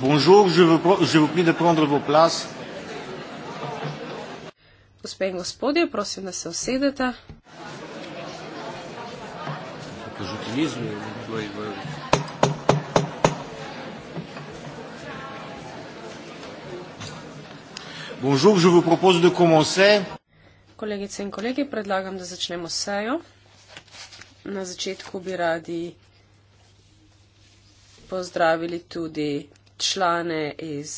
Bonjour, je vous, je vous prie de prendre vos places. Gospe in gospodje, prosim, da se usedete. Bonjour, je vous propose de commencer. Kolegice in kolegi, predlagam, da začnemo sejo. Na začetku bi radi pozdravili tudi člane iz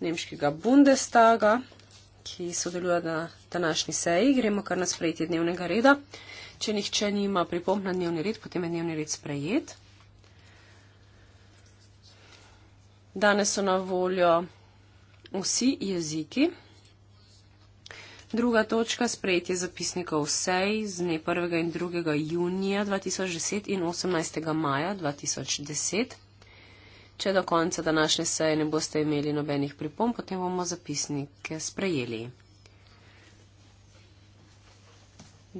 nemškega Bundestaga, ki sodeluje na današnji seji. Gremo kar na sprejetje dnevnega reda. Če nihče nima pripomp na dnevni red, potem je dnevni red sprejet. Danes so na voljo vsi jeziki. Druga točka sprejetje zapisnikov sej z dne 1. in 2. junija 2010 in 18. maja 2010. Če do konca današnje seje ne boste imeli nobenih pripom, potem bomo zapisnike sprejeli.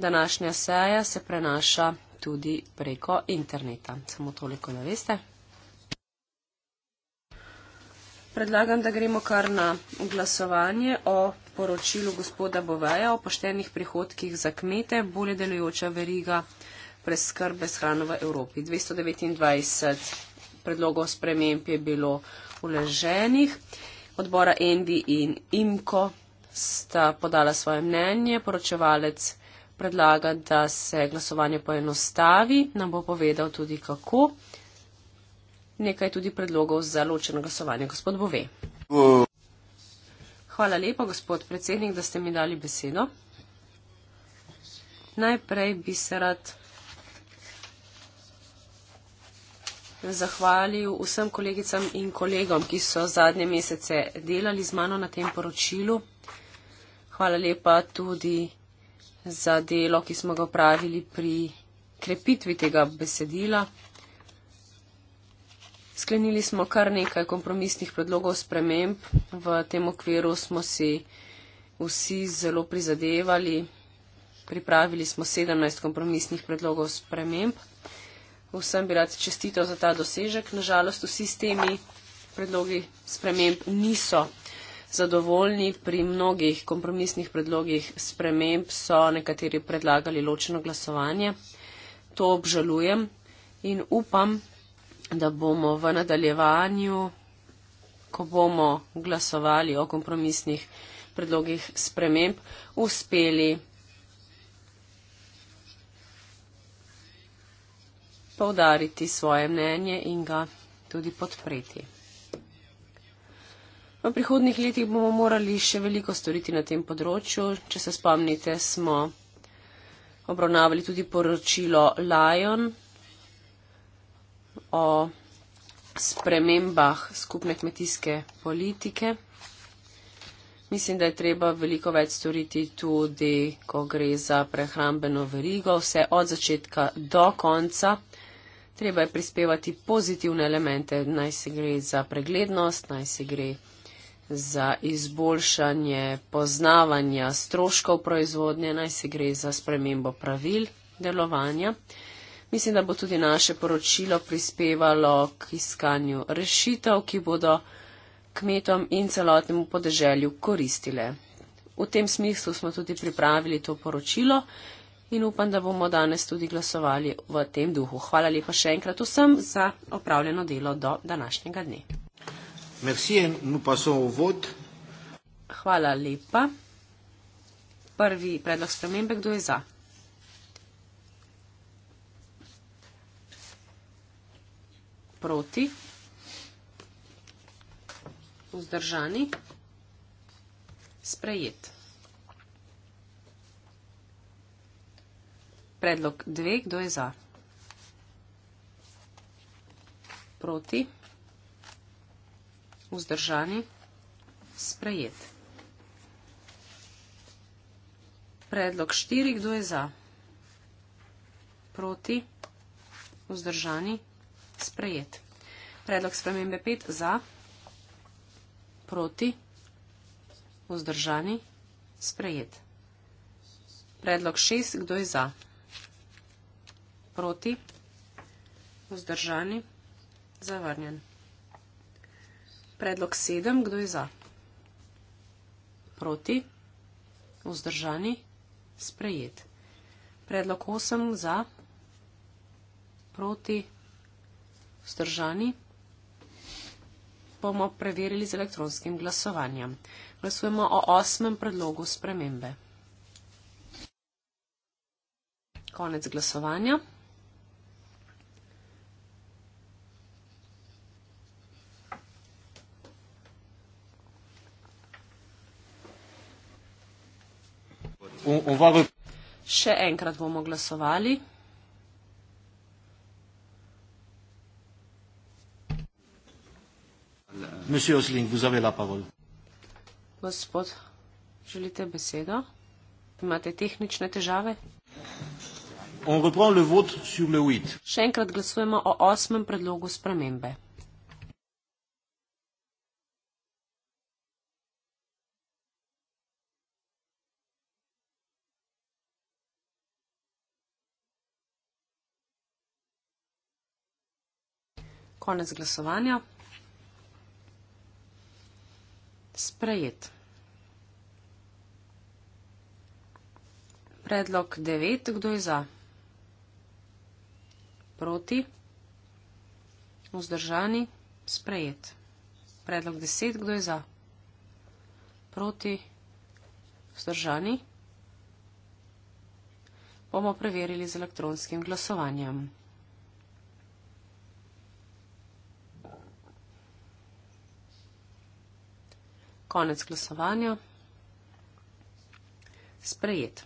Današnja seja se prenaša tudi preko interneta. Samo toliko, da veste. Predlagam, da gremo kar na glasovanje o poročilu gospoda Boveja o poštenih prihodkih za kmete, bolje delujoča veriga preskrbe s hrano v Evropi. 229 predlogov sprememb je bilo uleženih. Odbora Endi in Imko sta podala svoje mnenje. Poročevalec predlaga, da se glasovanje poenostavi. Nam bo povedal tudi kako. Nekaj tudi predlogov za ločeno glasovanje. Gospod Bove. Hvala lepa, gospod predsednik, da ste mi dali besedo. Najprej bi se rad zahvalil vsem kolegicam in kolegom, ki so zadnje mesece delali z mano na tem poročilu. Hvala lepa tudi za delo, ki smo ga upravili pri krepitvi tega besedila. Sklenili smo kar nekaj kompromisnih predlogov sprememb. V tem okviru smo si vsi zelo prizadevali. Pripravili smo 17 kompromisnih predlogov sprememb vsem bi rad čestitev za ta dosežek. Nažalost, vsi s temi predlogi sprememb niso zadovoljni. Pri mnogih kompromisnih predlogih sprememb so nekateri predlagali ločeno glasovanje. To obžalujem in upam, da bomo v nadaljevanju, ko bomo glasovali o kompromisnih predlogih sprememb, uspeli povdariti svoje mnenje in ga tudi podpreti. V prihodnih letih bomo morali še veliko storiti na tem področju. Če se spomnite, smo obravnavali tudi poročilo Lion o spremembah skupne kmetijske politike. Mislim, da je treba veliko več storiti tudi, ko gre za prehrambeno verigo, vse od začetka do konca treba je prispevati pozitivne elemente, naj se gre za preglednost, naj se gre za izboljšanje poznavanja stroškov proizvodnje, naj se gre za spremembo pravil delovanja. Mislim, da bo tudi naše poročilo prispevalo k iskanju rešitev, ki bodo kmetom in celotnemu podeželju koristile. V tem smislu smo tudi pripravili to poročilo in upam, da bomo danes tudi glasovali v tem duhu. Hvala lepa še enkrat vsem za opravljeno delo do današnjega dne. Merci, Hvala lepa. Prvi predlog spremembe, kdo je za? Proti? Vzdržani? Sprejet. predlog dve, kdo je za? Proti? Vzdržani? Sprejet. Predlog štiri, kdo je za? Proti? Vzdržani? Sprejet. Predlog spremembe pet, za? Proti? Vzdržani? Sprejet. Predlog šest, kdo je za? proti, vzdržani, zavrnjen. Predlog sedem, kdo je za? Proti, vzdržani, sprejet. Predlog osem za, proti, vzdržani, bomo preverili z elektronskim glasovanjem. Glasujemo o osmem predlogu spremembe. Konec glasovanja. Še enkrat bomo glasovali. Monsieur Osling, vous avez la parole. Gospod, želite besedo? Imate tehnične težave? On reprend le vote sur le 8. Še enkrat glasujemo o osmem predlogu spremembe. Konec glasovanja. Sprejet. Predlog 9. Kdo je za? Proti? Vzdržani? Sprejet. Predlog 10. Kdo je za? Proti? Vzdržani? Bomo preverili z elektronskim glasovanjem. Konec glasovanja. Sprejet.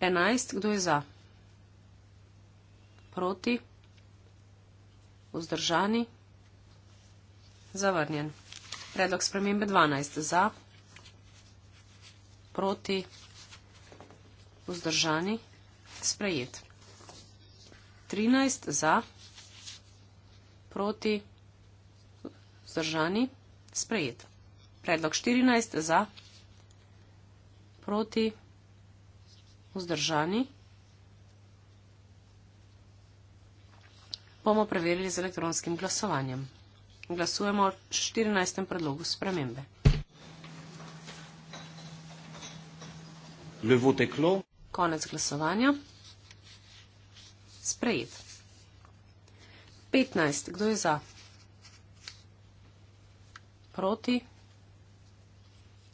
11. Kdo je za? Proti? Vzdržani? Zavrnjen. Predlog spremembe 12. Za? Proti? Vzdržani? Sprejet. 13. Za? Proti? Vzdržani? Sprejet sprejet. Predlog 14 za, proti, vzdržani. Bomo preverili z elektronskim glasovanjem. Glasujemo o 14. predlogu spremembe. Le vote klo. Konec glasovanja. Sprejet. 15. Kdo je za? proti,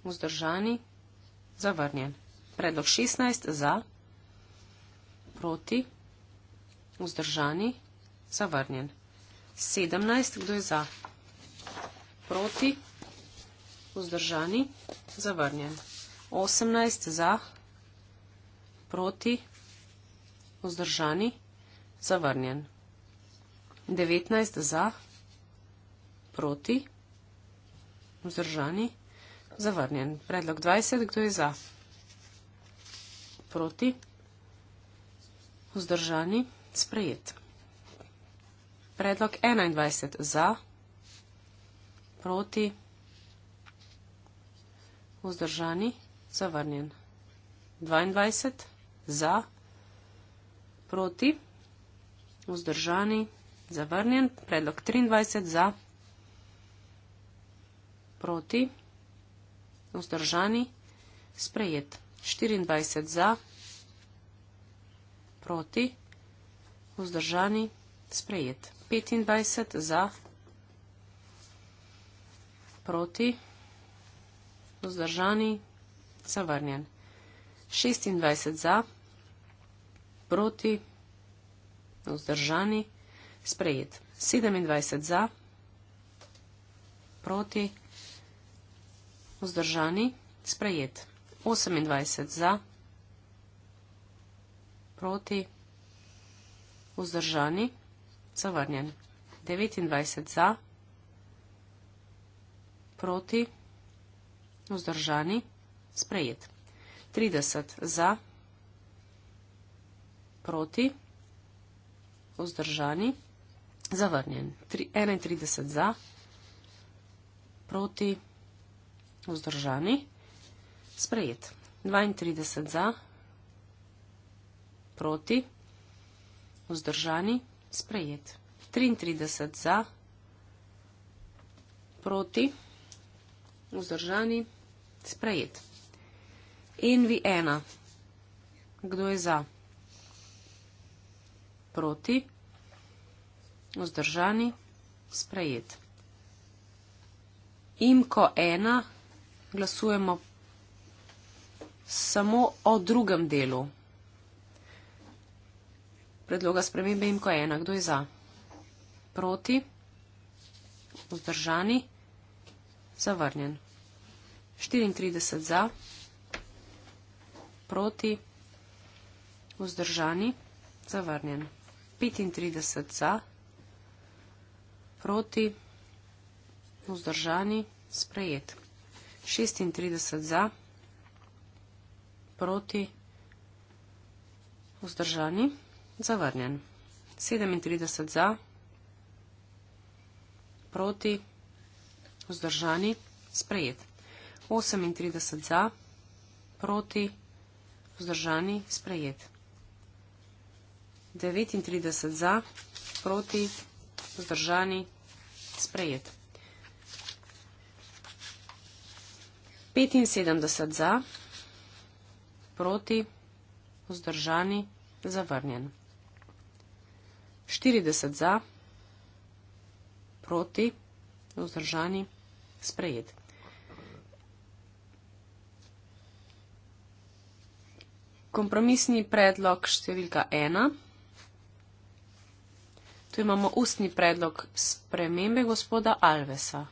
vzdržani, zavrnjen. Predlog 16 za, proti, vzdržani, zavrnjen. 17, kdo je za, proti, vzdržani, zavrnjen. 18 za, proti, vzdržani, zavrnjen. 19 za, proti, vzdržani, zavrnjen vzdržani. Zavrnjen. Predlog 20. Kdo je za? Proti? Vzdržani? Sprejet. Predlog 21. Za? Proti? Vzdržani? Zavrnjen. 22. Za? Proti? Vzdržani? Zavrnjen. Predlog 23. Za? Proti? proti, vzdržani, sprejet. 24 za, proti, vzdržani, sprejet. 25 za, proti, vzdržani, zavrnjen. 26 za, proti, vzdržani, sprejet. 27 za, proti, vzdržani, sprejet. Vzdržani, sprejet. 28 za, proti, vzdržani, zavrnjen. 29 za, proti, vzdržani, sprejet. 30 za, proti, vzdržani, zavrnjen. 31 za, proti, vzdržani vzdržani. Sprejet. 32 za, proti, vzdržani, sprejet. 33 za, proti, vzdržani, sprejet. In vi ena. Kdo je za? Proti, vzdržani, sprejet. Imko ena, glasujemo samo o drugem delu. Predloga spremembe imko ena. Kdo je za? Proti? Vzdržani? Zavrnjen. 34 za? Proti? Vzdržani? Zavrnjen. 35 za? Proti? Vzdržani? Sprejet. 36 za, proti, vzdržani, zavrnjen. 37 za, proti, vzdržani, sprejet. 38 za, proti, vzdržani, sprejet. 39 za, proti, vzdržani, sprejet. 75 za, proti, vzdržani, zavrnjen. 40 za, proti, vzdržani, sprejet. Kompromisni predlog številka 1. Tu imamo ustni predlog spremembe gospoda Alvesa.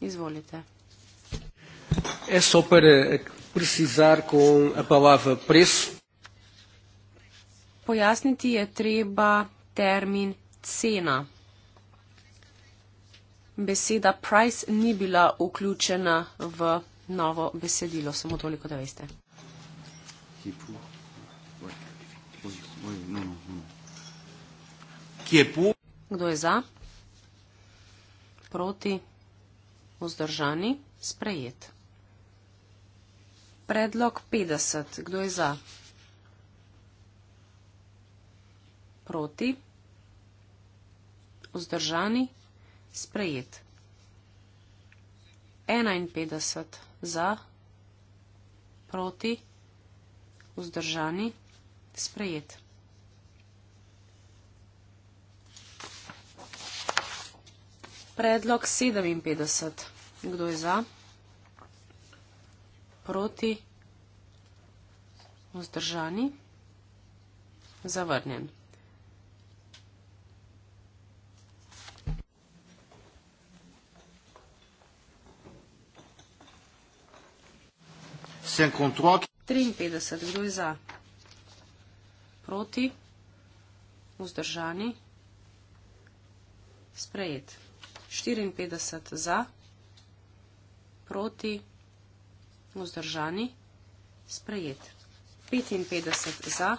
Izvolite. É só para precisar com a palavra preço. Pojasniti je treba termin cena. Beseda price ni bila vključena v novo besedilo, samo toliko, da veste. Kje no, no, no. je po? Kdo je za? Proti? vzdržani, sprejet. Predlog 50. Kdo je za? Proti. Vzdržani, sprejet. 51. Za. Proti. Vzdržani, sprejet. 52. Predlog 57. Kdo je za? Proti? Vzdržani? Zavrnjen. Sem kontrol. 53. Kdo je za? Proti? Vzdržani? Sprejet. 54 za, proti, vzdržani, sprejet. 55 za,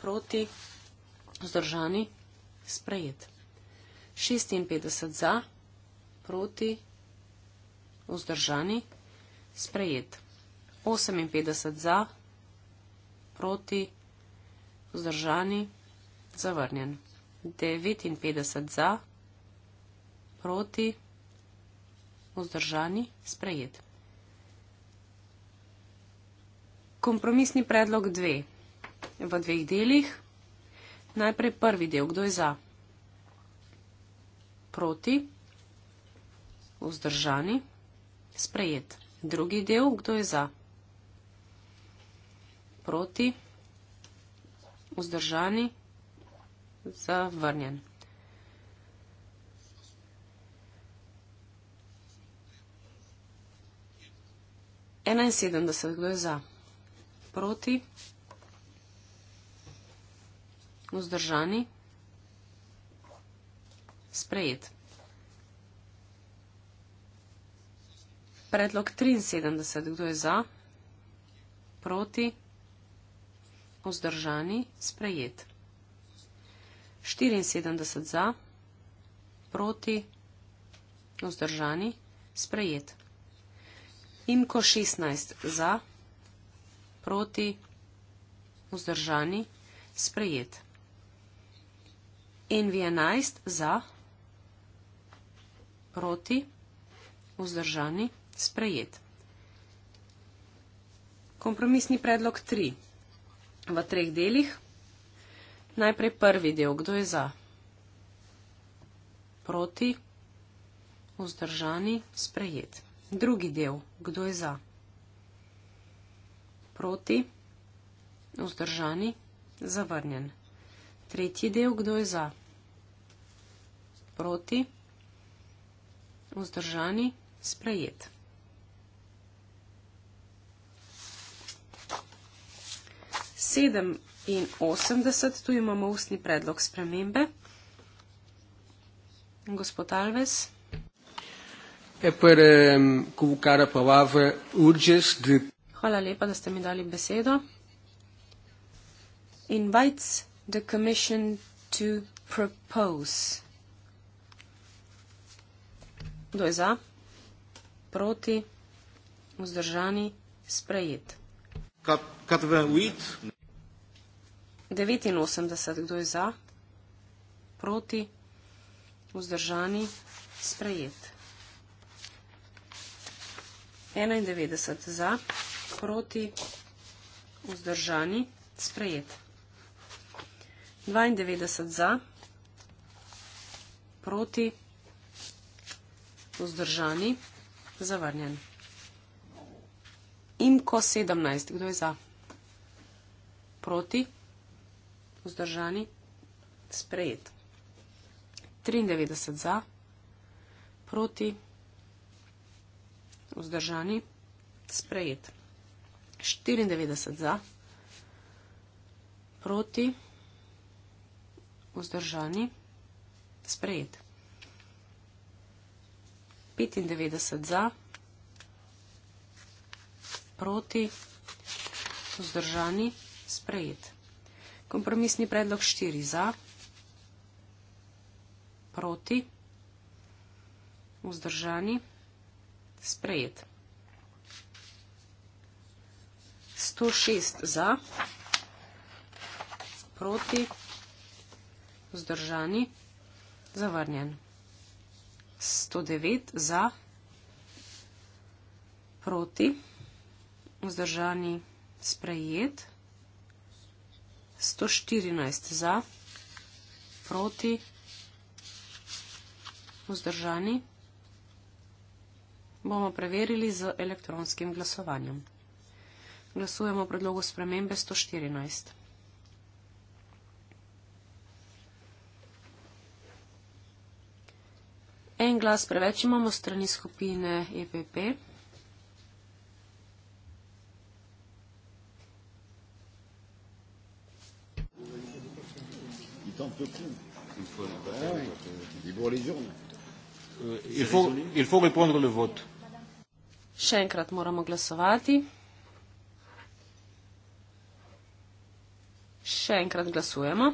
proti, vzdržani, sprejet. 56 za, proti, vzdržani, sprejet. 58 za, proti, vzdržani, zavrnjen. 59 za, proti, vzdržani, zavrnjen proti, vzdržani, sprejet. Kompromisni predlog dve v dveh delih. Najprej prvi del, kdo je za? Proti, vzdržani, sprejet. Drugi del, kdo je za? Proti, vzdržani, zavrnjen. 71, kdo je za? Proti? Vzdržani? Sprejet. Predlog 73, kdo je za? Proti? Vzdržani? Sprejet. 74 za? Proti? Vzdržani? Sprejet. Imko 16 za, proti, vzdržani, sprejet. Envi 11 za, proti, vzdržani, sprejet. Kompromisni predlog 3 v treh delih. Najprej prvi del, kdo je za, proti, vzdržani, sprejet. Proti. Drugi del. Kdo je za? Proti? Vzdržani? Zavrnjen. Tretji del. Kdo je za? Proti? Vzdržani? Sprejet. Sedem in osemdeset. Tu imamo ustni predlog spremembe. Gospod Alves. Gospod Alves. É para um, colocar a palavra urges de. Hvala lepa, da ste mi dali besedo. Invites the Commission to propose. Kdo je za? Proti? Vzdržani? Sprejet? 89. Kdo je za? Proti? Vzdržani? Sprejet? 91 za, proti, vzdržani, sprejet. 92 za, proti, vzdržani, zavrnjen. Imko 17, kdo je za? Proti, vzdržani, sprejet. 93 za, proti, vzdržani vzdržani, sprejet. 94 za, proti, vzdržani, sprejet. 95 za, proti, vzdržani, sprejet. Kompromisni predlog 4 za, proti, vzdržani, sprejet. Sprejet. 106 za, proti, vzdržani, zavrnjen. 109 za, proti, vzdržani, sprejet. 114 za, proti, vzdržani, sprejet bomo preverili z elektronskim glasovanjem. Glasujemo o predlogu spremembe 114. En glas preveč imamo strani skupine EPP. Ah euh, il faut, il faut répondre le vote. Še enkrat moramo glasovati. Še enkrat glasujemo.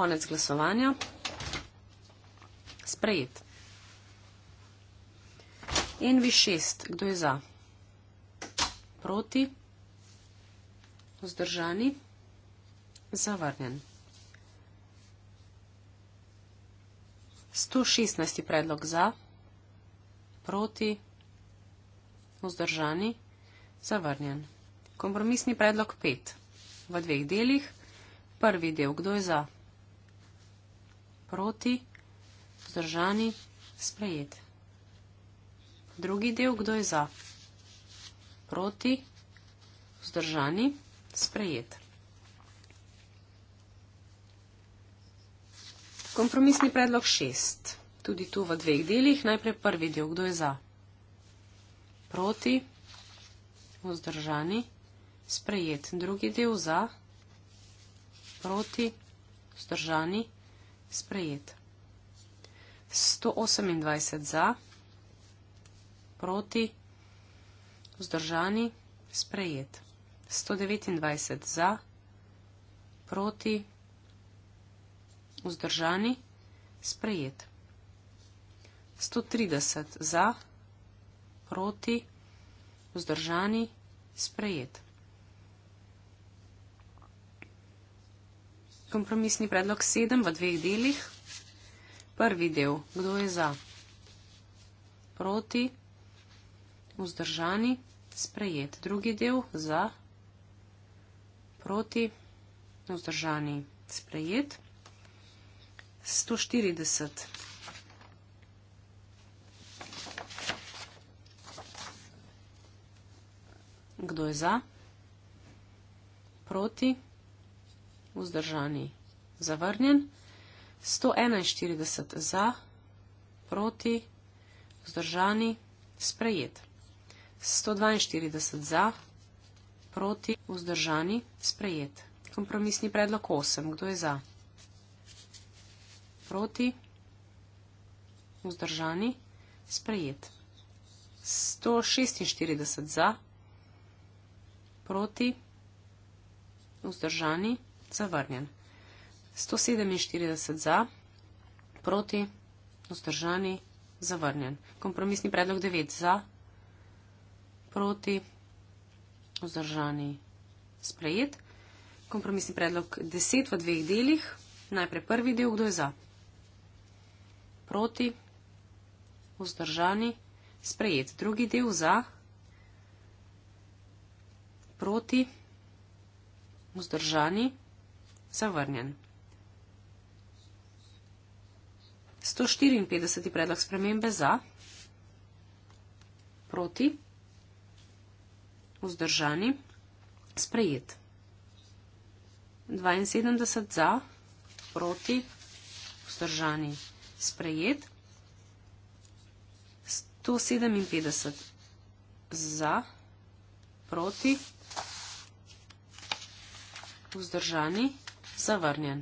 Konec glasovanja. Sprejet. NV6, kdo je za? Proti? Vzdržani? Zavrnjen. 116. predlog za, proti, vzdržani, zavrnjen. Kompromisni predlog 5. V dveh delih. Prvi del, kdo je za, proti, vzdržani, sprejet. Drugi del, kdo je za, proti, vzdržani, sprejet. Kompromisni predlog šest. Tudi tu v dveh delih. Najprej prvi del. Kdo je za? Proti? Vzdržani? Sprejet. Drugi del za? Proti? Vzdržani? Sprejet. 128 za? Proti? Vzdržani? Sprejet. 129 za? Proti? vzdržani, sprejet. 130 za, proti, vzdržani, sprejet. Kompromisni predlog 7 v dveh delih. Prvi del, kdo je za, proti, vzdržani, sprejet. Drugi del, za, proti, vzdržani, sprejet. 140. Kdo je za? Proti? Vzdržani? Zavrnjen? 141 za? Proti? Vzdržani? Sprejet? 142 za? Proti? Vzdržani? Sprejet? Kompromisni predlog 8. Kdo je za? proti, vzdržani, sprejet. 146 za, proti, vzdržani, zavrnjen. 147 za, proti, vzdržani, zavrnjen. Kompromisni predlog 9 za, proti, vzdržani, sprejet. Kompromisni predlog 10 v dveh delih. Najprej prvi del, kdo je za? proti, vzdržani, sprejet. Drugi del za, proti, vzdržani, zavrnjen. 154. predlog spremembe za, proti, vzdržani, sprejet. 72 za, proti, vzdržani, sprejet sprejet. 157 za, proti, vzdržani, zavrnjen.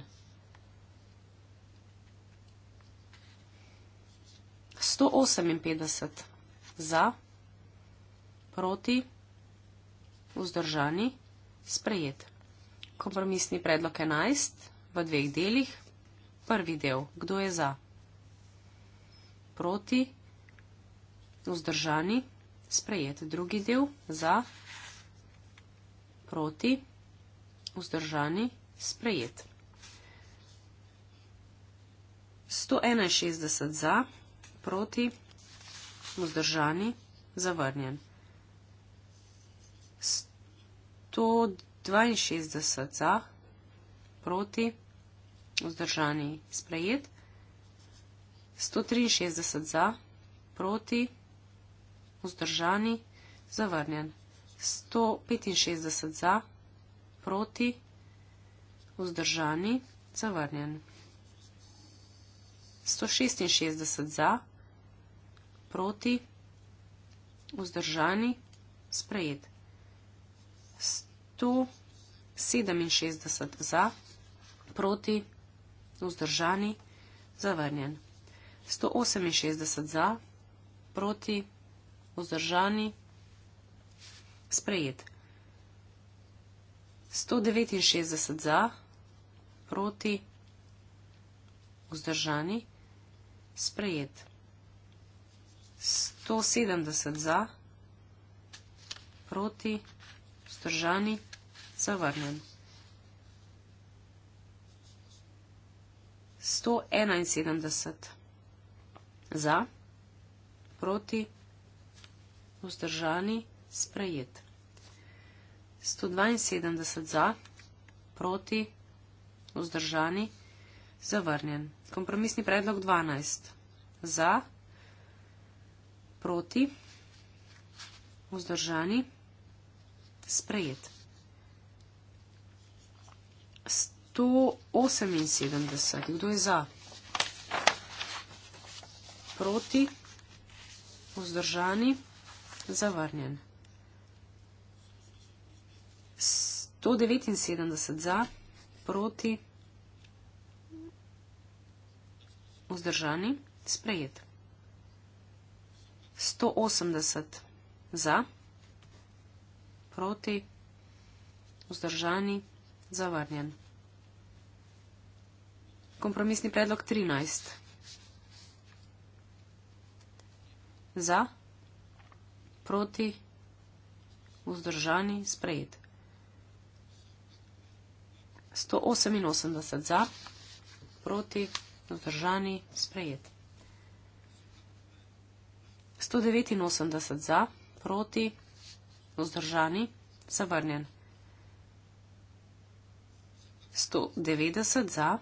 158 za, proti, vzdržani, sprejet. Kompromisni predlog 11 v dveh delih. Prvi del. Kdo je za? proti, vzdržani, sprejet drugi del, za, proti, vzdržani, sprejet. 161 za, proti, vzdržani, zavrnjen. 162 za, proti, vzdržani, sprejet. 163 za, proti, vzdržani, zavrnjen. 165 za, proti, vzdržani, zavrnjen. 166 za, proti, vzdržani, sprejet. 167 za, proti, vzdržani, zavrnjen. 168 za, proti, vzdržani, sprejet. 169 za, proti, vzdržani, sprejet. 170 za, proti, vzdržani, zavrnen. 171 za, proti, vzdržani, zavrnen za, proti, vzdržani, sprejet. 172 za, proti, vzdržani, zavrnjen. Kompromisni predlog 12 za, proti, vzdržani, sprejet. 178. Kdo je za? proti, vzdržani, zavrnjen. 179 za, proti, vzdržani, sprejet. 180 za, proti, vzdržani, zavrnjen. Kompromisni predlog 13. za, proti, vzdržani, sprejet. 188 za, proti, vzdržani, sprejet. 189 za, proti, vzdržani, zavrnjen. 190 za,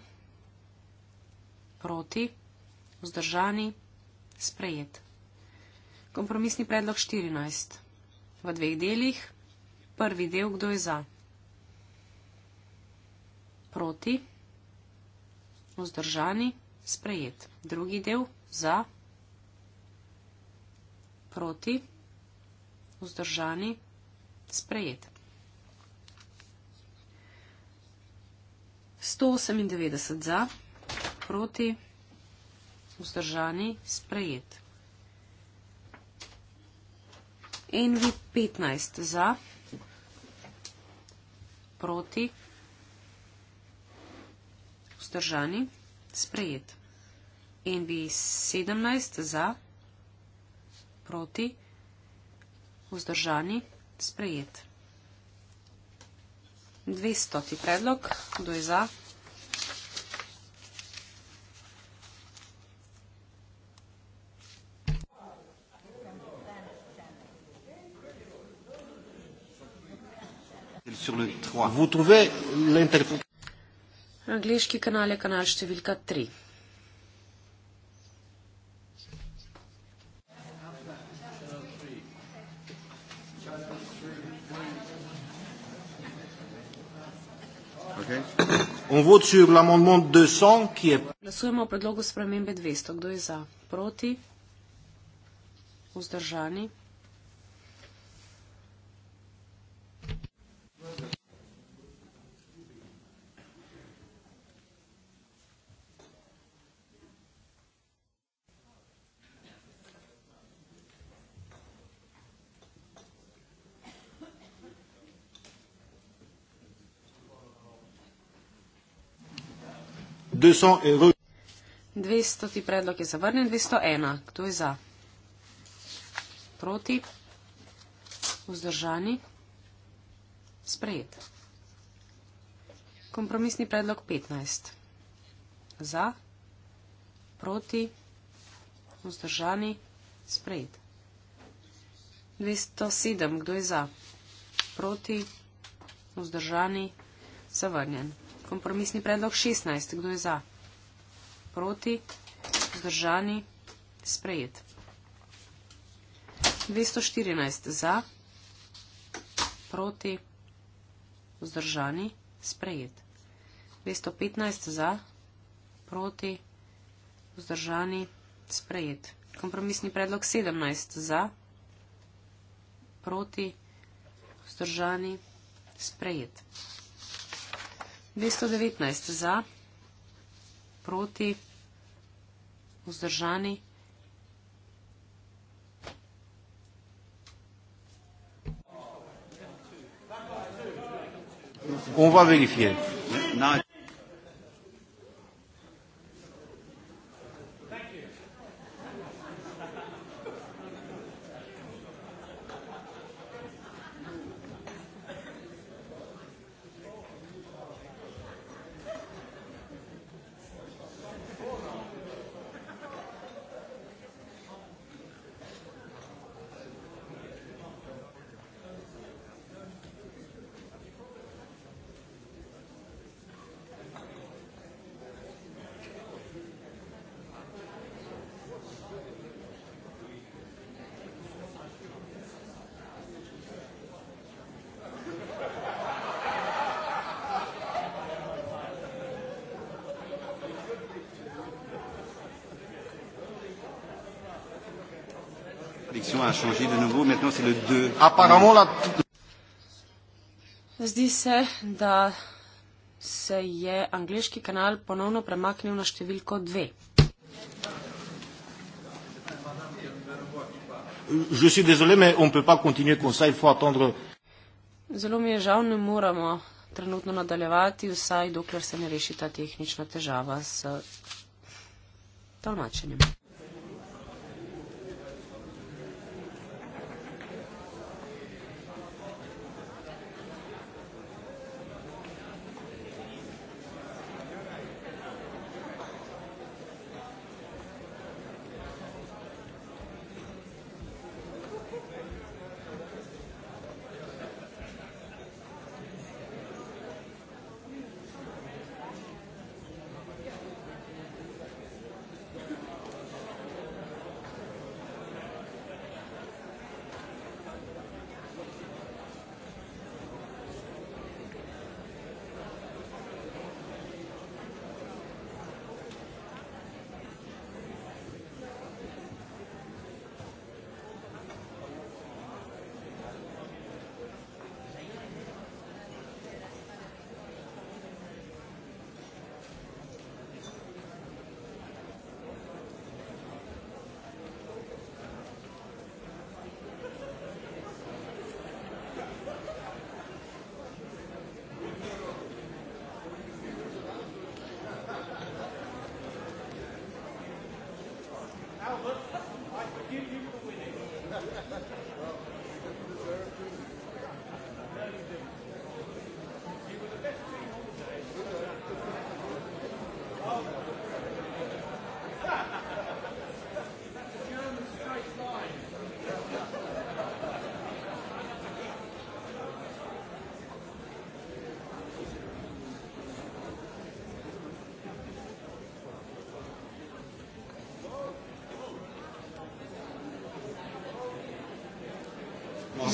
proti, vzdržani, sprejet. Kompromisni predlog 14. V dveh delih. Prvi del, kdo je za? Proti. Vzdržani. Sprejet. Drugi del, za. Proti. Vzdržani. Sprejet. 198 za, proti, vzdržani, sprejet. in vi 15 za, proti, vzdržani, sprejet. In vi 17 za, proti, vzdržani, sprejet. 200 predlog, kdo je za? sur le 3. Vous trouvez l'interprétation. Angliški kanal je kanal številka 3. Okay. On vote sur l'amendement 200 qui est. Glasujemo o predlogu spremembe 200. Kdo je za? Proti? Vzdržani? 200 ti predlog je zavrnjen, 201. Kdo je za? Proti? Vzdržani? Sprejet. Kompromisni predlog 15. Za? Proti? Vzdržani? Sprejet. 207. Kdo je za? Proti? Vzdržani? Zavrnjen. Kompromisni predlog 16. Kdo je za? Proti? Zdržani? Sprejet. 214 za, proti, vzdržani, sprejet. 215 za, proti, vzdržani, sprejet. Kompromisni predlog 17 za, proti, vzdržani, sprejet. 219 za, proti, vzdržani. On va vérifier. changé de nouveau. Maintenant, c'est le 2. Apparemment, là. Zdi se, da se je angliški kanal ponovno premaknil na številko dve. Désolé, Zelo mi je žal, ne moramo trenutno nadaljevati, vsaj dokler se ne reši ta tehnična težava s tolmačenjem.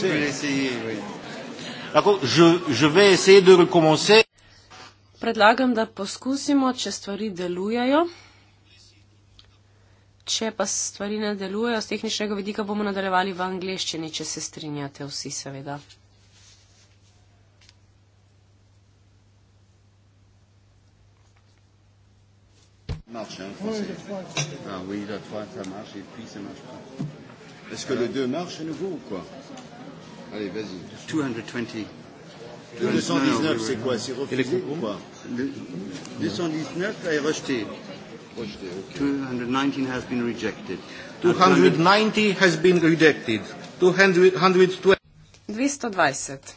je vais essayer, oui. Lahko, je, je vais essayer de recommencer. Predlagam, da poskusimo, če stvari delujejo. Če pa stvari ne delujejo, z tehničnega vidika bomo nadaljevali v angleščini, če se strinjate vsi, seveda. Marche, hein, français. Ah oui, la droite, ça marche, et puis ça marche pas. Est-ce que le 2 marche à nouveau ou quoi Allez, vas-y. 220. 219, c'est quoi C'est refusé ou quoi le, 219 est rejeté. Rejeté, ok. 219 has been rejected. 290 has been rejected. 220. 220.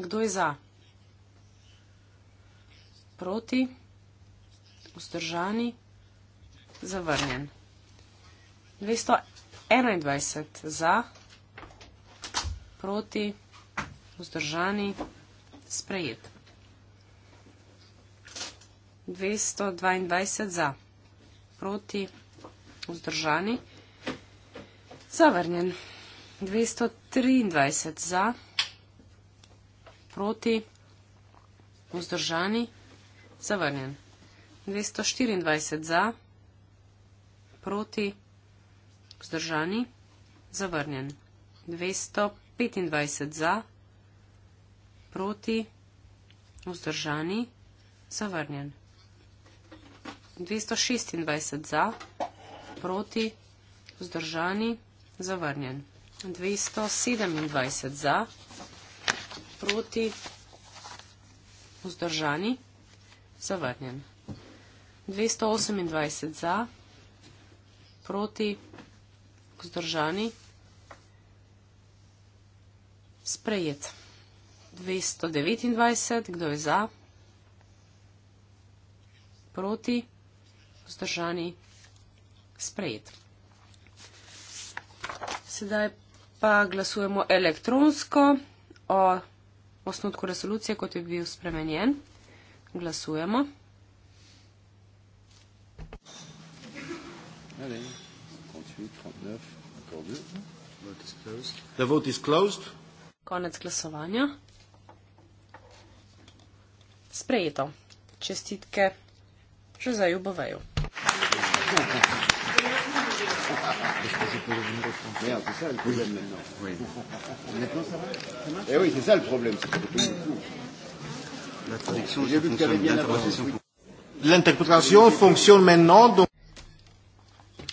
Kdo je za? Proti? Vzdržani? Zavrnjen. 221 za? proti, vzdržani, sprejet. 222 za, proti, vzdržani, zavrnjen. 223 za, proti, vzdržani, zavrnjen. 224 za, proti, vzdržani, zavrnjen. 225 za, proti, vzdržani, zavrnjen. 25 za, proti, vzdržani, zavrnjen. 226 za, proti, vzdržani, zavrnjen. 227 za, proti, vzdržani, zavrnjen. 228 za, proti, vzdržani, zavrnjen. Sprejet. 229. Kdo je za? Proti? Vzdržani? Sprejet. Sedaj pa glasujemo elektronsko o osnutku resolucije, kot je bil spremenjen. Glasujemo. Allez, 38, 39, encore deux. Le vote est closed. Le vote est closed. Konec glasovanja. Sprejeto. Čestitke že za Juboveju.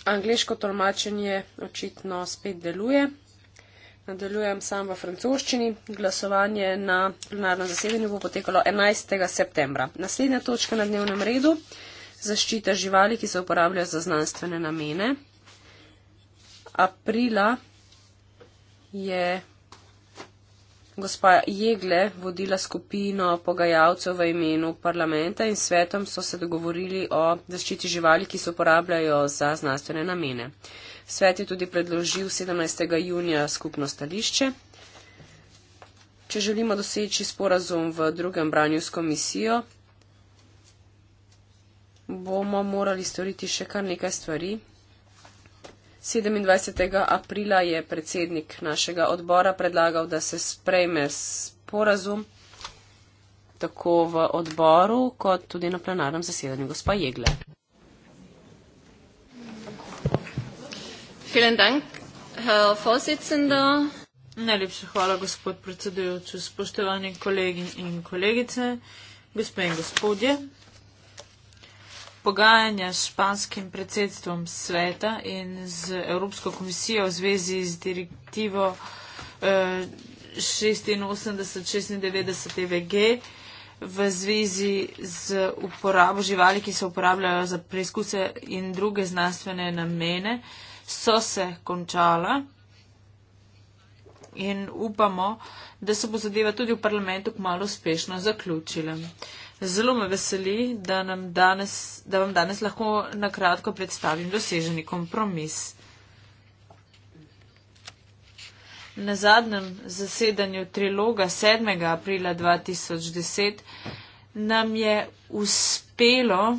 Angliško tolmačenje očitno spet deluje. Nadaljujem sam v francoščini. Glasovanje na plenarnem zasedanju bo potekalo 11. septembra. Naslednja točka na dnevnem redu je zaščita živali, ki se uporablja za znanstvene namene. Aprila je gospa Jegle vodila skupino pogajalcev v imenu parlamenta in svetom so se dogovorili o zaščiti živali, ki se uporabljajo za znanstvene namene. Svet je tudi predložil 17. junija skupno stališče. Če želimo doseči sporazum v drugem branju s komisijo, bomo morali storiti še kar nekaj stvari. 27. aprila je predsednik našega odbora predlagal, da se sprejme sporazum tako v odboru, kot tudi na plenarnem zasedanju gospa Jegle. Herr Vorsitzender. Najlepša hvala, gospod predsedujoči, spoštovani kolegi in kolegice, gospe in gospodje. Pogajanja s španskim predsedstvom sveta in z Evropsko komisijo v zvezi z direktivo eh, 86-96 EVG v zvezi z uporabo živali, ki se uporabljajo za preizkuse in druge znanstvene namene. Eh, so se končala in upamo, da se bo zadeva tudi v parlamentu kmalo uspešno zaključila. Zelo me veseli, da, danes, da vam danes lahko nakratko predstavim doseženi kompromis. Na zadnjem zasedanju triloga 7. aprila 2010 nam je uspelo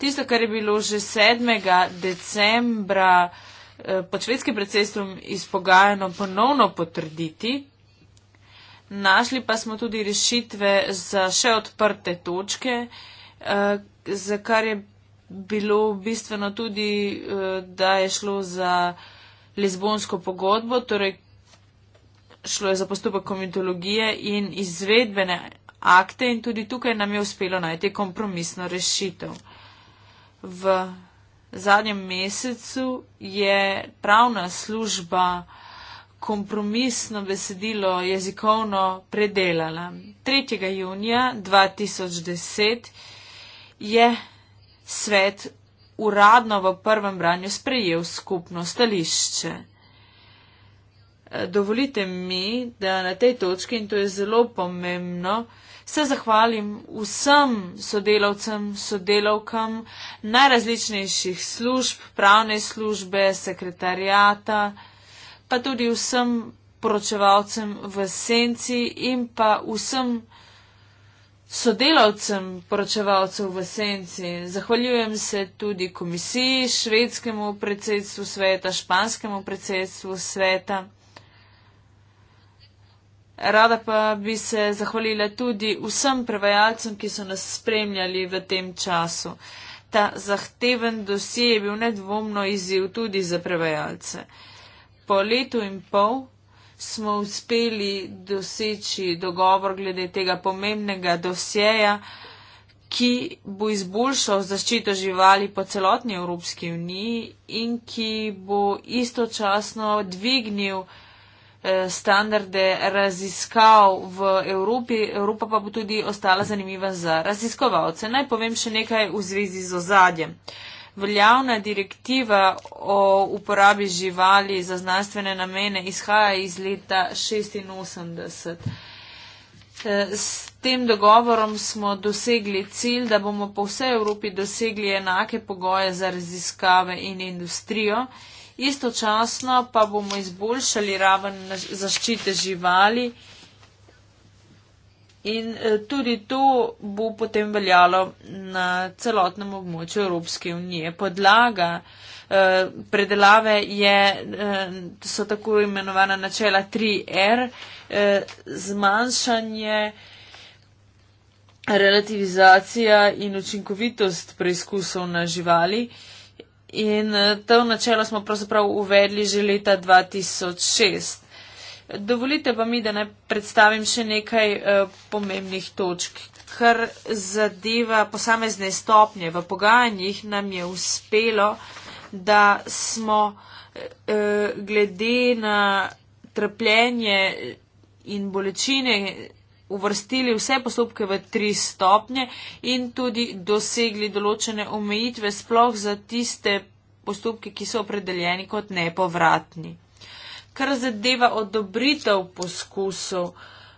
Tisto, kar je bilo že 7. decembra eh, pod švedskim predsedstvom izpogajano ponovno potrditi. Našli pa smo tudi rešitve za še odprte točke, eh, za kar je bilo bistveno tudi, eh, da je šlo za lizbonsko pogodbo, torej šlo je za postopek komitologije in izvedbene akte in tudi tukaj nam je uspelo najti kompromisno rešitev v zadnjem mesecu je pravna služba kompromisno besedilo jezikovno predelala. 3. junija 2010 je svet uradno v prvem branju sprejel skupno stališče. Dovolite mi, da na tej točki, in to je zelo pomembno, se zahvalim vsem sodelavcem, sodelavkam najrazličnejših služb, pravne službe, sekretarijata, pa tudi vsem poročevalcem v senci in pa vsem sodelavcem poročevalcev v senci. Zahvaljujem se tudi komisiji, švedskemu predsedstvu sveta, španskemu predsedstvu sveta. Rada pa bi se zahvalila tudi vsem prevajalcem, ki so nas spremljali v tem času. Ta zahteven dosi je bil nedvomno izziv tudi za prevajalce. Po letu in pol smo uspeli doseči dogovor glede tega pomembnega dosjeja, ki bo izboljšal zaščito živali po celotni Evropski uniji in ki bo istočasno dvignil Eh, standarde raziskav v Evropi, Evropa pa bo tudi ostala zanimiva za raziskovalce. Naj povem še nekaj v zvezi z ozadjem. Veljavna direktiva o uporabi živali za znanstvene namene izhaja iz leta 1986. Eh, s tem dogovorom smo dosegli cilj, da bomo po vsej Evropi dosegli enake pogoje za raziskave in industrijo istočasno pa bomo izboljšali raven zaščite živali in e, tudi to bo potem veljalo na celotnem območju Evropske unije. Podlaga e, predelave je, e, so tako imenovana načela 3R, zmanjšanje, relativizacija in učinkovitost preizkusov na živali. In eh, to načelo smo pravzaprav uvedli že leta 2006. Dovolite pa mi, da ne predstavim še nekaj eh, pomembnih točk. Kar zadeva posamezne stopnje v pogajanjih, nam je uspelo, da smo eh, eh glede na trpljenje in bolečine uvrstili vse postopke v tri stopnje in tudi dosegli določene omejitve sploh za tiste postopke, ki so opredeljeni kot nepovratni. Kar zadeva odobritev poskusov,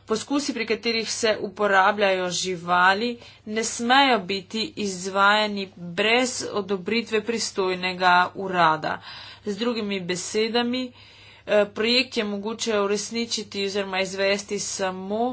poskusi, pri katerih se uporabljajo živali, ne smejo biti izvajani brez odobritve pristojnega urada. Z drugimi besedami, eh, projekt je mogoče uresničiti oziroma izvesti samo,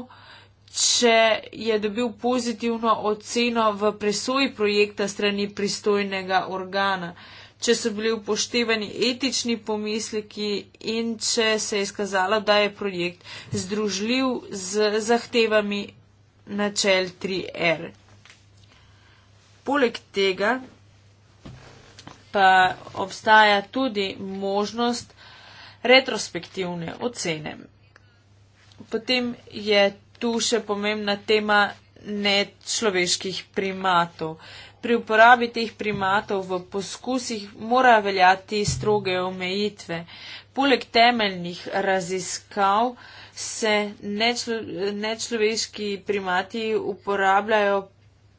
če je dobil pozitivno oceno v presoji projekta strani pristojnega organa, če so bili upoštevani etični pomisliki in če se je izkazalo, da je projekt združljiv z zahtevami načel 3R. Poleg tega pa obstaja tudi možnost retrospektivne ocene. Potem je tu še pomembna tema nečloveških primatov. Pri uporabi teh primatov v poskusih mora veljati stroge omejitve. Poleg temeljnih raziskav se nečlo, nečloveški primati uporabljajo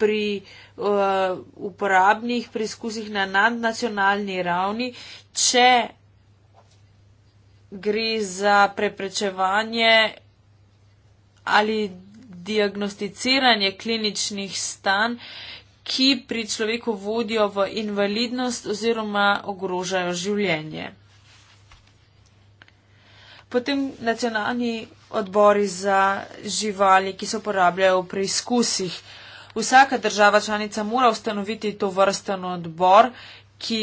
pri uh, uporabnih preizkusih na nadnacionalni ravni, če gre za preprečevanje ali diagnosticiranje kliničnih stanj, ki pri človeku vodijo v invalidnost oziroma ogrožajo življenje. Potem nacionalni odbori za živali, ki se uporabljajo v preizkusih. Vsaka država članica mora ustanoviti to vrsten odbor, ki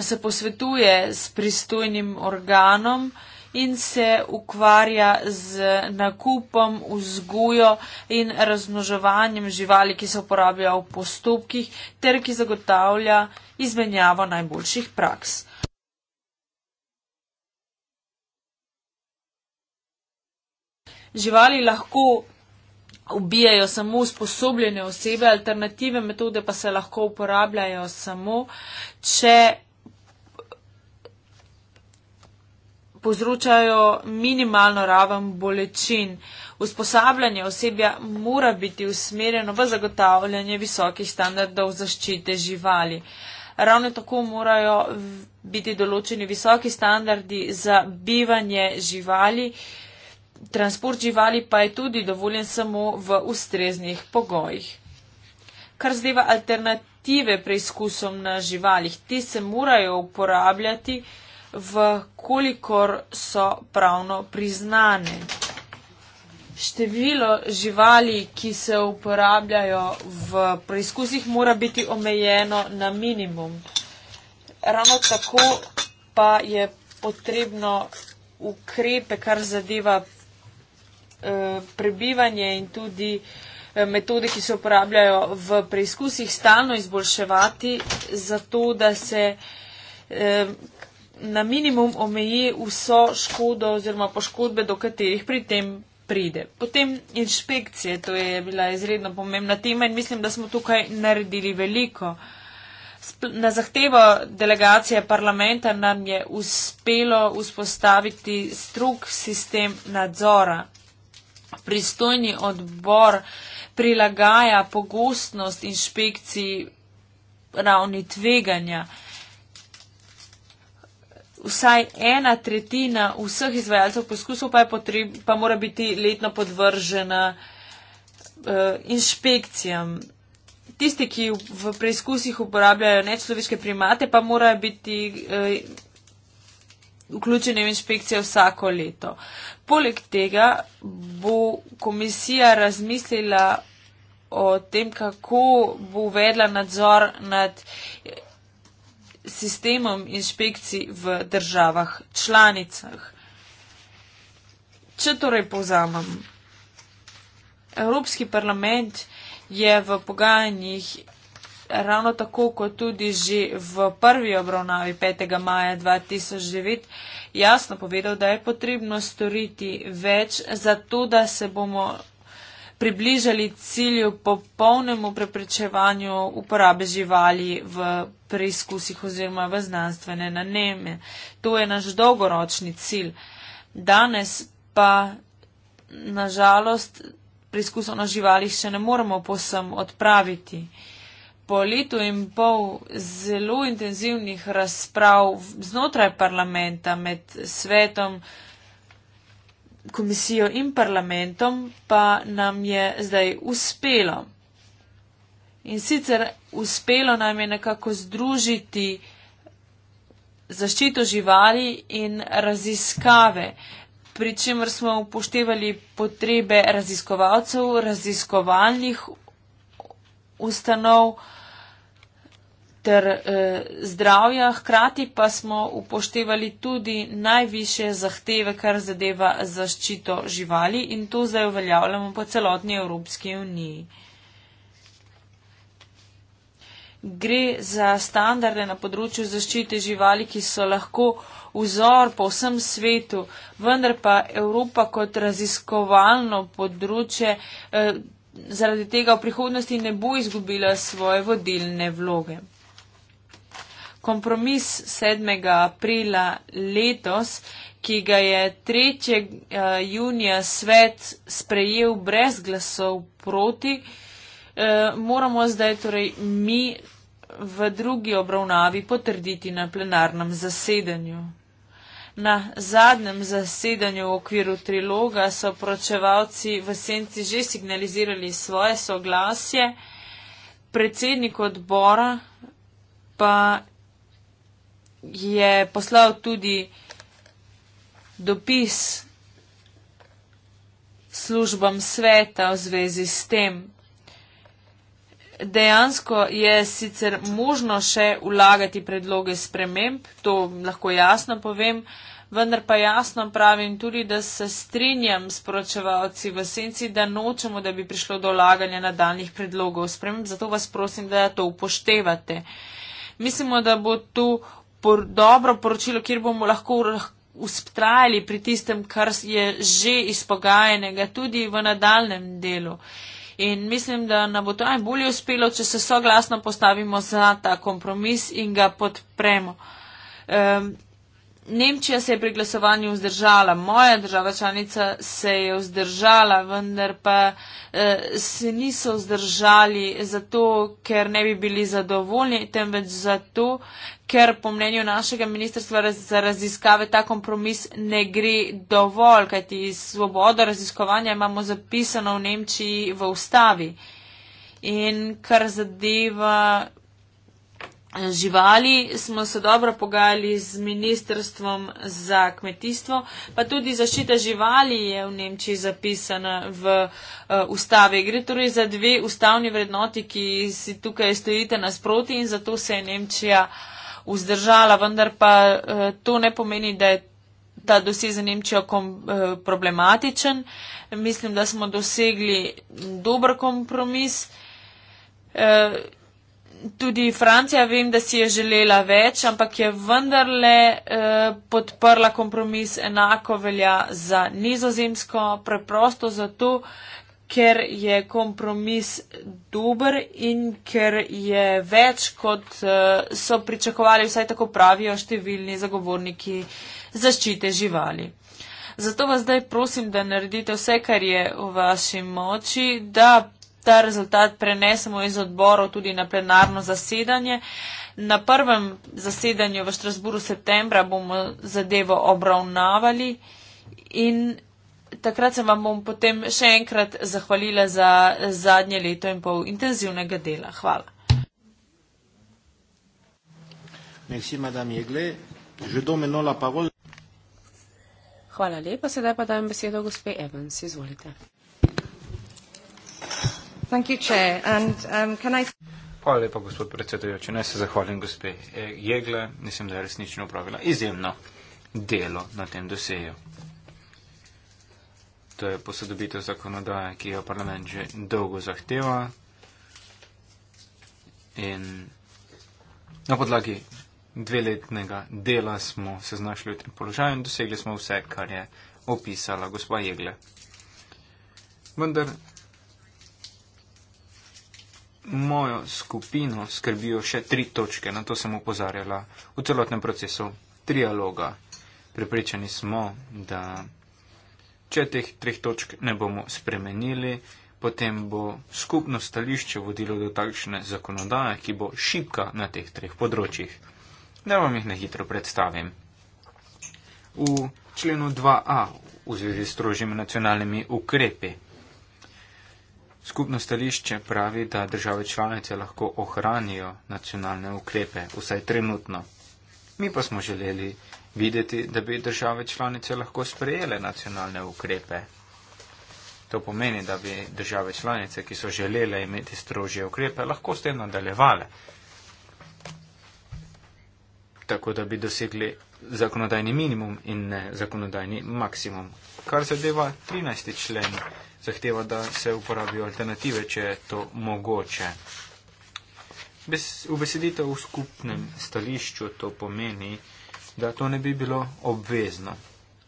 se posvetuje s pristojnim organom, uh, in se ukvarja z nakupom, vzgojo in raznoževanjem živali, ki se uporabljajo v postopkih, ter ki zagotavlja izmenjavo najboljših praks. Živali lahko ubijajo samo usposobljene osebe, alternative metode pa se lahko uporabljajo samo, če povzročajo minimalno raven bolečin. Usposabljanje osebja mora biti usmerjeno v zagotavljanje visokih standardov zaščite živali. Ravno tako morajo biti določeni visoki standardi za bivanje živali. Transport živali pa je tudi dovoljen samo v ustreznih pogojih. Kar zdeva alternative preizkusom na živalih, ti se morajo uporabljati vkolikor so pravno priznane. Število živali, ki se uporabljajo v preizkusih, mora biti omejeno na minimum. Ravno tako pa je potrebno ukrepe, kar zadeva eh, prebivanje in tudi eh, metode, ki se uporabljajo v preizkusih, stalno izboljševati, zato da se. Eh, na minimum omeji vso škodo oziroma poškodbe, do katerih pri tem pride. Potem inšpekcije, to je bila izredno pomembna tema in mislim, da smo tukaj naredili veliko. Na zahtevo delegacije parlamenta nam je uspelo vzpostaviti strug sistem nadzora. Pristojni odbor prilagaja pogostnost inšpekciji ravni tveganja. Uh, vsaj ena tretjina vseh izvajalcev poskusov pa, potreb, pa mora biti letno podvržena uh, inšpekcijam. Tisti, ki v preizkusih uporabljajo nečloveške primate, pa morajo biti eh, vključeni v inšpekcije vsako leto. Poleg tega bo komisija razmislila o tem, kako bo uvedla nadzor nad sistemom inšpekcij v državah članicah. Če torej povzamem, Evropski parlament je v pogajanjih ravno tako kot tudi že v prvi obravnavi 5. maja 2009 jasno povedal, da je potrebno storiti več za to, da se bomo približali cilju popolnemu preprečevanju uporabe živali v preizkusih oziroma v znanstvene nameme. To je naš dolgoročni cilj. Danes pa nažalost preizkusov na živalih še ne moremo posem odpraviti. Po letu in pol zelo intenzivnih razprav znotraj parlamenta med svetom, komisijo in parlamentom pa nam je zdaj uspelo. In sicer uspelo nam je nekako združiti zaščito živali in raziskave, pri čemer smo upoštevali potrebe raziskovalcev, raziskovalnih ustanov, uh, ter eh, zdravja. Hkrati pa smo upoštevali tudi najviše zahteve, kar zadeva zaščito živali in to zdaj uveljavljamo po celotni Evropski uniji. Gre za standarde na področju zaščite živali, ki so lahko vzor po vsem svetu, vendar pa Evropa kot raziskovalno področje eh, zaradi tega v prihodnosti ne bo izgubila svoje vodilne vloge kompromis 7. aprila letos, ki ga je 3. Eh, junija svet sprejel brez glasov proti, eh, moramo zdaj torej mi v drugi obravnavi potrditi na plenarnem zasedanju. Na zadnjem zasedanju v okviru triloga so pročevalci v senci že signalizirali svoje soglasje, predsednik odbora pa je poslal tudi dopis službam sveta v zvezi s tem. Dejansko je sicer možno še ulagati predloge sprememb, to lahko jasno povem, vendar pa jasno pravim tudi, da se strinjam s poročevalci v senci, da nočemo, da bi prišlo do ulaganja nadaljnih predlogov sprememb, zato vas prosim, da to upoštevate. Mislimo, da bo tu por, dobro poročilo, kjer bomo lahko ustrajali pri tistem, kar je že izpogajenega, tudi v nadaljem delu. In mislim, da nam bo to najbolje uspelo, če se soglasno postavimo za ta kompromis in ga podpremo. Um, Nemčija se je pri glasovanju vzdržala, moja država članica se je vzdržala, vendar pa eh, se niso vzdržali zato, ker ne bi bili zadovoljni, temveč zato, ker po mnenju našega ministrstva raz, za raziskave ta kompromis ne gre dovolj, kajti svobodo raziskovanja imamo zapisano v Nemčiji v ustavi. In kar zadeva živali, smo se dobro pogajali z Ministrstvom za kmetijstvo, pa tudi zaščita živali je v Nemčiji zapisana v uh, ustavi. Gre torej za dve ustavni vrednoti, ki si tukaj stojite nasproti in zato se je Nemčija vzdržala, vendar pa uh, to ne pomeni, da je. Ta doseg za Nemčijo kom, eh, problematičen. Mislim, da smo dosegli dober kompromis. Eh, tudi Francija, vem, da si je želela več, ampak je vendarle eh, podprla kompromis, enako velja za nizozemsko, preprosto zato, ker je kompromis dober in ker je več, kot eh, so pričakovali, vsaj tako pravijo številni zagovorniki zaščite živali. Zato vas zdaj prosim, da naredite vse, kar je v vaši moči, da ta rezultat prenesemo iz odborov tudi na plenarno zasedanje. Na prvem zasedanju v Štrasburu septembra bomo zadevo obravnavali in takrat se vam bom potem še enkrat zahvalila za zadnje leto in pol intenzivnega dela. Hvala. Merci, Hvala lepa, sedaj pa dajem besedo gospe Evans. Izvolite. Thank you, Chair. And, um, can I... Hvala lepa, gospod predsedujoči. Naj se zahvalim gospe eh, Jegle. Mislim, da je resnično upravila izjemno delo na tem doseju. To je posodobitev zakonodaje, ki jo parlament že dolgo zahteva. In na podlagi dveletnega dela smo se znašli v tem položaju in dosegli smo vse, kar je opisala gospa Jegle. Vendar mojo skupino skrbijo še tri točke, na to sem upozarjala v celotnem procesu trialoga. Prepričani smo, da če teh treh točk ne bomo spremenili, potem bo skupno stališče vodilo do takšne zakonodaje, ki bo šipka na teh treh področjih. Da vam jih na hitro predstavim. V členu 2a v zvezi s strožjimi nacionalnimi ukrepi. Skupno stališče pravi, da države članice lahko ohranijo nacionalne ukrepe, vsaj trenutno. Mi pa smo želeli videti, da bi države članice lahko sprejele nacionalne ukrepe. To pomeni, da bi države članice, ki so želele imeti strožje ukrepe, lahko s tem nadaljevale, tako da bi dosegli zakonodajni minimum in ne zakonodajni maksimum. Kar zadeva 13. člen zahteva, da se uporabijo alternative, če je to mogoče. Ubeseditev v skupnem stališču to pomeni, da to ne bi bilo obvezno.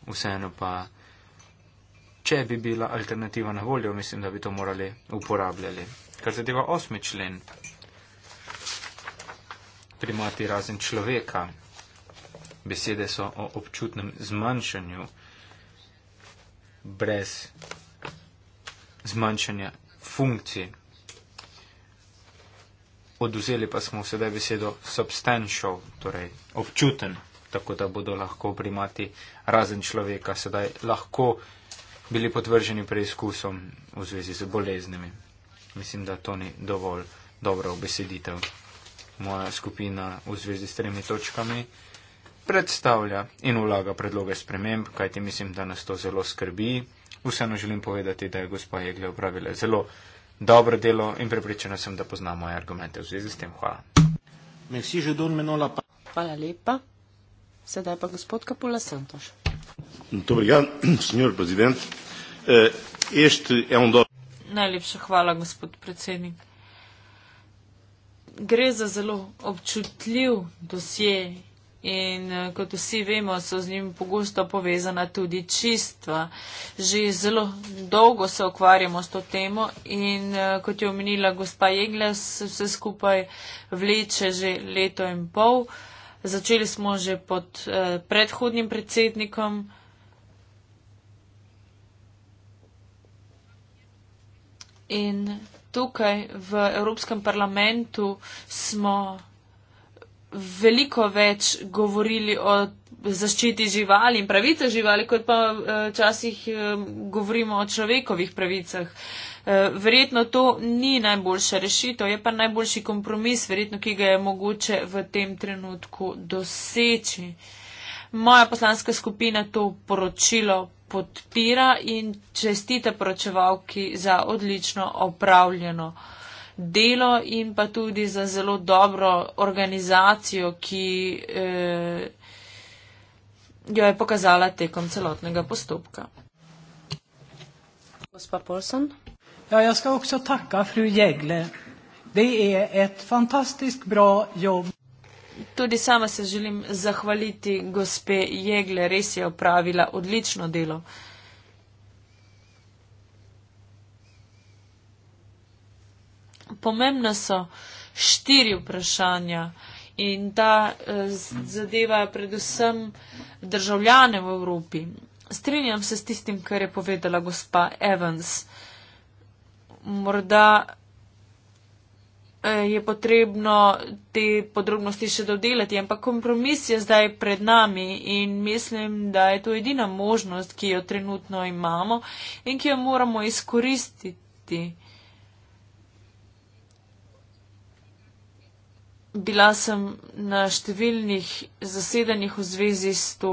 Vseeno pa, če bi bila alternativa na voljo, mislim, da bi to morali uporabljati. Kar zadeva osmi člen, primati razen človeka. Besede so o občutnem zmanjšanju brez zmanjšanja funkcij. Oduzeli pa smo sedaj besedo substantial, torej občuten, tako da bodo lahko primati razen človeka sedaj lahko bili podvrženi preizkusom v zvezi z boleznimi. Mislim, da to ni dovolj dobra obeseditev. Moja skupina v zvezi s tremi točkami predstavlja in vlaga predloge sprememb, kajti mislim, da nas to zelo skrbi vseeno želim povedati, da je gospa Jegle upravila zelo dobro delo in prepričana sem, da pozna moje argumente v zvezi s tem. Hvala. Merci, Hvala lepa. Sedaj pa gospod Kapula Santoš. Dobro, ja, senjor prezident. Eh, um Najlepša hvala, gospod predsednik. Gre za zelo občutljiv dosje In eh, kot vsi vemo, so z njim pogosto povezana tudi čistva. Že zelo dolgo se ukvarjamo s to temo in eh, kot je omenila gospa Jegles, vse skupaj vleče že leto in pol. Začeli smo že pod eh, predhodnim predsednikom. In tukaj v Evropskem parlamentu smo veliko več govorili o zaščiti živali in pravice živali, kot pa eh, včasih uh, uh, govorimo o človekovih pravicah. Uh, verjetno to ni najboljša rešitev, je pa najboljši kompromis, verjetno, ki ga je mogoče v tem trenutku doseči. Moja poslanska skupina to poročilo podpira in čestite poročevalki za odlično opravljeno delo in pa tudi za zelo dobro organizacijo, ki eh, jo je pokazala tekom celotnega postopka. Gospa Polson. Ja, jaz ga okso taka, fru Jegle. Dej je er et fantastisk bra job. Tudi sama se želim zahvaliti gospe Jegle, res je opravila odlično delo. pomembna so štiri vprašanja in ta eh, zadeva predvsem državljane v Evropi. Strinjam se s tistim, kar je povedala gospa Evans. Morda eh, je potrebno te podrobnosti še dodelati, ampak kompromis je zdaj pred nami in mislim, da je to edina možnost, ki jo trenutno imamo in ki jo moramo izkoristiti. bila sem na številnih zasedanjih v zvezi s to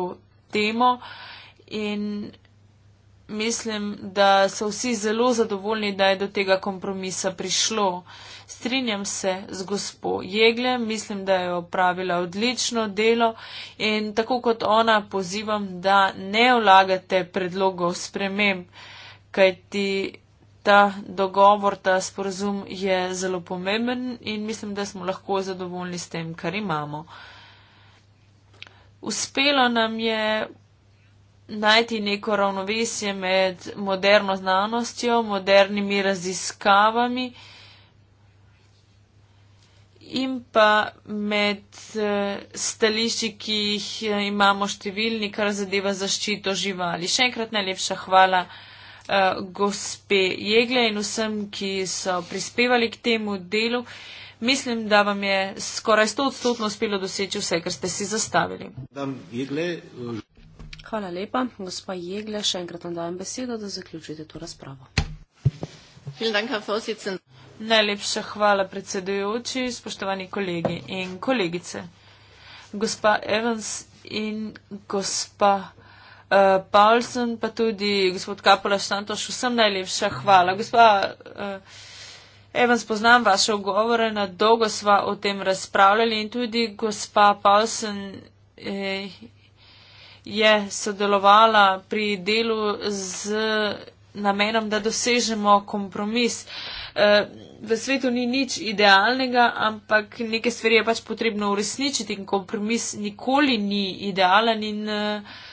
temo in mislim, da so vsi zelo zadovoljni, da je do tega kompromisa prišlo. Strinjam se z gospo Jegle, mislim, da je opravila odlično delo in tako kot ona pozivam, da ne vlagate predlogov sprememb, kajti ta dogovor, ta sporazum je zelo pomemben in mislim, da smo lahko zadovoljni s tem, kar imamo. Uspelo nam je najti neko ravnovesje med moderno znanostjo, modernimi raziskavami in pa med eh, stališči, ki jih eh, imamo številni, kar zadeva zaščito živali. Še enkrat najlepša hvala. Eh, gospe Jegle in vsem, ki so prispevali k temu delu. Mislim, da vam je skoraj 100 odstotno uspelo doseči vse, kar ste si zastavili. Eh, hvala lepa. Gospa Jegle, še enkrat vam dajem besedo, da zaključite to razpravo. Najlepša hvala predsedujoči, spoštovani kolegi in kolegice. Gospa Evans in gospa. Eh, Paulsen, pa tudi gospod Kapola Štantoš, vsem najlepša hvala. Gospa uh, Evans, poznam vaše ogovore, na dolgo sva o tem razpravljali in tudi gospa Paulsen eh, je sodelovala pri delu z namenom, da dosežemo kompromis. Eh, v svetu ni nič idealnega, ampak neke stvari je pač potrebno uresničiti in kompromis nikoli ni idealen in uh,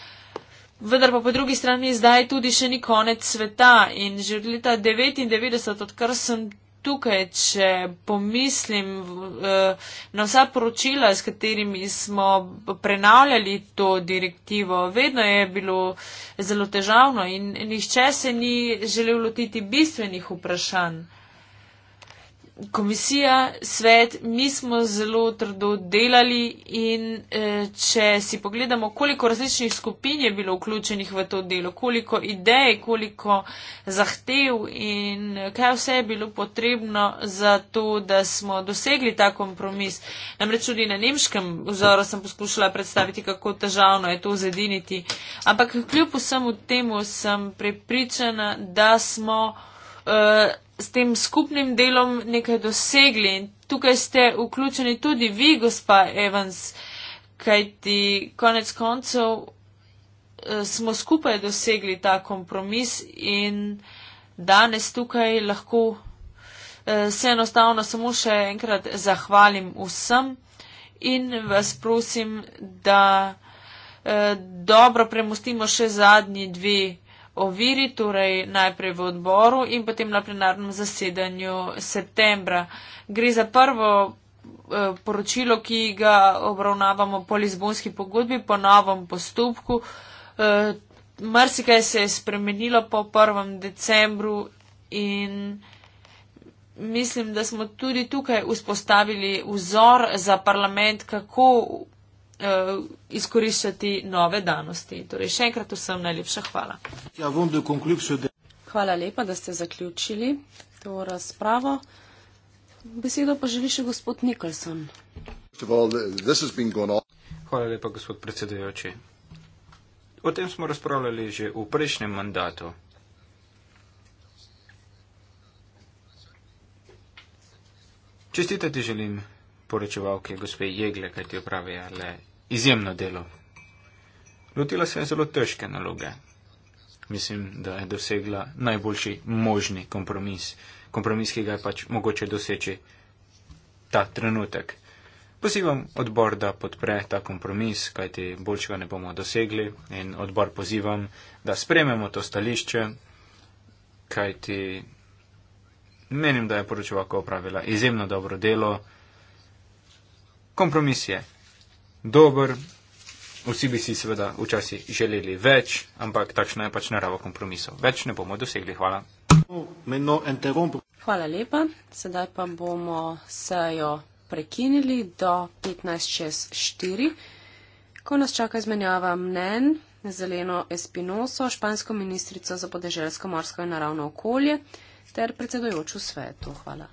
Vendar pa po drugi strani zdaj tudi še ni konec sveta in že od leta 99, odkar sem tukaj, če pomislim eh, na vsa poročila, s katerimi smo prenavljali to direktivo, vedno je bilo zelo težavno in nihče se ni želel lotiti bistvenih vprašanj komisija, svet, mi smo zelo trdo delali in eh, če si pogledamo, koliko različnih skupin je bilo vključenih v to delo, koliko idej, koliko zahtev in eh, kaj vse je bilo potrebno za to, da smo dosegli ta kompromis. Namreč tudi na nemškem vzoru sem poskušala predstaviti, kako težavno je to zediniti. Ampak kljub vsemu temu sem prepričana, da smo. Eh, s tem skupnim delom nekaj dosegli. In tukaj ste vključeni tudi vi, gospa Evans, kajti konec koncev eh, smo skupaj dosegli ta kompromis in danes tukaj lahko eh, se enostavno samo še enkrat zahvalim vsem in vas prosim, da eh, dobro premustimo še zadnji dve o viri, torej najprej v odboru in potem na plenarnem zasedanju septembra. Gre za prvo eh, poročilo, ki ga obravnavamo po Lizbonski pogodbi, po novem postopku. Eh, Mrsikaj se je spremenilo po 1. decembru in mislim, da smo tudi tukaj vzpostavili vzor za parlament, kako uh, izkoriščati nove danosti. Torej, še enkrat vsem najlepša hvala. Ja, hvala lepa, da ste zaključili to razpravo. Besedo pa želi še gospod Nikolson. Hvala lepa, gospod predsedujoči. O tem smo razpravljali že v prejšnjem mandatu. Čestitati želim poročevalke gospe Jegle, kaj ti opravijo le izjemno delo. Lotila se je zelo težke naloge. Mislim, da je dosegla najboljši možni kompromis, kompromis, ki ga je pač mogoče doseči ta trenutek. Pozivam odbor, da podpre ta kompromis, kajti boljšega ne bomo dosegli in odbor pozivam, da sprememo to stališče, kajti menim, da je poročevalka opravila izjemno dobro delo kompromis je dober, vsi bi si seveda včasih želeli več, ampak takšna je pač narava kompromisov. Več ne bomo dosegli, hvala. Hvala lepa, sedaj pa bomo sejo prekinili do 15.04, ko nas čaka izmenjava mnen. Zeleno Espinoso, špansko ministrico za podeželsko, morsko in naravno okolje ter predsedojočo svetu. Hvala.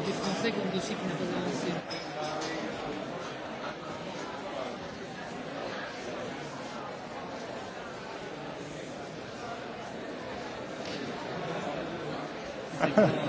que du français comme de chiffres n'est pas avancé. Thank you.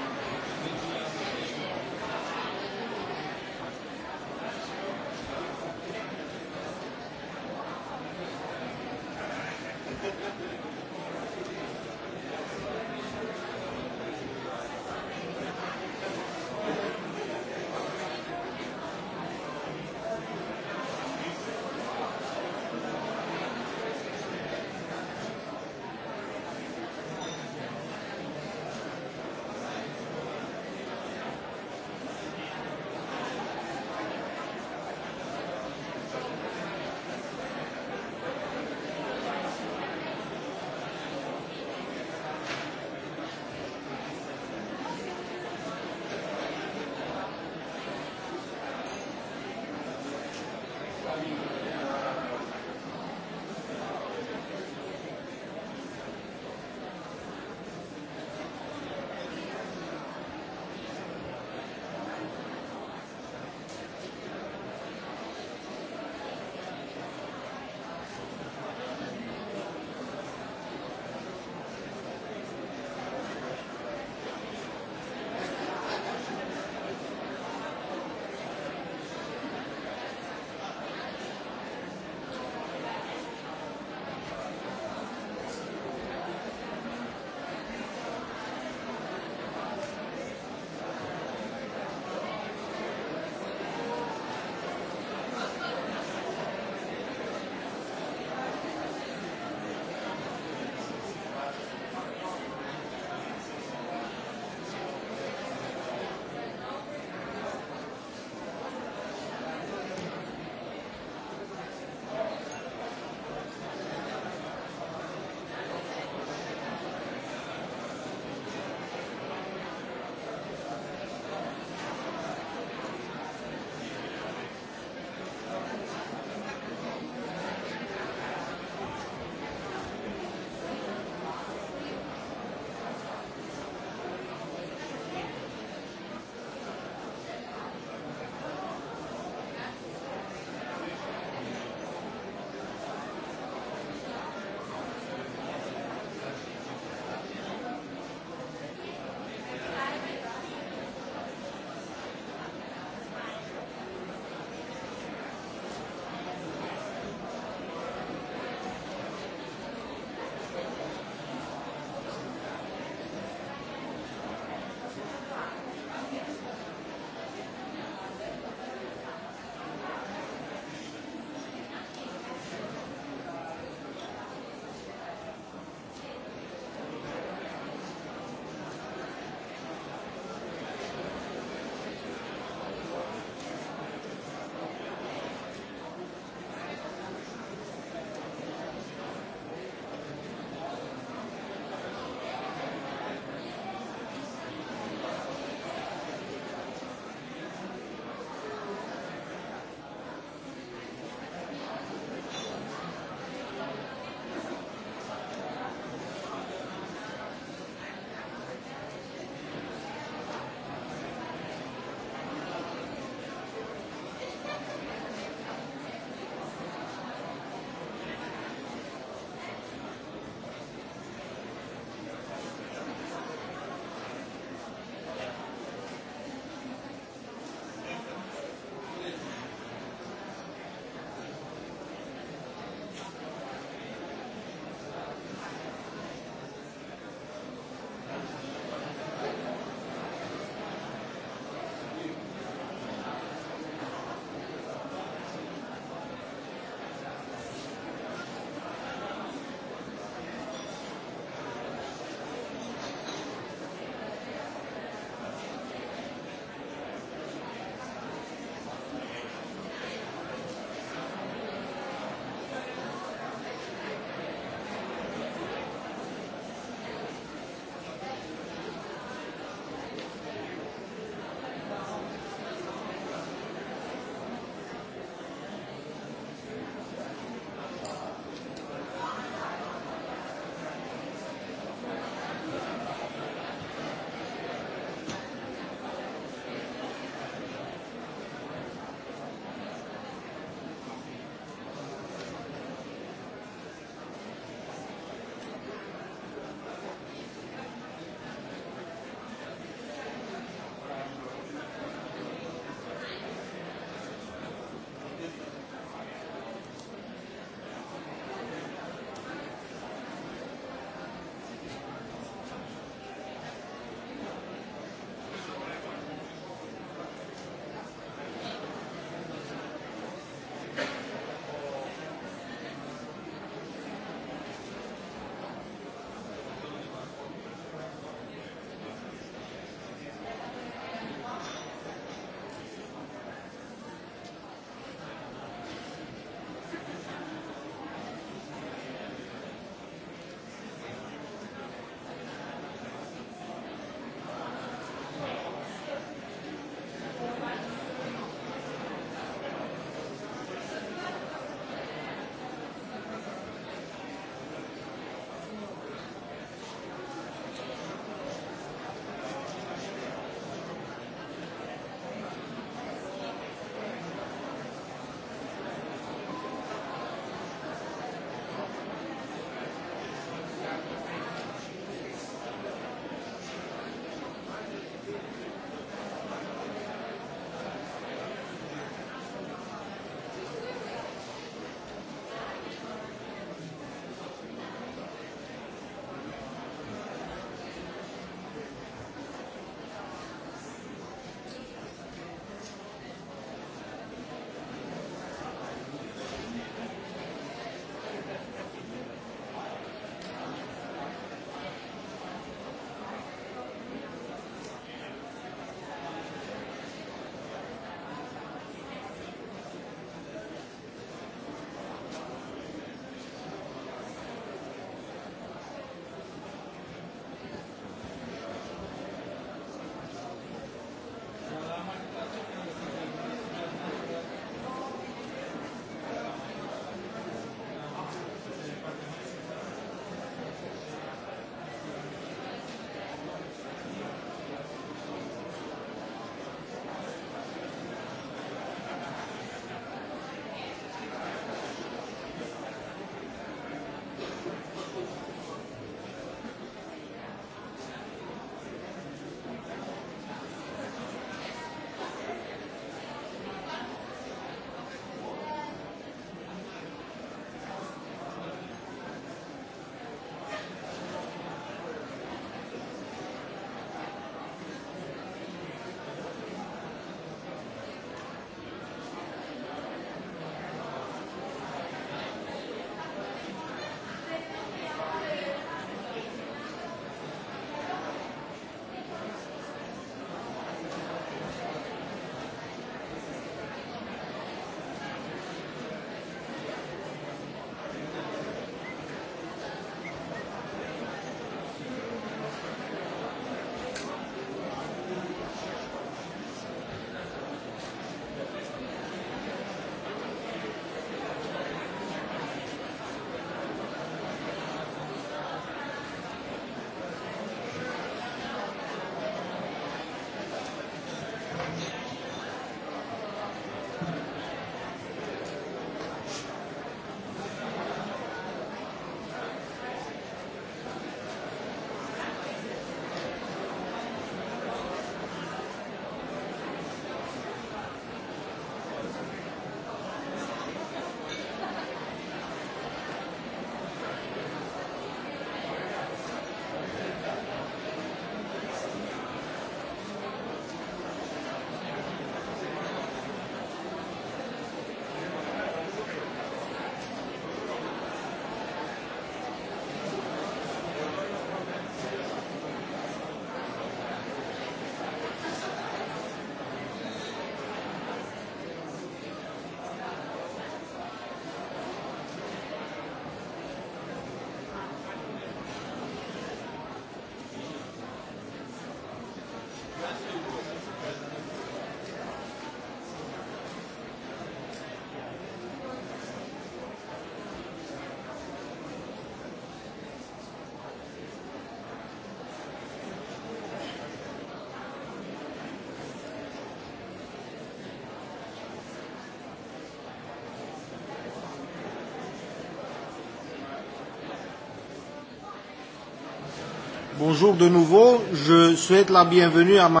Bonjour de nouveau, je souhaite la bienvenue à ma...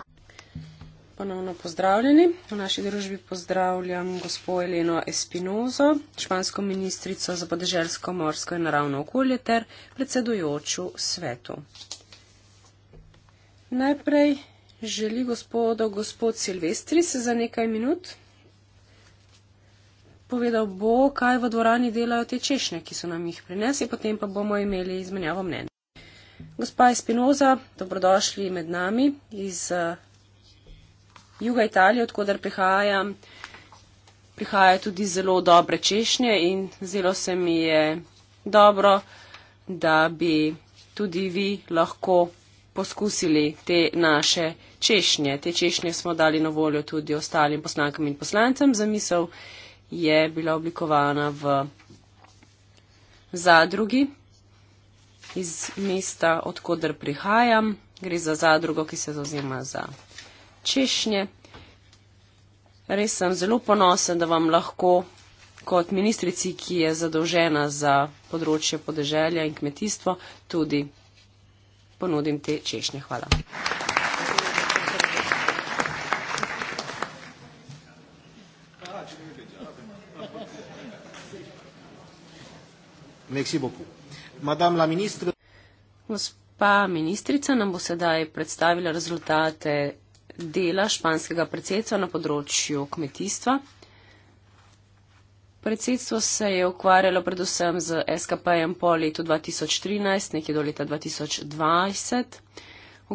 Ponovno pozdravljeni. V naši družbi pozdravljam gospod Eleno Espinozo, špansko ministrico za podeželsko morsko in naravno okolje ter predsedujočo svetu. Najprej želi gospodo gospod Silvestri se za nekaj minut. Povedal bo, kaj v dvorani delajo te češnje, ki so nam jih prinesli, potem pa bomo imeli izmenjavo mnen. Gospa Espinoza, dobrodošli med nami iz uh, juga Italije, odkudar prihajam. Prihajajo tudi zelo dobre češnje in zelo se mi je dobro, da bi tudi vi lahko poskusili te naše češnje. Te češnje smo dali na voljo tudi ostalim poslankam in poslancem. Zamisel je bila oblikovana v zadrugi iz mesta, odkuder prihajam. Gre za zadrugo, ki se zauzema za češnje. Res sem zelo ponosen, da vam lahko kot ministrici, ki je zadolžena za področje podeželja in kmetijstvo, tudi ponudim te češnje. Hvala. Merci beaucoup madame la ministre. Gospa ministrica nam bo sedaj predstavila rezultate dela španskega predsedstva na področju kmetijstva. Predsedstvo se je ukvarjalo predvsem z SKP-jem po letu 2013, nekje do leta 2020.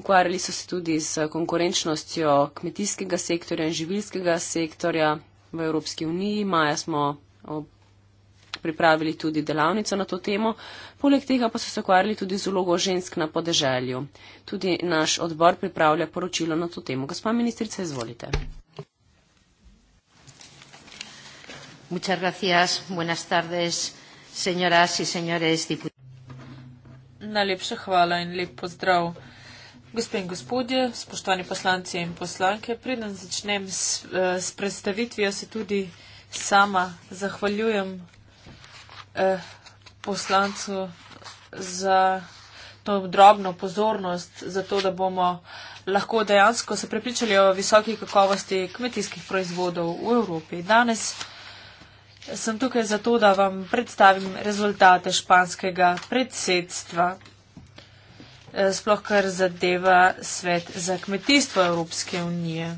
Ukvarjali so se tudi z konkurenčnostjo kmetijskega sektorja in živilskega sektorja v Evropski uniji. Maja smo pripravili tudi delavnico na to temo, poleg tega pa so se ukvarjali tudi z ulogo žensk na podeželju. Tudi naš odbor pripravlja poročilo na to temo. Gospa ministrica, izvolite. Najlepša hvala in lep pozdrav. Gospe in gospodje, spoštovani poslanci in poslanke, preden začnem s, eh, s predstavitvijo, se tudi sama zahvaljujem eh, poslancu za to drobno pozornost, za to, da bomo lahko dejansko se prepričali o visoki kakovosti kmetijskih proizvodov v Evropi. Danes sem tukaj zato, da vam predstavim rezultate španskega predsedstva, eh, sploh kar zadeva svet za kmetijstvo Evropske unije.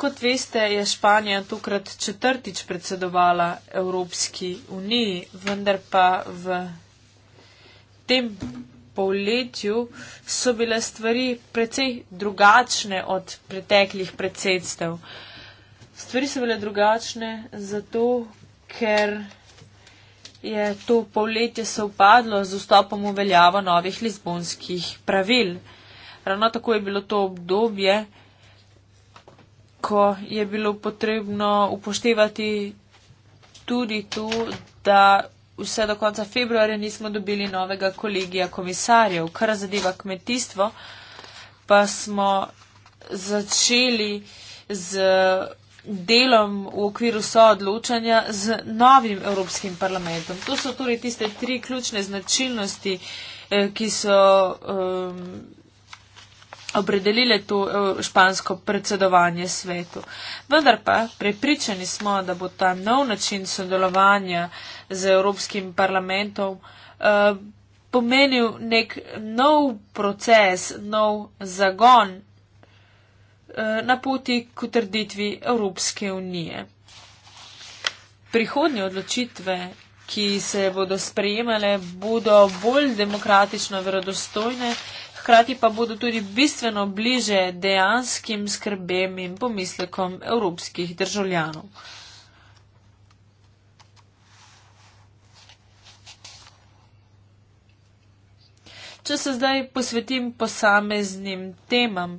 Kot veste, je Španija tokrat četrtič predsedovala Evropski uniji, vendar pa v tem polletju so bile stvari precej drugačne od preteklih predsedstev. Stvari so bile drugačne zato, ker je to polletje se upadlo z vstopom v veljavo novih lizbonskih pravil. Ravno tako je bilo to obdobje, ko je bilo potrebno upoštevati tudi to, da vse do konca februarja nismo dobili novega kolegija komisarjev. Kar zadeva kmetijstvo, pa smo začeli z delom v okviru soodločanja z novim Evropskim parlamentom. To so torej tiste tri ključne značilnosti, eh, ki so. Um, opredelile to eh, špansko predsedovanje svetu. Vendar pa prepričani smo, da bo ta nov način sodelovanja z Evropskim parlamentom eh, pomenil nek nov proces, nov zagon eh, na poti k utrditvi Evropske unije. Prihodnje odločitve, ki se bodo sprejemale, bodo bolj demokratično verodostojne, hkrati pa bodo tudi bistveno bliže dejanskim skrbem in pomislekom evropskih državljanov. Če se zdaj posvetim posameznim temam,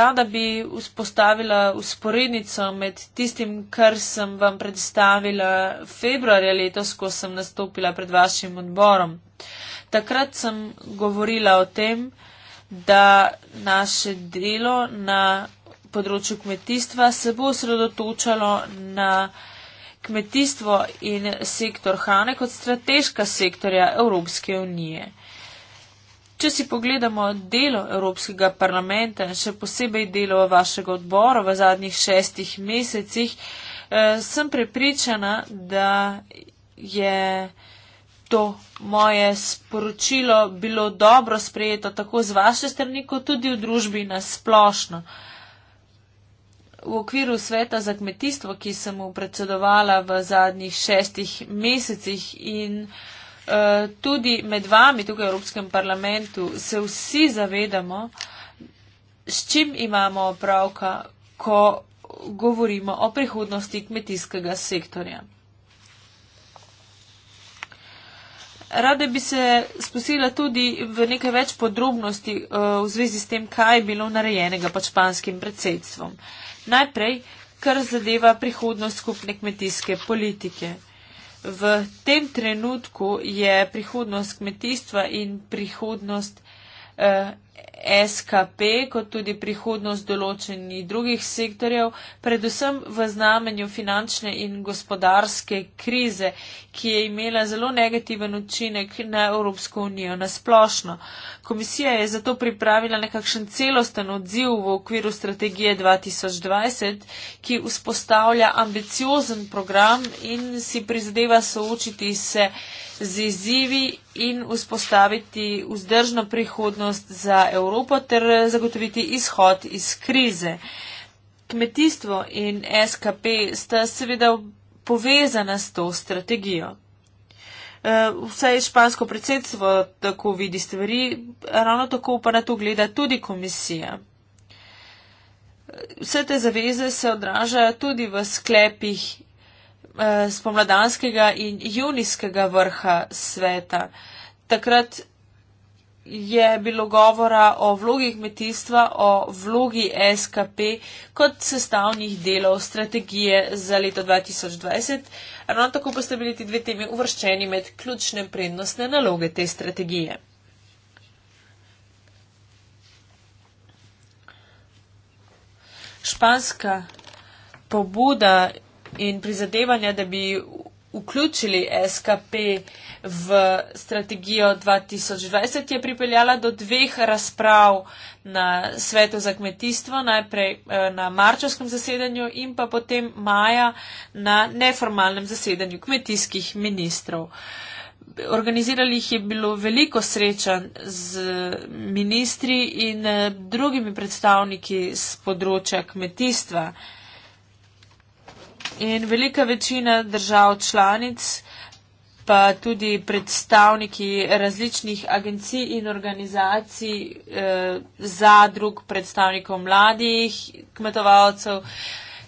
rada bi vzpostavila usporednico med tistim, kar sem vam predstavila februarja letos, ko sem nastopila pred vašim odborom. Uh, takrat sem govorila o tem, da naše delo na področju kmetijstva se bo osredotočalo na kmetijstvo in sektor hrane kot strateška sektorja Evropske unije. Če si pogledamo delo Evropskega parlamenta in še posebej delo vašega odbora v zadnjih šestih mesecih, eh, sem prepričana, da je to moje sporočilo bilo dobro sprejeto tako z vaše strani, kot tudi v družbi na splošno. V okviru sveta za kmetijstvo, ki sem mu predsedovala v zadnjih šestih mesecih in uh, tudi med vami tukaj v Evropskem parlamentu, se vsi zavedamo, s čim imamo opravka, ko govorimo o prihodnosti kmetijskega sektorja. Rade bi se spustila tudi v nekaj več podrobnosti uh, v zvezi s tem, kaj je bilo narejenega pač španskim predsedstvom. Najprej, kar zadeva prihodnost skupne kmetijske politike. V tem trenutku je prihodnost kmetijstva in prihodnost uh, SKP, kot tudi prihodnost določenih drugih sektorjev, predvsem v znamenju finančne in gospodarske krize, ki je imela zelo negativen učinek na Evropsko unijo nasplošno. Komisija je zato pripravila nekakšen celosten odziv v okviru strategije 2020, ki vzpostavlja ambiciozen program in si prizadeva soočiti se z izzivi in vzpostaviti vzdržno prihodnost za Evropo ter zagotoviti izhod iz krize. Kmetijstvo in SKP sta seveda povezana s to strategijo. Eh, Vse špansko predsedstvo tako vidi stvari, ravno tako pa na to gleda tudi komisija. Vse te zaveze se odražajo tudi v sklepih Eh, spomladanskega in junijskega vrha sveta. Takrat je bilo govora o vlogi kmetijstva, o vlogi SKP kot sestavnih delov strategije za leto 2020. Ravno tako pa ste bili ti dve temi uvrščeni med ključne prednostne naloge te strategije. Španska pobuda in prizadevanja, da bi vključili SKP v strategijo 2020, je pripeljala do dveh razprav na svetu za kmetijstvo, najprej eh, na marčarskem zasedanju in pa potem maja na neformalnem zasedanju kmetijskih ministrov. Organizirali jih je bilo veliko srečanj z ministri in eh, drugimi predstavniki z področja kmetijstva. In velika večina držav članic, pa tudi predstavniki različnih agencij in organizacij, eh, zadrug, predstavnikov mladih, kmetovalcev,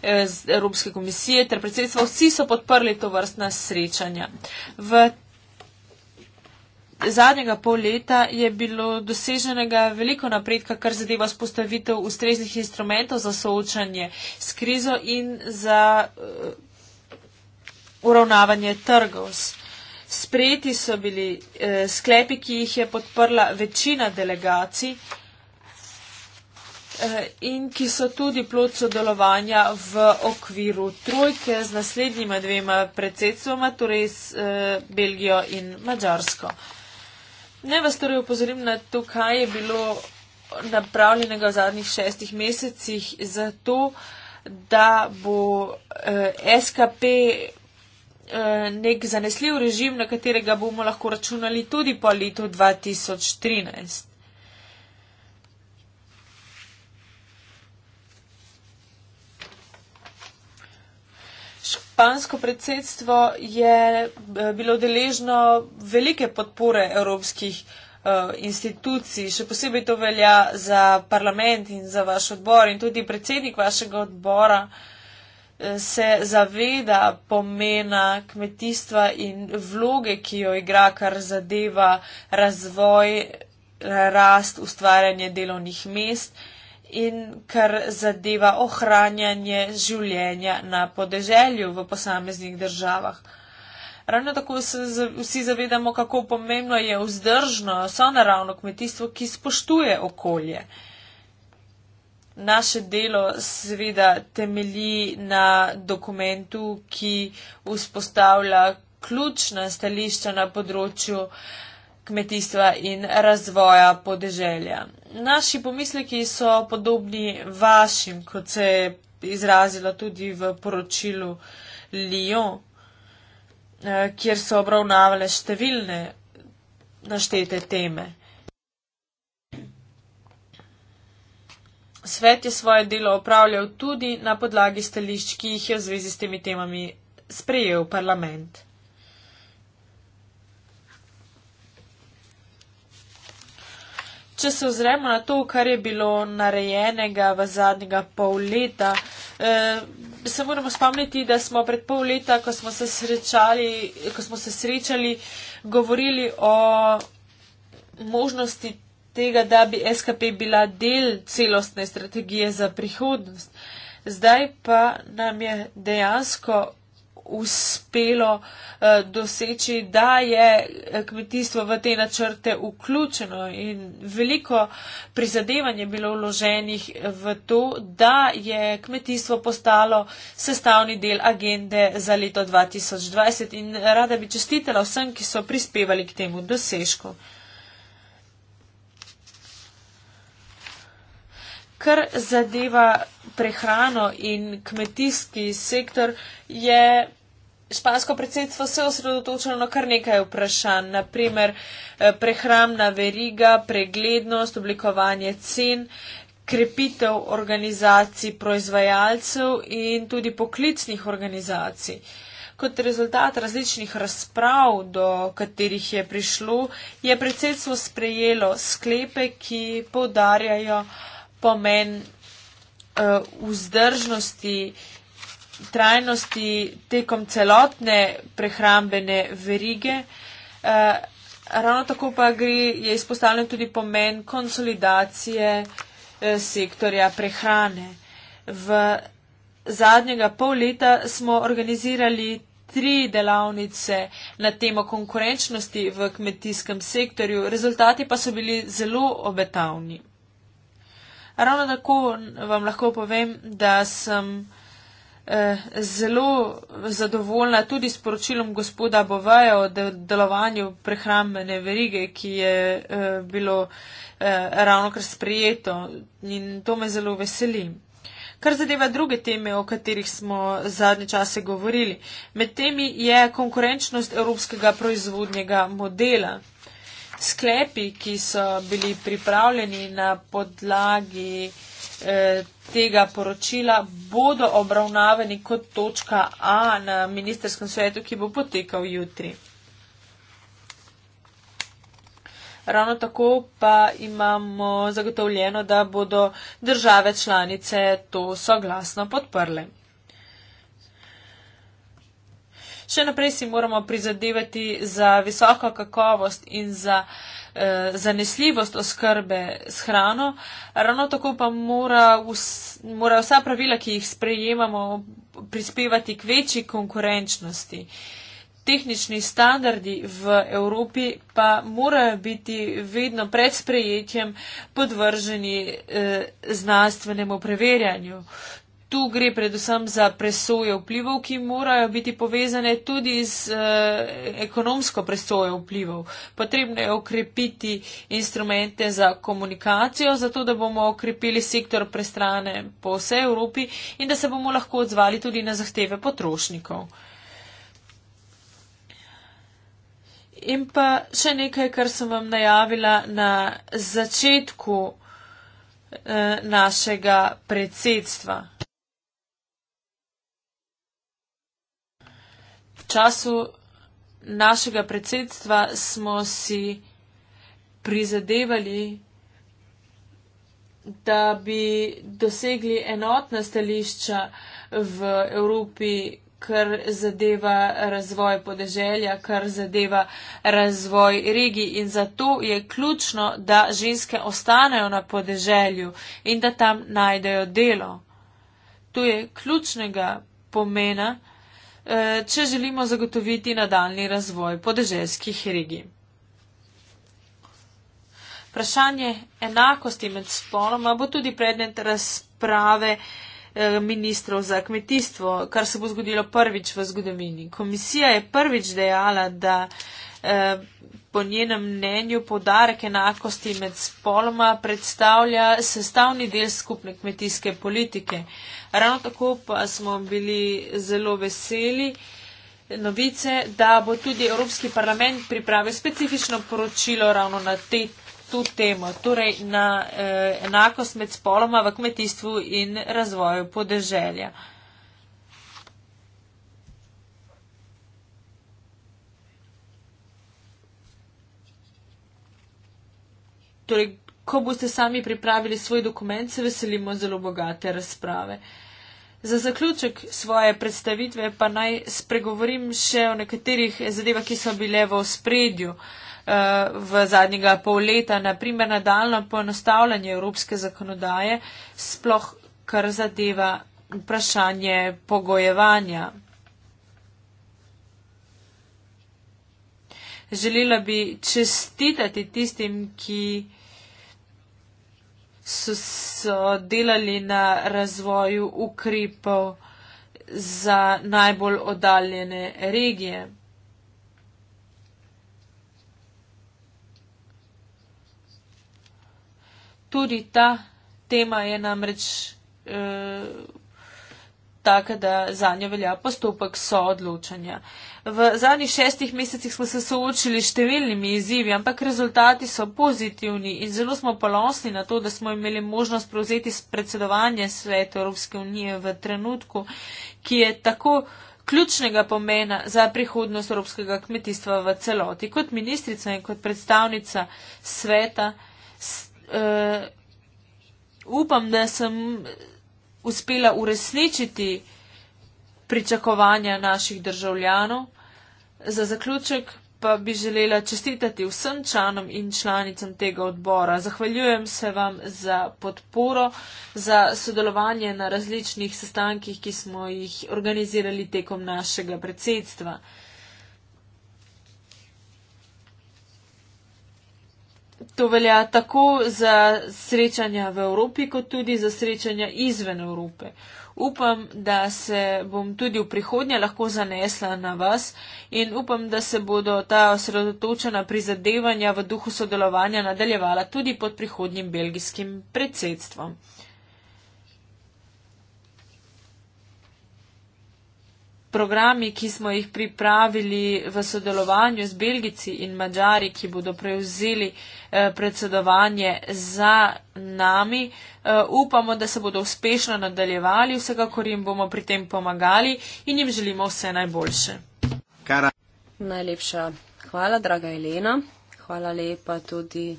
eh, Evropske komisije ter predsedstva, vsi so podprli to vrstna srečanja. V zadnjega pol leta je bilo doseženega veliko napredka, kar zadeva spostavitev ustreznih instrumentov za soočanje s krizo in za uh, uravnavanje trgov. Sprejeti so bili uh, sklepi, ki jih je podprla večina delegacij eh, in ki so tudi plod sodelovanja v okviru trojke z naslednjima dvema predsedstvoma, torej s eh, Belgijo in Mačarsko. Naj vas torej upozorim na to, kaj je bilo napravljenega v zadnjih šestih mesecih za to, da bo eh, SKP eh, nek zanesljiv režim, na katerega bomo lahko računali tudi po letu 2013. špansko predsedstvo je eh, bilo deležno velike podpore evropskih eh, institucij, še posebej to velja za parlament in za vaš odbor in tudi predsednik vašega odbora eh, se zaveda pomena kmetijstva in vloge, ki jo igra, kar zadeva razvoj, rast, ustvarjanje delovnih mest in kar zadeva ohranjanje življenja na podeželju v posameznih državah. Ravno tako se vsi zavedamo, kako pomembno je vzdržno sonaravno kmetijstvo, ki spoštuje okolje. Naše delo seveda temelji na dokumentu, ki vzpostavlja ključna stališča na področju kmetijstva in razvoja podeželja naši pomisleki so podobni vašim, kot se je izrazila tudi v poročilu Lyon, eh, kjer so obravnavale številne naštete teme. Svet je svoje delo opravljal tudi na podlagi stališč, ki jih je v zvezi s temi temami sprejel parlament. če se ozremo na to, kar je bilo narejenega v zadnjega pol leta, eh, se moramo spomniti, da smo pred pol leta, ko smo se srečali, ko smo se srečali, govorili o možnosti tega, da bi SKP bila del celostne strategije za prihodnost. Zdaj pa nam je dejansko uspelo eh, doseči, da je eh, kmetijstvo v te načrte vključeno in veliko prizadevanje bilo vloženih v to, da je kmetijstvo postalo sestavni del agende za leto 2020 in rada bi čestitela vsem, ki so prispevali k temu dosežku. Kar zadeva prehrano in kmetijski sektor je Špansko predsedstvo se je osredotočilo na kar nekaj vprašanj, naprimer eh, prehramna veriga, preglednost, oblikovanje cen, krepitev organizacij proizvajalcev in tudi poklicnih organizacij. Kot rezultat različnih razprav, do katerih je prišlo, je predsedstvo sprejelo sklepe, ki poudarjajo pomen uh, vzdržnosti uh, trajnosti tekom celotne prehrambene verige. Eh, ravno tako pa gre, je izpostavljen tudi pomen konsolidacije eh, sektorja prehrane. V zadnjega pol leta smo organizirali tri delavnice na temo konkurenčnosti v kmetijskem sektorju, rezultati pa so bili zelo obetavni. Ravno tako vam lahko povem, da sem Eh, zelo zadovoljna tudi s poročilom gospoda Boveja o delovanju prehrambene verige, ki je eh, bilo eh, ravno kar sprejeto in to me zelo veseli. Kar zadeva druge teme, o katerih smo zadnje čase govorili, med temi je konkurenčnost evropskega proizvodnjega modela. Sklepi, ki so bili pripravljeni na podlagi Eh, tega poročila bodo obravnavani kot točka A na ministerskem svetu, ki bo potekal jutri. Ravno tako pa imamo zagotovljeno, da bodo države članice to soglasno podprle. Še naprej si moramo prizadevati za visoko kakovost in za uh, Eh, zanesljivost oskrbe s hrano, ravno tako pa mora, vs, mora vsa pravila, ki jih sprejemamo, prispevati k večji konkurenčnosti. Tehnični standardi v Evropi pa morajo biti vedno pred sprejetjem podvrženi eh, znanstvenemu preverjanju. Tu gre predvsem za presoje vplivov, ki morajo biti povezane tudi z eh, ekonomsko presojo vplivov. Potrebno je okrepiti instrumente za komunikacijo, zato da bomo okrepili sektor prestrane po vse Evropi in da se bomo lahko odzvali tudi na zahteve potrošnikov. In pa še nekaj, kar sem vam najavila na začetku eh, našega predsedstva. času našega predsedstva smo si prizadevali, da bi dosegli enotna stališča v Evropi, kar zadeva razvoj podeželja, kar zadeva razvoj regij. In zato je ključno, da ženske ostanejo na podeželju in da tam najdejo delo. To je ključnega pomena. Eh, če želimo zagotoviti nadaljni razvoj podeželskih regij. Vprašanje enakosti med spoloma bo tudi predmet razprave eh, ministrov za kmetijstvo, kar se bo zgodilo prvič v zgodovini. Komisija je prvič dejala, da eh, po njenem mnenju podarek enakosti med spoloma predstavlja sestavni del skupne kmetijske politike. Ravno tako pa smo bili zelo veseli novice, da bo tudi Evropski parlament pripravil specifično poročilo ravno na te, to temo, torej na eh, enakost med spoloma v kmetijstvu in razvoju podeželja. Torej, ko boste sami pripravili svoj dokument, se veselimo zelo bogate razprave. Za zaključek svoje predstavitve pa naj spregovorim še o nekaterih zadevah, ki so bile v spredju eh, v zadnjega pol leta, naprimer nadaljno poenostavljanje evropske zakonodaje, sploh kar zadeva vprašanje pogojevanja. Želela bi čestitati tistim, ki so, so delali na razvoju ukrepov za najbolj oddaljene regije. Tudi ta tema je namreč eh, tako da za njo velja postopek soodločanja. V zadnjih šestih mesecih smo se soočili številnimi izzivi, ampak rezultati so pozitivni in zelo smo ponosni na to, da smo imeli možnost prevzeti predsedovanje svetu Evropske unije v trenutku, ki je tako ključnega pomena za prihodnost evropskega kmetijstva v celoti. Kot ministrica in kot predstavnica sveta s, uh, upam, da sem uspela uresničiti pričakovanja naših državljanov. Za zaključek pa bi želela čestitati vsem članom in članicam tega odbora. Zahvaljujem se vam za podporo, za sodelovanje na različnih sestankih, ki smo jih organizirali tekom našega predsedstva. To velja tako za srečanja v Evropi, kot tudi za srečanja izven Evrope. Upam, da se bom tudi v prihodnje lahko zanesla na vas in upam, da se bodo ta osredotočena prizadevanja v duhu sodelovanja nadaljevala tudi pod prihodnjim belgijskim predsedstvom. programi, ki smo jih pripravili v sodelovanju z Belgici in Mačari, ki bodo prevzeli eh, predsedovanje za nami, eh, upamo, da se bodo uspešno nadaljevali, vsekakor jim bomo pri tem pomagali in jim želimo vse najboljše. Kara. Najlepša hvala, draga Elena. Hvala lepa tudi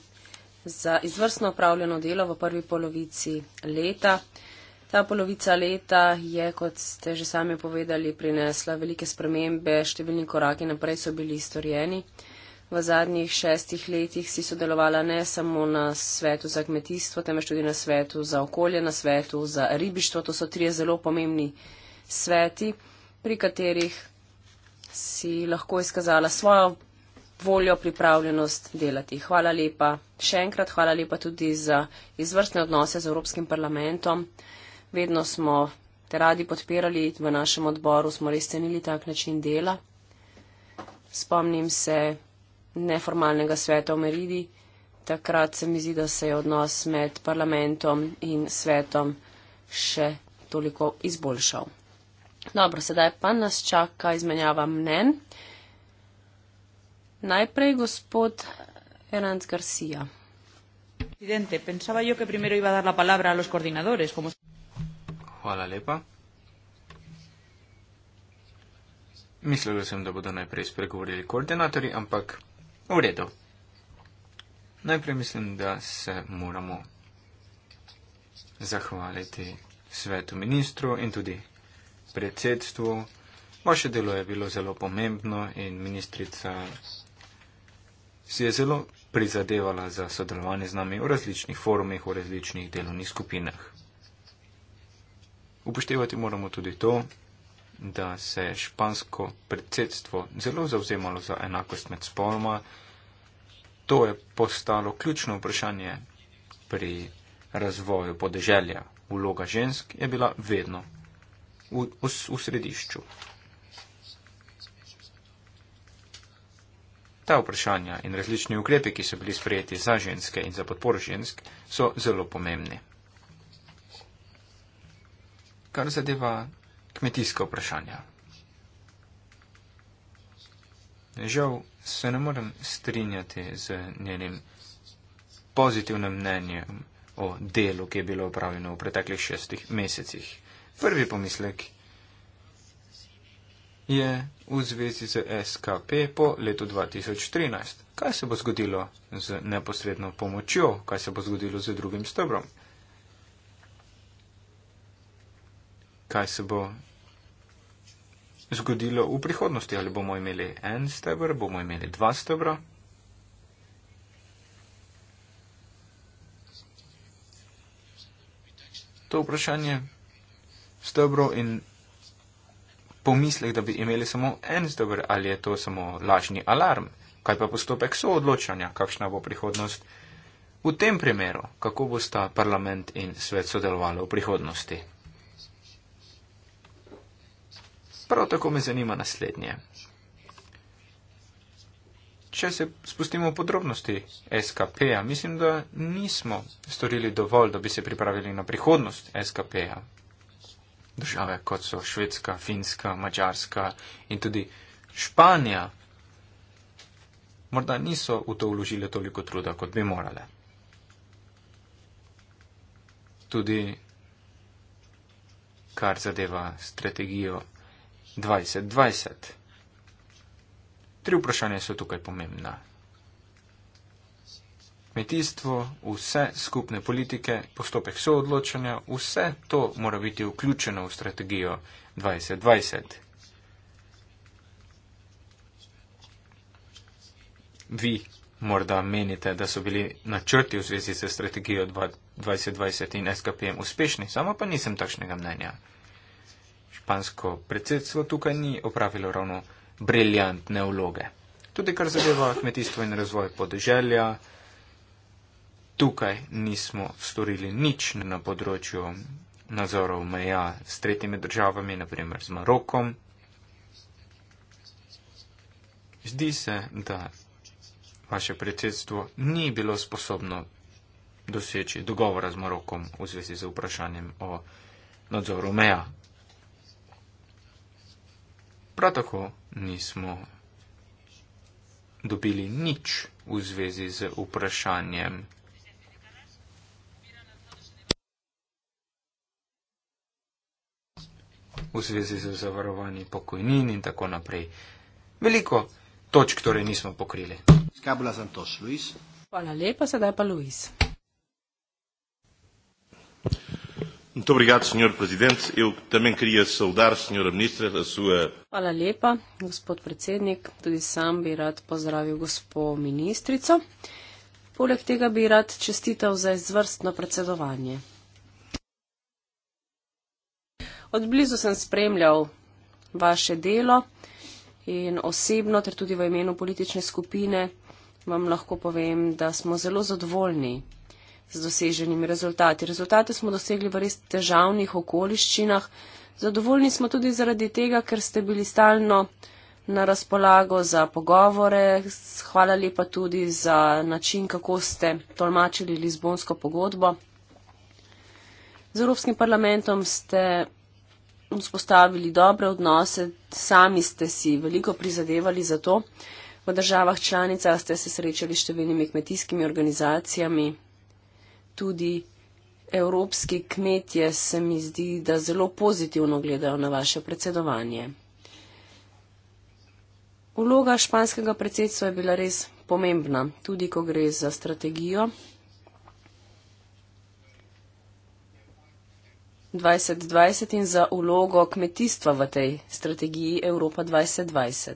za izvrstno upravljeno delo v prvi polovici leta. Ta polovica leta je, kot ste že sami povedali, prinesla velike spremembe, številni koraki naprej so bili storjeni. V zadnjih šestih letih si sodelovala ne samo na svetu za kmetijstvo, temveč tudi na svetu za okolje, na svetu za ribištvo. To so tri zelo pomembni sveti, pri katerih si lahko izkazala svojo voljo, pripravljenost delati. Hvala lepa še enkrat, hvala lepa tudi za izvrstne odnose z Evropskim parlamentom vedno smo te radi podpirali, v našem odboru smo res cenili tak način dela. Spomnim se neformalnega sveta v Meridi, takrat se mi zdi, da se je odnos med parlamentom in svetom še toliko izboljšal. Dobro, sedaj pa nas čaka izmenjava mnen. Najprej gospod Erant Garcia. Presidente, pensaba yo que primero iba a dar la palabra a los coordinadores. Como... Hvala lepa. Mislila sem, da bodo najprej spregovorili koordinatorji, ampak v redu. Najprej mislim, da se moramo zahvaliti svetu ministru in tudi predsedstvu. Vaše delo je bilo zelo pomembno in ministrica si je zelo prizadevala za sodelovanje z nami v različnih forumih, v različnih delovnih skupinah. Upoštevati moramo tudi to, da se je špansko predsedstvo zelo zauzemalo za enakost med spoloma. To je postalo ključno vprašanje pri razvoju podeželja. Uloga žensk je bila vedno v, v, v središču. Ta vprašanja in različni ukrepi, ki so bili sprejeti za ženske in za podporo žensk, so zelo pomembni kar zadeva kmetijsko vprašanje. Žal se ne morem strinjati z njenim pozitivnim mnenjem o delu, ki je bilo upravljeno v preteklih šestih mesecih. Prvi pomislek je v zvezi z SKP po letu 2013. Kaj se bo zgodilo z neposredno pomočjo, kaj se bo zgodilo z drugim stebrom? kaj se bo zgodilo v prihodnosti. Ali bomo imeli en stebr, bomo imeli dva stebra. To vprašanje stebro in pomislek, da bi imeli samo en stebr, ali je to samo lažni alarm. Kaj pa postopek soodločanja, kakšna bo prihodnost v tem primeru, kako bosta parlament in svet sodelovali v prihodnosti. Prav tako me zanima naslednje. Če se spustimo v podrobnosti SKP-ja, mislim, da nismo storili dovolj, da bi se pripravili na prihodnost SKP-ja. Države kot so Švedska, Finska, Mačarska in tudi Španija morda niso v to vložile toliko truda, kot bi morale. Tudi kar zadeva strategijo 2020. Tri vprašanja so tukaj pomembna. Kmetijstvo, vse skupne politike, postopek soodločanja, vse to mora biti vključeno v strategijo 2020. Vi morda menite, da so bili načrti v zvezi s strategijo 2020 in SKP-em uspešni, sama pa nisem takšnega mnenja špansko predsedstvo tukaj ni opravilo ravno briljantne vloge. Tudi kar zadeva kmetijstvo in razvoj podeželja, tukaj nismo storili nič na področju nadzorov meja s tretjimi državami, naprimer z Marokom. Zdi se, da vaše predsedstvo ni bilo sposobno doseči dogovora z Marokom v zvezi z vprašanjem o nadzoru meja, prav tako nismo dobili nič v zvezi z vprašanjem. V zvezi z zavarovanjem pokojnin in tako naprej. Veliko točk torej nismo pokrili. Hvala lepa, sedaj pa Luis. Muito obrigado, Sr. Presidente. Eu também queria saudar, Sra. Ministra, a sua... Hvala lepa, gospod predsednik. Tudi sam bi rad pozdravil gospod ministrico. Poleg tega bi rad čestitev za izvrstno predsedovanje. Od blizu sem spremljal vaše delo in osebno, ter tudi v imenu politične skupine, vam lahko povem, da smo zelo zadovoljni z doseženimi rezultati. Rezultate smo dosegli v res težavnih okoliščinah. Zadovoljni smo tudi zaradi tega, ker ste bili stalno na razpolago za pogovore. Hvala lepa tudi za način, kako ste tolmačili Lizbonsko pogodbo. Z Evropskim parlamentom ste vzpostavili dobre odnose, sami ste si veliko prizadevali za to. V državah članicah ste se srečali s številnimi kmetijskimi organizacijami, tudi evropski kmetje se mi zdi, da zelo pozitivno gledajo na vaše predsedovanje. Uloga španskega predsedstva je bila res pomembna, tudi ko gre za strategijo 2020 in za ulogo kmetijstva v tej strategiji Evropa 2020.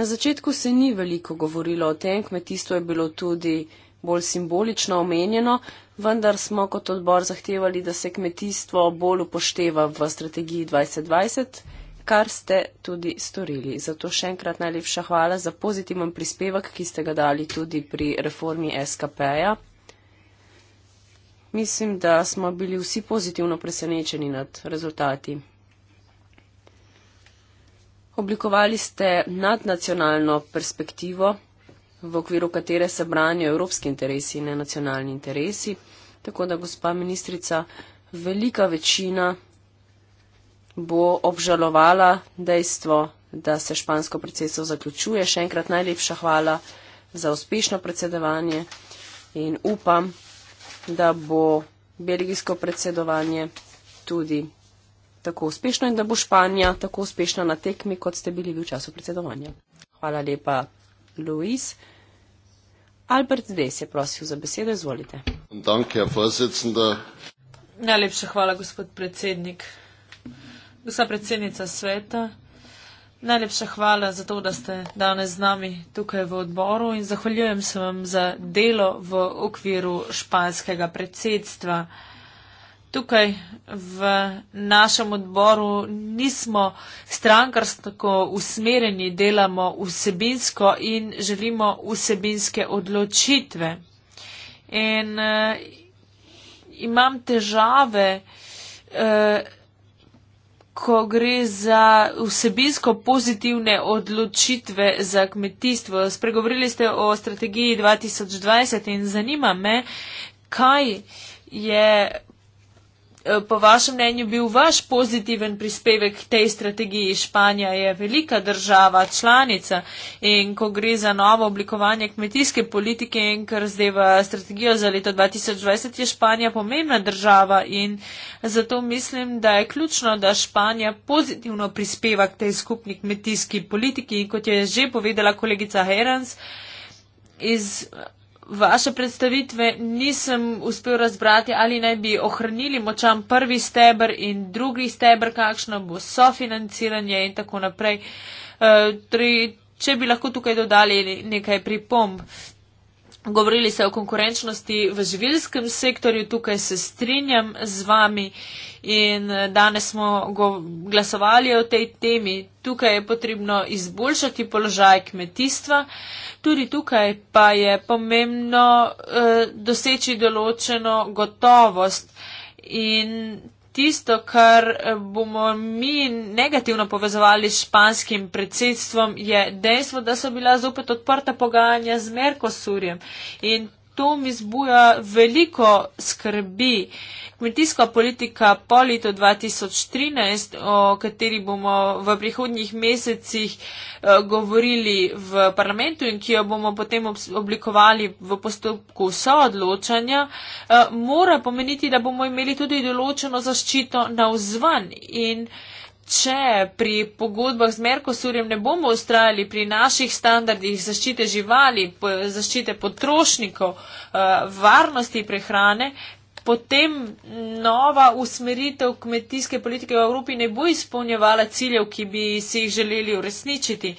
Na začetku se ni veliko govorilo o tem, kmetijstvo je bilo tudi bolj simbolično omenjeno, vendar smo kot odbor zahtevali, da se kmetijstvo bolj upošteva v strategiji 2020, kar ste tudi storili. Zato še enkrat najlepša hvala za pozitiven prispevek, ki ste ga dali tudi pri reformi SKP-ja. Mislim, da smo bili vsi pozitivno presenečeni nad rezultati. Oblikovali ste nadnacionalno perspektivo v okviru katere se branijo evropski interesi in ne nacionalni interesi. Tako da, gospa ministrica, velika večina bo obžalovala dejstvo, da se špansko predsedstvo zaključuje. Še enkrat najlepša hvala za uspešno predsedovanje in upam, da bo belgijsko predsedovanje tudi tako uspešno in da bo Španija tako uspešna na tekmi, kot ste bili v času predsedovanja. Hvala lepa. Luis. Albert Des je prosil za besedo, izvolite. Danke, Najlepša hvala, gospod predsednik. Gospa predsednica sveta, najlepša hvala za to, da ste danes z nami tukaj v odboru in zahvaljujem se vam za delo v okviru španskega predsedstva tukaj v našem odboru nismo strankarsko usmerjeni, delamo vsebinsko in želimo vsebinske odločitve. In uh, imam težave, uh, ko gre za vsebinsko pozitivne odločitve za kmetijstvo. Spregovorili ste o strategiji 2020 in zanima me, kaj je Eh, po vašem mnenju bil vaš pozitiven prispevek k tej strategiji? Španija je velika država, članica in ko gre za novo oblikovanje kmetijske politike in kar zdaj v strategijo za leto 2020 je Španija pomembna država in zato mislim, da je ključno, da Španija pozitivno prispeva k tej skupni kmetijski politiki in kot je že povedala kolegica Herans, iz vaše predstavitve nisem uspel razbrati, ali naj bi ohranili močan prvi stebr in drugi stebr, kakšno bo sofinanciranje in tako naprej. Uh, eh, tri, torej, če bi lahko tukaj dodali nekaj pripomb. Uh, Govorili ste o konkurenčnosti v živilskem sektorju, tukaj se strinjam z vami in eh, danes smo glasovali o tej temi. Tukaj je potrebno izboljšati položaj kmetijstva, tudi tukaj pa je pomembno eh, doseči določeno gotovost in Tisto, kar eh, bomo mi negativno povezovali s španskim predsedstvom, je dejstvo, da so bila zopet odprta pogajanja z Merkosurjem. In to mi zbuja veliko skrbi. Kmetijska politika po letu 2013, o kateri bomo v prihodnjih mesecih eh, govorili v parlamentu in ki jo bomo potem oblikovali v postopku soodločanja, eh, mora pomeniti, da bomo imeli tudi določeno zaščito na vzven če pri pogodbah z Merkosurjem ne bomo ustrajali pri naših standardih zaščite živali, zaščite potrošnikov, eh, varnosti prehrane, potem nova usmeritev kmetijske politike v Evropi ne bo izpolnjevala ciljev, ki bi si jih želeli uresničiti.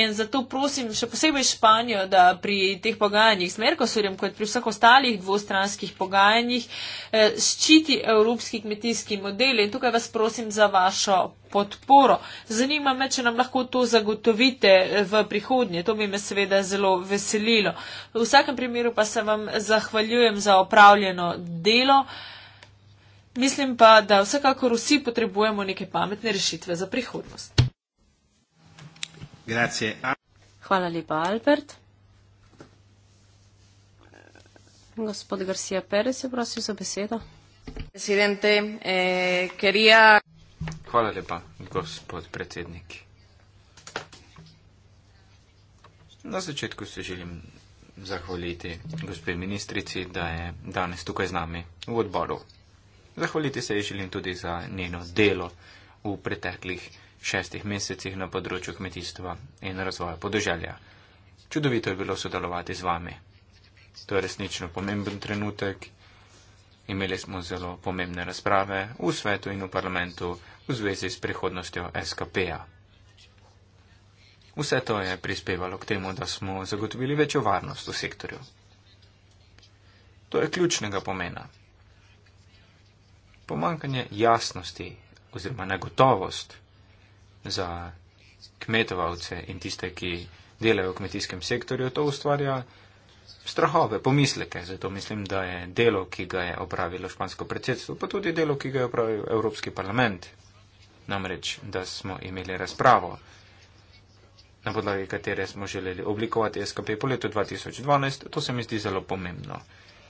In zato prosim še posebej Španijo, da pri teh pogajanjih s Merkosurjem, kot pri vseh ostalih dvostranskih pogajanjih, eh, ščiti evropski kmetijski model. In tukaj vas prosim za vašo podporo. Zanima me, če nam lahko to zagotovite v prihodnje. To bi me seveda zelo veselilo. V vsakem primeru pa se vam zahvaljujem za opravljeno delo. Mislim pa, da vsekakor vsi potrebujemo neke pametne rešitve za prihodnost. Grazie. Hvala lepa, Albert. Gospod Garcia Perez je prosil za besedo. Presidente, eh, quería... Hvala lepa, gospod predsednik. Na začetku se želim zahvaliti gospod ministrici, da je danes tukaj z nami v odboru. Zahvaliti se ji želim tudi za njeno delo v preteklih šestih mesecih na področju kmetijstva in razvoja podeželja. Čudovito je bilo sodelovati z vami. To je resnično pomemben trenutek. Imeli smo zelo pomembne razprave v svetu in v parlamentu v zvezi s prihodnostjo SKP-ja. Vse to je prispevalo k temu, da smo zagotovili večjo varnost v sektorju. To je ključnega pomena. Pomankanje jasnosti oziroma negotovost za kmetovalce in tiste, ki delajo v kmetijskem sektorju, to ustvarja strahove, pomisleke. Zato mislim, da je delo, ki ga je opravilo špansko predsedstvo, pa tudi delo, ki ga je opravil Evropski parlament namreč, da smo imeli razpravo, na podlagi katere smo želeli oblikovati SKP po letu 2012, to se mi zdi zelo pomembno.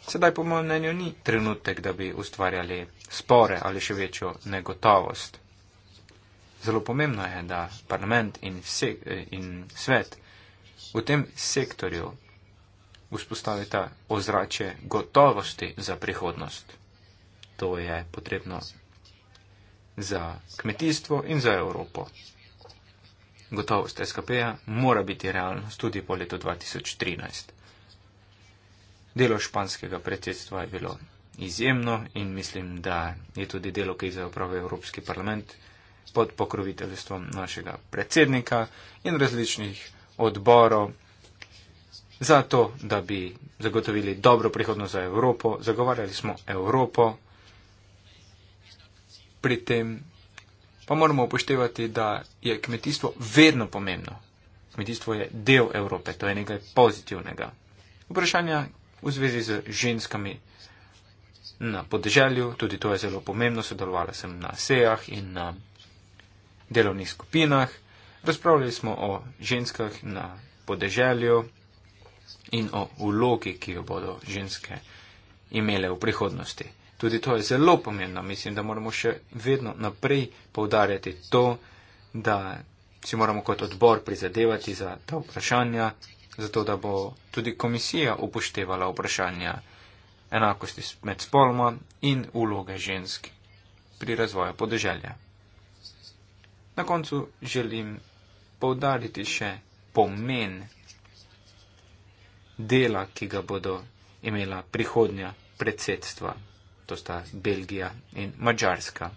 Sedaj, po mojem mnenju, ni trenutek, da bi ustvarjali spore ali še večjo negotovost. Zelo pomembno je, da parlament in, vse, in svet v tem sektorju vzpostavita ozračje gotovosti za prihodnost. To je potrebno za kmetijstvo in za Evropo. Gotovost SKP-ja mora biti realnost tudi po letu 2013. Delo španskega predsedstva je bilo izjemno in mislim, da je tudi delo, ki je zaopravil Evropski parlament pod pokroviteljstvom našega predsednika in različnih odborov, zato da bi zagotovili dobro prihodnost za Evropo, zagovarjali smo Evropo, pri tem pa moramo upoštevati, da je kmetijstvo vedno pomembno. Kmetijstvo je del Evrope, to je nekaj pozitivnega. Vprašanja v zvezi z ženskami na podeželju, tudi to je zelo pomembno, sodelovala sem na sejah in na delovnih skupinah. Razpravljali smo o ženskah na podeželju in o vlogi, ki jo bodo ženske imele v prihodnosti. Tudi to je zelo pomembno. Mislim, da moramo še vedno naprej povdarjati to, da si moramo kot odbor prizadevati za ta vprašanja, zato da bo tudi komisija upoštevala vprašanja enakosti med spoloma in uloge žensk pri razvoju podeželja. Na koncu želim povdariti še pomen dela, ki ga bodo imela prihodnja predsedstva to sta Belgija in Mačarska.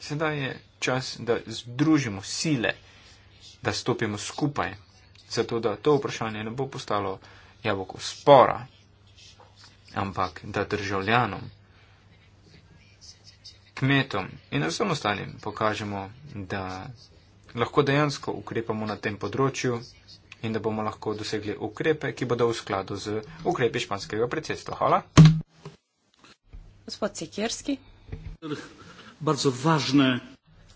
Sedaj je čas, da združimo sile, da stopimo skupaj, zato da to vprašanje ne bo postalo jaboko spora, ampak da državljanom, kmetom in vsem ostalim pokažemo, da lahko dejansko ukrepamo na tem področju in da bomo lahko dosegli ukrepe, ki bodo v skladu z ukrepi španskega predsedstva. Hvala. Gospod Cekerski. Bardzo ważne.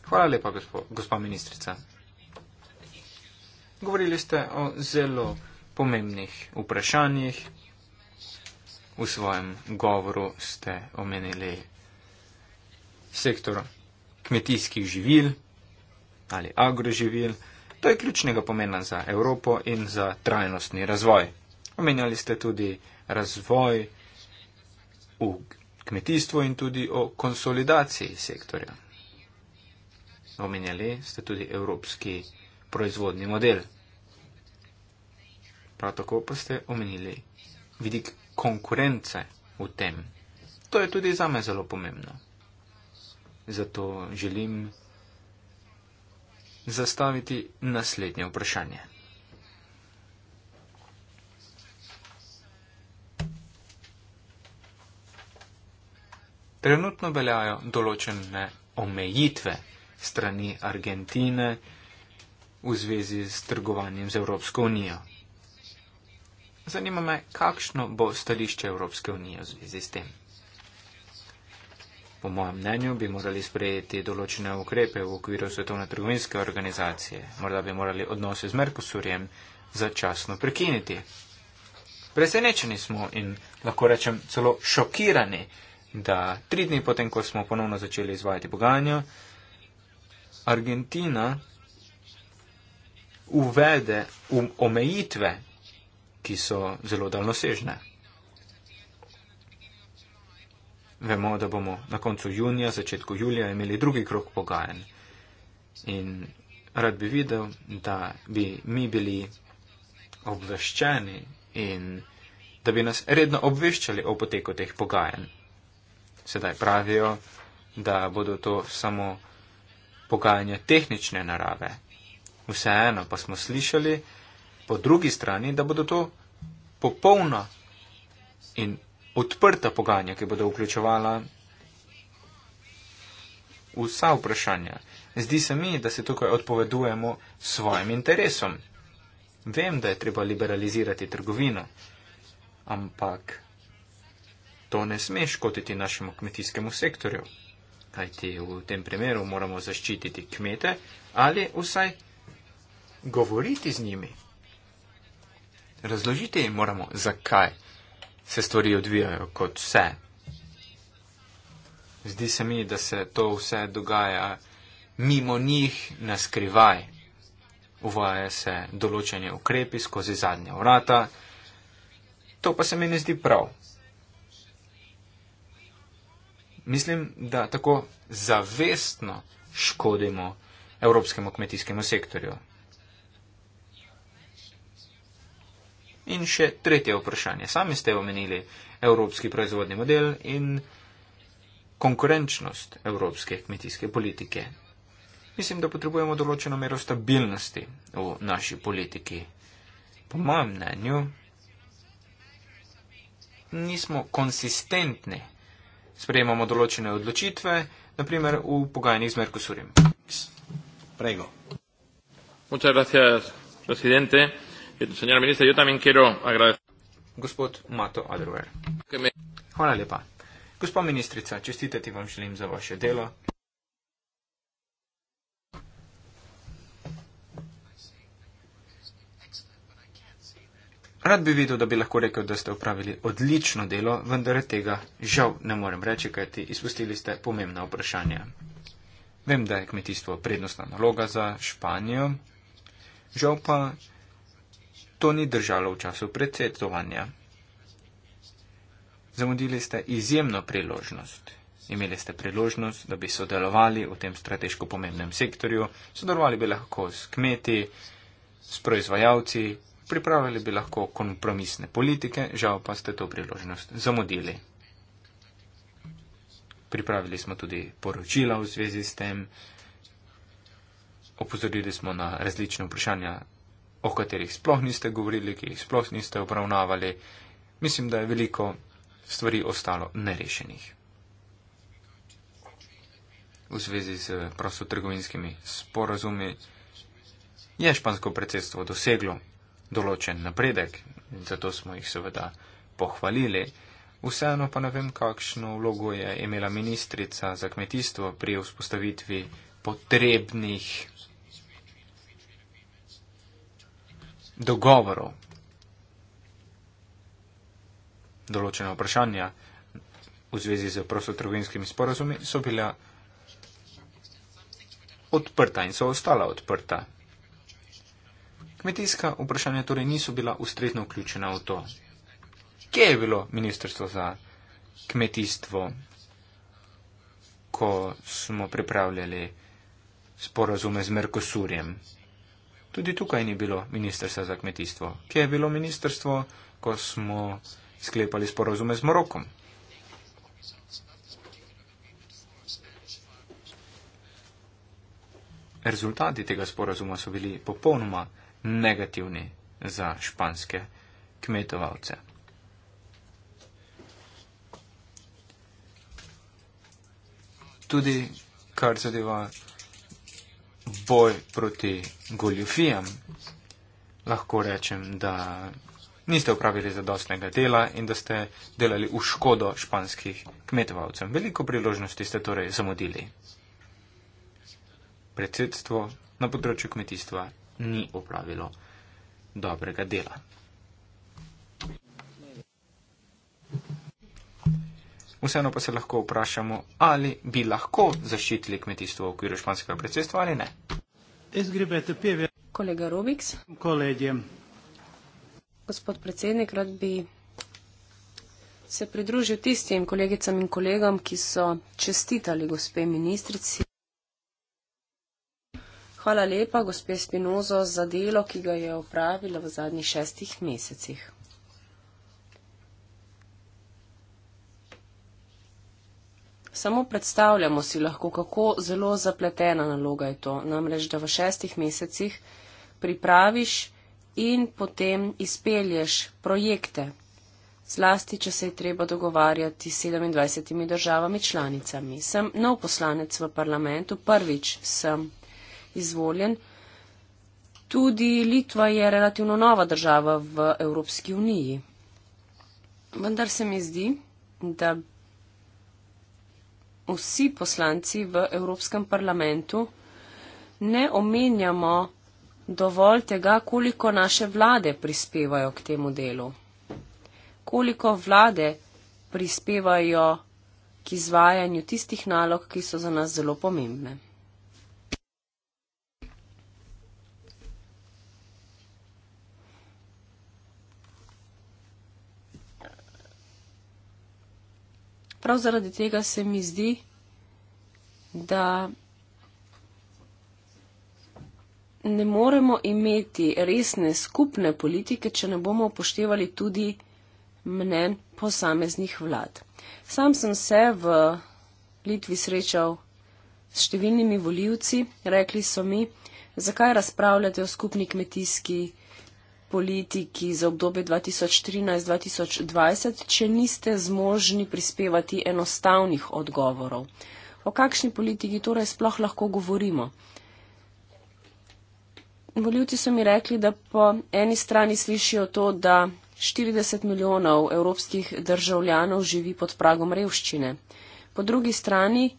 Hvala lepa, gospa ministrica. Govorili ste o zelo pomembnih vprašanjih. V svojem govoru ste omenili sektor kmetijskih živil ali agroživil. To je ključnega pomena za Evropo in za trajnostni razvoj. Omenjali ste tudi razvoj v kmetijstvu in tudi o konsolidaciji sektorja. Omenjali ste tudi evropski proizvodni model. Prav tako pa ste omenili vidik konkurence v tem. To je tudi za me zelo pomembno. Zato želim zastaviti naslednje vprašanje. Trenutno veljajo določene omejitve strani Argentine v zvezi s trgovanjem z Evropsko unijo. Zanima me, kakšno bo stališče Evropske unije v zvezi s tem. Po mojem mnenju bi morali sprejeti določene ukrepe v okviru Svetovne trgovinske organizacije. Morda bi morali odnose z Merkosurjem začasno prekiniti. Presenečeni smo in lahko rečem celo šokirani, da tri dni potem, ko smo ponovno začeli izvajati pogajanja, Argentina uvede omejitve, ki so zelo daljnosežne. Vemo, da bomo na koncu junija, začetku julija imeli drugi krok pogajanj. In rad bi videl, da bi mi bili obveščeni in da bi nas redno obveščali o poteku teh pogajanj sedaj pravijo, da bodo to samo pogajanja tehnične narave. Vseeno pa smo slišali po drugi strani, da bodo to popolna in odprta pogajanja, ki bodo vključevala vsa vprašanja. Zdi se mi, da se tukaj odpovedujemo svojim interesom. Vem, da je treba liberalizirati trgovino, ampak to ne sme škoditi našemu kmetijskemu sektorju. Kajti v tem primeru moramo zaščititi kmete ali vsaj govoriti z njimi. Razložiti jim moramo, zakaj se stvari odvijajo kot vse. Zdi se mi, da se to vse dogaja mimo njih na skrivaj. Uvaja se določene ukrepi skozi zadnja vrata. To pa se mi ne zdi prav. mislim, da tako zavestno škodimo evropskemu kmetijskemu sektorju. In še tretje vprašanje. Sami ste omenili evropski proizvodni model in konkurenčnost evropske kmetijske politike. Mislim, da potrebujemo določeno mero stabilnosti v naši politiki. Po mojem mnenju nismo konsistentni sprejemamo določene odločitve, naprimer v pogajanjih z Merkosurjem. Prego. Muchas gracias, presidente. Señor ministro, yo también quiero agradecer. Gospod Mato Adrover. Hvala lepa. Gospod ministrica, čestitati vam želim za vaše delo. Rad bi videl, da bi lahko rekel, da ste upravili odlično delo, vendar tega žal ne morem reči, kajti izpustili ste pomembna vprašanja. Vem, da je kmetijstvo prednostna naloga za Španijo, žal pa to ni držalo v času predsedovanja. Zamudili ste izjemno priložnost. Imeli ste priložnost, da bi sodelovali v tem strateško pomembnem sektorju, sodelovali bi lahko s kmeti, s proizvajalci, pripravili bi lahko kompromisne politike, žal pa ste to priložnost zamudili. Pripravili smo tudi poročila v zvezi s tem, opozorili smo na različne vprašanja, o katerih sploh niste govorili, ki jih sploh niste obravnavali. Mislim, da je veliko stvari ostalo nerešenih v zvezi z prostotrgovinskimi sporazumi. Je špansko predsedstvo doseglo določen napredek, zato smo jih seveda pohvalili. Vseeno pa ne vem, kakšno vlogo je imela ministrica za kmetijstvo pri vzpostavitvi potrebnih dogovorov. Določena vprašanja v zvezi z prostotrovinskimi sporazumi so bila odprta in so ostala odprta. Kmetijska vprašanja torej niso bila ustrezno vključena v to. Kje je bilo Ministrstvo za kmetijstvo, ko smo pripravljali sporazume z Merkosurjem? Tudi tukaj ni bilo Ministrstva za kmetijstvo. Kje je bilo Ministrstvo, ko smo sklepali sporazume z Morokom? Rezultati tega sporazuma so bili popolnoma negativni za španske kmetovalce. Tudi kar zadeva boj proti goljufijam, lahko rečem, da niste upravili zadostnega dela in da ste delali v škodo španskih kmetovalcev. Veliko priložnosti ste torej zamudili. Predsedstvo na področju kmetijstva ni opravilo dobrega dela. Vseeno pa se lahko vprašamo, ali bi lahko zaščitili kmetijstvo v okviru španskega predsedstva ali ne. Kolega Rubiks. Kolegje. Gospod predsednik, rad bi se pridružil tistim kolegicam in kolegom, ki so čestitali gospe ministrici hvala lepa gospe Spinozo za delo, ki ga je opravila v zadnjih šestih mesecih. Samo predstavljamo si lahko, kako zelo zapletena naloga je to. Namreč, da v šestih mesecih pripraviš in potem izpelješ projekte, zlasti, če se je treba dogovarjati s 27 državami članicami. Sem nov poslanec v parlamentu, prvič sem izvoljen. Tudi Litva je relativno nova država v Evropski uniji. Vendar se mi zdi, da vsi poslanci v Evropskem parlamentu ne omenjamo dovolj tega, koliko naše vlade prispevajo k temu delu. Koliko vlade prispevajo k izvajanju tistih nalog, ki so za nas zelo pomembne. prav zaradi tega se mi zdi, da ne moremo imeti resne skupne politike, če ne bomo upoštevali tudi mnen posameznih vlad. Sam sem se v Litvi srečal s številnimi voljivci, rekli so mi, zakaj razpravljate o skupni kmetijski politiki politiki za obdobje 2013-2020, če niste zmožni prispevati enostavnih odgovorov. O kakšni politiki torej sploh lahko govorimo? Voljivci so mi rekli, da po eni strani slišijo to, da 40 milijonov evropskih državljanov živi pod pragom revščine. Po drugi strani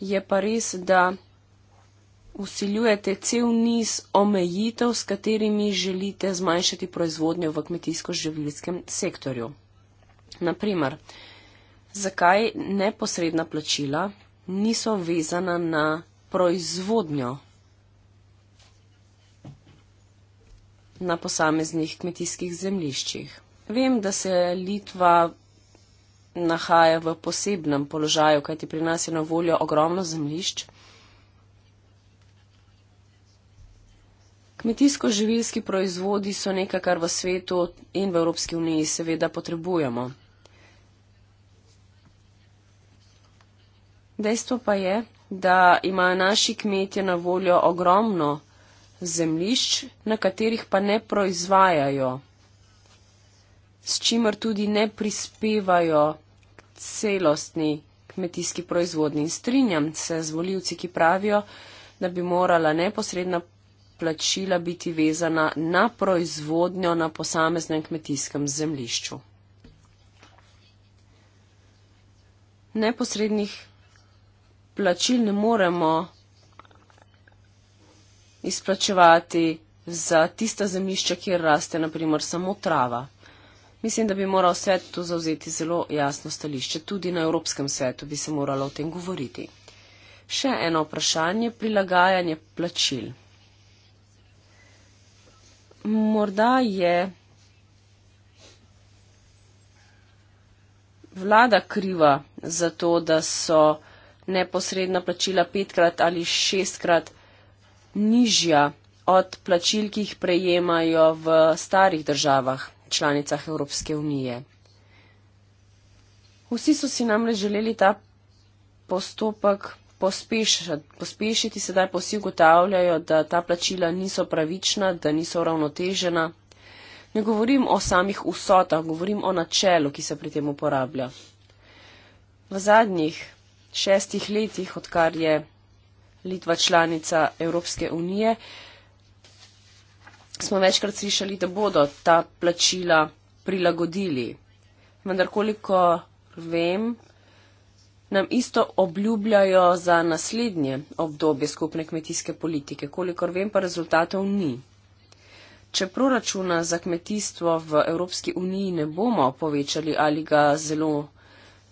je pa res, da usiljujete cel niz omejitev, s katerimi želite zmanjšati proizvodnjo v kmetijsko-življenjskem sektorju. Naprimer, zakaj neposredna plačila niso vezana na proizvodnjo na posameznih kmetijskih zemliščih? Vem, da se Litva nahaja v posebnem položaju, kajti pri nas je na voljo ogromno zemlišč. Kmetijsko-živilski proizvodi so nekaj, kar v svetu in v Evropski uniji seveda potrebujemo. Dejstvo pa je, da imajo naši kmetje na voljo ogromno zemlišč, na katerih pa ne proizvajajo, s čimer tudi ne prispevajo celostni kmetijski proizvodni. In strinjam se z voljivci, ki pravijo, da bi morala neposredna proizvodnja plačila biti vezana na proizvodnjo na posameznem kmetijskem zemljišču. Neposrednih plačil ne moremo izplačevati za tista zemljišča, kjer raste naprimer samo trava. Mislim, da bi moral svet tu zauzeti zelo jasno stališče. Tudi na Evropskem svetu bi se moralo o tem govoriti. Še eno vprašanje, prilagajanje plačil morda je vlada kriva za to, da so neposredna plačila petkrat ali šestkrat nižja od plačil, ki jih prejemajo v starih državah, članicah Evropske unije. Vsi so si namreč želeli ta postopek pospešiti, pospešiti sedaj pa vsi ugotavljajo, da ta plačila niso pravična, da niso ravnotežena. Ne govorim o samih vsotah, govorim o načelu, ki se pri tem uporablja. V zadnjih šestih letih, odkar je Litva članica Evropske unije, smo večkrat slišali, da bodo ta plačila prilagodili. Vendar koliko vem, nam isto obljubljajo za naslednje obdobje skupne kmetijske politike, kolikor vem, pa rezultatov ni. Če proračuna za kmetijstvo v Evropski uniji ne bomo povečali ali ga zelo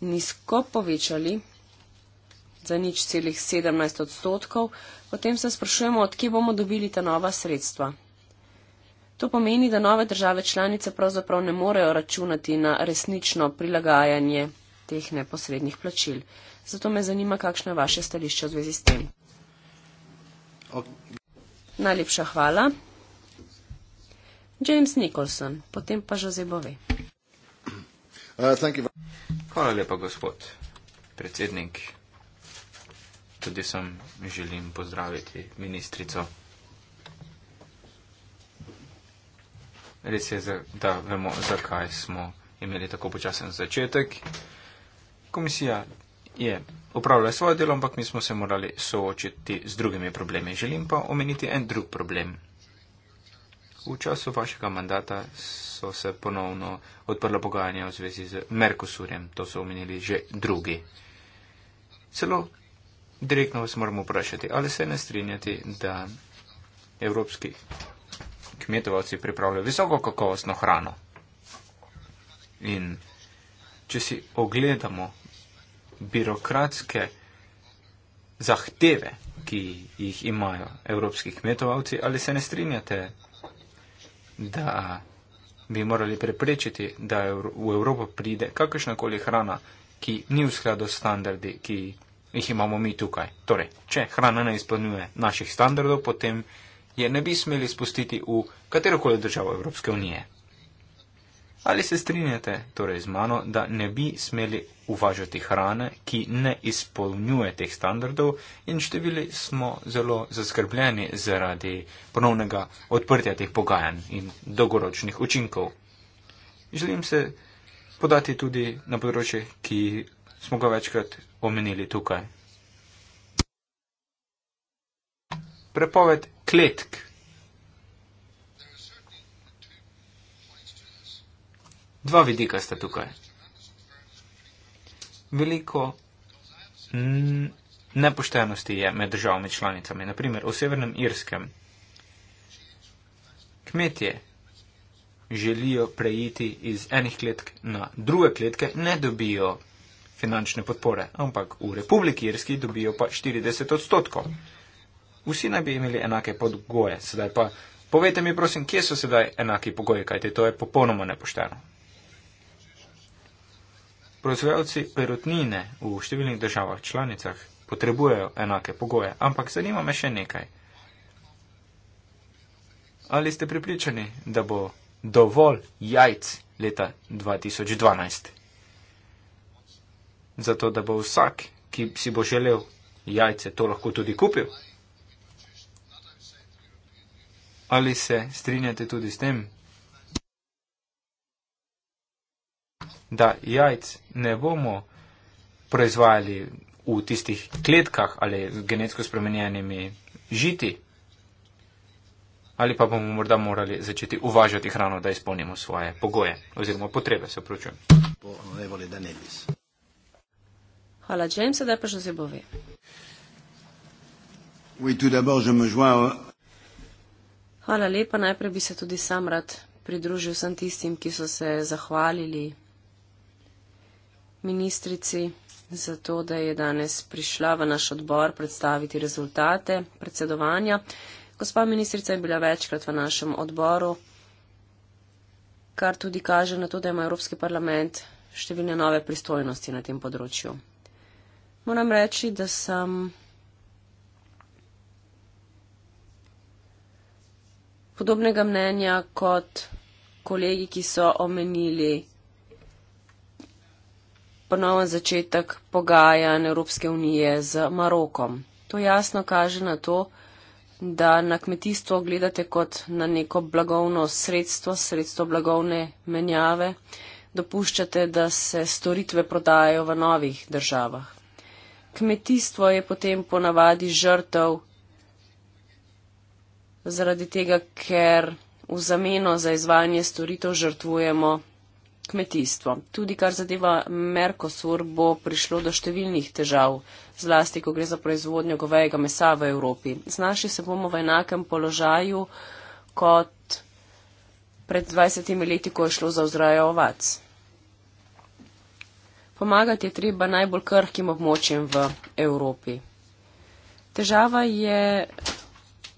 nizko povečali, za nič celih 17 odstotkov, potem se sprašujemo, odkje bomo dobili ta nova sredstva. To pomeni, da nove države članice pravzaprav ne morejo računati na resnično prilagajanje teh neposrednih plačil. Zato me zanima, kakšno je vaše stališče v zvezi s tem. Okay. Najlepša hvala. James Nicholson, potem pa že zebovi. Uh, hvala lepa, gospod predsednik. Tudi sem želim pozdraviti ministrico. Res je, da vemo, zakaj smo imeli tako počasen začetek komisija je upravljala svoje delo, ampak mi smo se morali soočiti z drugimi problemi. Želim pa omeniti en drug problem. V času vašega mandata so se ponovno odprla pogajanja v zvezi z Merkosurjem, to so omenili že drugi. Celo direktno vas moramo vprašati, ali se ne strinjate, da evropski kmetovalci pripravljajo visoko kakovostno hrano. In če si ogledamo birokratske zahteve, ki jih imajo evropski kmetovalci, ali se ne strinjate, da bi morali preprečiti, da v Evropo pride kakršnakoli hrana, ki ni v skladu s standardi, ki jih imamo mi tukaj. Torej, če hrana ne izpolnjuje naših standardov, potem je ne bi smeli spustiti v katerokoli državo Evropske unije. Ali se strinjate torej z mano, da ne bi smeli uvažati hrane, ki ne izpolnjuje teh standardov in števili smo zelo zaskrbljeni zaradi ponovnega odprtja teh pogajanj in dolgoročnih učinkov? Želim se podati tudi na področje, ki smo ga večkrat omenili tukaj. Prepoved kletk. Dva vidika sta tukaj. Veliko nepoštenosti je med državami članicami. Naprimer, v Severnem Irskem kmetje želijo preiti iz enih kletk na druge kletke, ne dobijo finančne podpore, ampak v Republiki Irski dobijo pa 40 odstotkov. Vsi naj bi imeli enake podgoje, sedaj pa povejte mi prosim, kje so sedaj enaki pogoji, kajte to je popolnoma nepošteno. Proizvajalci perutnine v številnih državah članicah potrebujejo enake pogoje, ampak zanima me še nekaj. Ali ste pripričani, da bo dovolj jajc leta 2012? Zato, da bo vsak, ki si bo želel jajce, to lahko tudi kupil? Ali se strinjate tudi s tem, da jajc ne bomo proizvajali v tistih kletkah ali genetsko spremenjenimi žiti. Ali pa bomo morda morali začeti uvažati hrano, da izpolnimo svoje pogoje oziroma potrebe, se opravičujem. Hvala, James, da pa že se bove. Hvala lepa, najprej bi se tudi sam rad pridružil vsem tistim, ki so se zahvalili ministrici za to, da je danes prišla v naš odbor predstaviti rezultate predsedovanja. Gospa ministrica je bila večkrat v našem odboru, kar tudi kaže na to, da ima Evropski parlament številne nove pristojnosti na tem področju. Moram reči, da sem podobnega mnenja kot kolegi, ki so omenili ponoven začetek pogajanj Evropske unije z Marokom. To jasno kaže na to, da na kmetijstvo gledate kot na neko blagovno sredstvo, sredstvo blagovne menjave, dopuščate, da se storitve prodajo v novih državah. Kmetijstvo je potem ponavadi žrtev zaradi tega, ker v zameno za izvajanje storitev žrtvujemo kmetijstvo. Tudi kar zadeva Mercosur, bo prišlo do številnih težav, zlasti, ko gre za proizvodnjo govejega mesa v Evropi. Znašli se bomo v enakem položaju kot pred 20 leti, ko je šlo za vzrajo ovac. Pomagati je treba najbolj krhkim območjem v Evropi. Težava je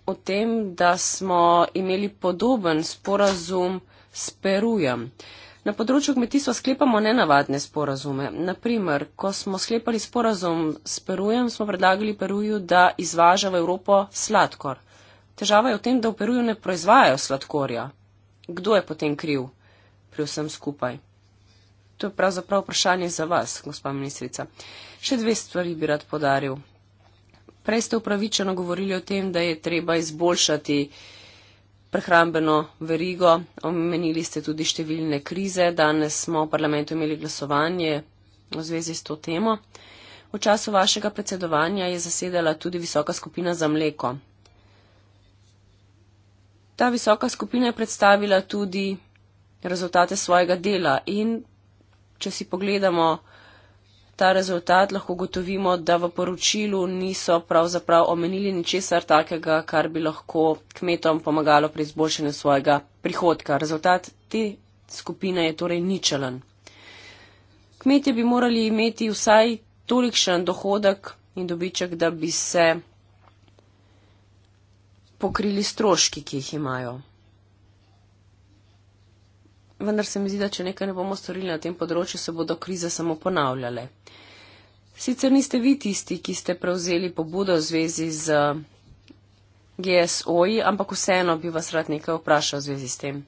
v tem, da smo imeli podoben sporazum s Perujem. Na področju kmetijstva sklepamo nenavadne sporazume. Naprimer, ko smo sklepali sporazum s Perujem, smo predlagali Peruju, da izvaža v Evropo sladkor. Težava je v tem, da v Peruju ne proizvajajo sladkorja. Kdo je potem kriv pri vsem skupaj? To je pravzaprav vprašanje za vas, gospa ministrica. Še dve stvari bi rad podaril. Prej ste upravičeno govorili o tem, da je treba izboljšati uh, prehrambeno verigo. Omenili ste tudi številne krize. Danes smo v parlamentu imeli glasovanje v zvezi s to temo. V času vašega predsedovanja je zasedala tudi visoka skupina za mleko. Ta visoka skupina je predstavila tudi rezultate svojega dela in če si pogledamo, ta rezultat, lahko gotovimo, da v poročilu niso pravzaprav omenili ničesar takega, kar bi lahko kmetom pomagalo pri izboljšanju svojega prihodka. Rezultat te skupine je torej ničelen. Kmetje bi morali imeti vsaj tolikšen dohodek in dobiček, da bi se pokrili stroški, ki jih imajo vendar se mi zdi, da če nekaj ne bomo storili na tem področju, se bodo krize samo ponavljale. Sicer niste vi tisti, ki ste prevzeli pobudo v zvezi z GSO-ji, ampak vseeno bi vas rad nekaj vprašal v zvezi s tem.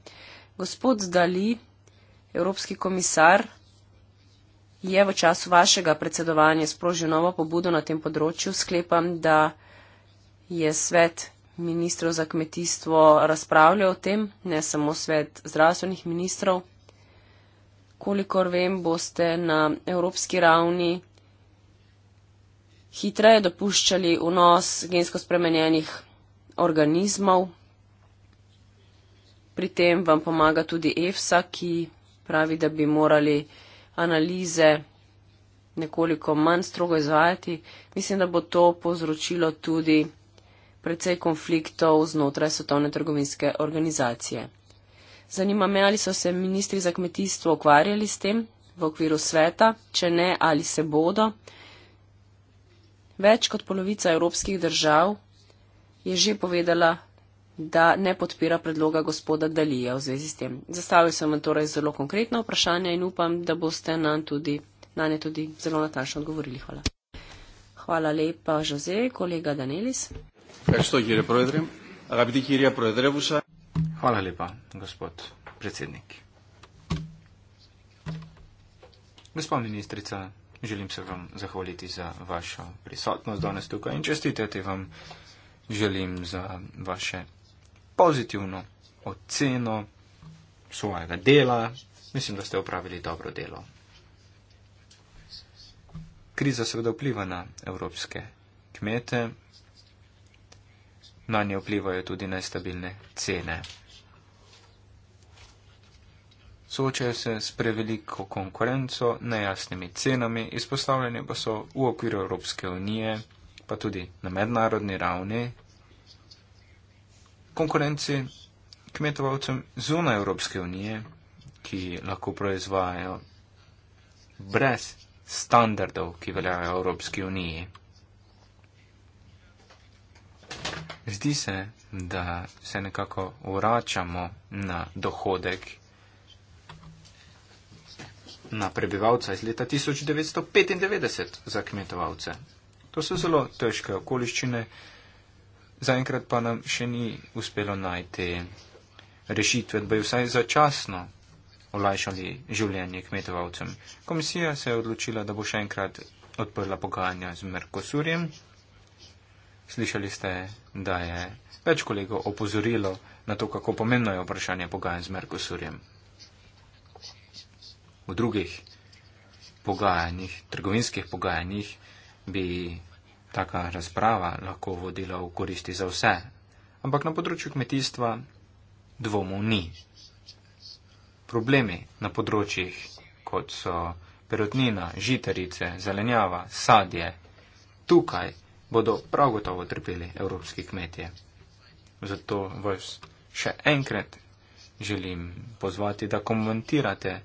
Gospod Dali, evropski komisar, je v času vašega predsedovanja sprožil novo pobudo na tem področju. Sklepam, da je svet ministrov za kmetijstvo razpravlja o tem, ne samo svet zdravstvenih ministrov. Kolikor vem, boste na evropski ravni hitreje dopuščali vnos gensko spremenjenih organizmov. Pri tem vam pomaga tudi EFSA, ki pravi, da bi morali analize nekoliko manj strogo izvajati. Mislim, da bo to povzročilo tudi precej konfliktov znotraj Svetovne trgovinske organizacije. Zanima me, ali so se ministri za kmetijstvo ukvarjali s tem v okviru sveta, če ne, ali se bodo. Več kot polovica evropskih držav je že povedala, da ne podpira predloga gospoda Dalija v zvezi s tem. Zastavil sem vam torej zelo konkretna vprašanja in upam, da boste na, tudi, na ne tudi zelo natančno odgovorili. Hvala. Hvala lepa, Jose, kolega Danelis. Ευχαριστώ κύριε Πρόεδρε. Αγαπητή κυρία Προεδρεύουσα. Χαλά λοιπόν, γοσπότ Πρετσίνικ. Γοσπό Μινίστριτσα, želim se vam zahvaliti za vašo prisotnost danes tukaj in čestitati vam želim za vaše pozitivno oceno svojega dela. Mislim, da ste upravili dobro delo. Kriza seveda vpliva na evropske kmete, na nje vplivajo tudi nestabilne cene. Soočajo se s preveliko konkurenco, nejasnimi cenami, izpostavljeni pa so v okviru Evropske unije, pa tudi na mednarodni ravni, konkurenci kmetovalcem zunaj Evropske unije, ki lahko proizvajajo brez standardov, ki veljajo v Evropski uniji. Zdi se, da se nekako vračamo na dohodek na prebivalca iz leta 1995 za kmetovalce. To so zelo težke okoliščine, zaenkrat pa nam še ni uspelo najti rešitve, da bi vsaj začasno olajšali življenje kmetovalcem. Komisija se je odločila, da bo še enkrat odprla pogajanja z Merkosurjem. Slišali ste, da je več kolegov opozorilo na to, kako pomembno je vprašanje pogajanj z Merkosurjem. V drugih pogajanjih, trgovinskih pogajanjih, bi taka razprava lahko vodila v koristi za vse, ampak na področju kmetijstva dvomov ni. Problemi na področjih, kot so perotnina, žitarice, zelenjava, sadje, tukaj, bodo prav gotovo trpeli evropski kmetje. Zato vas še enkrat želim pozvati, da komentirate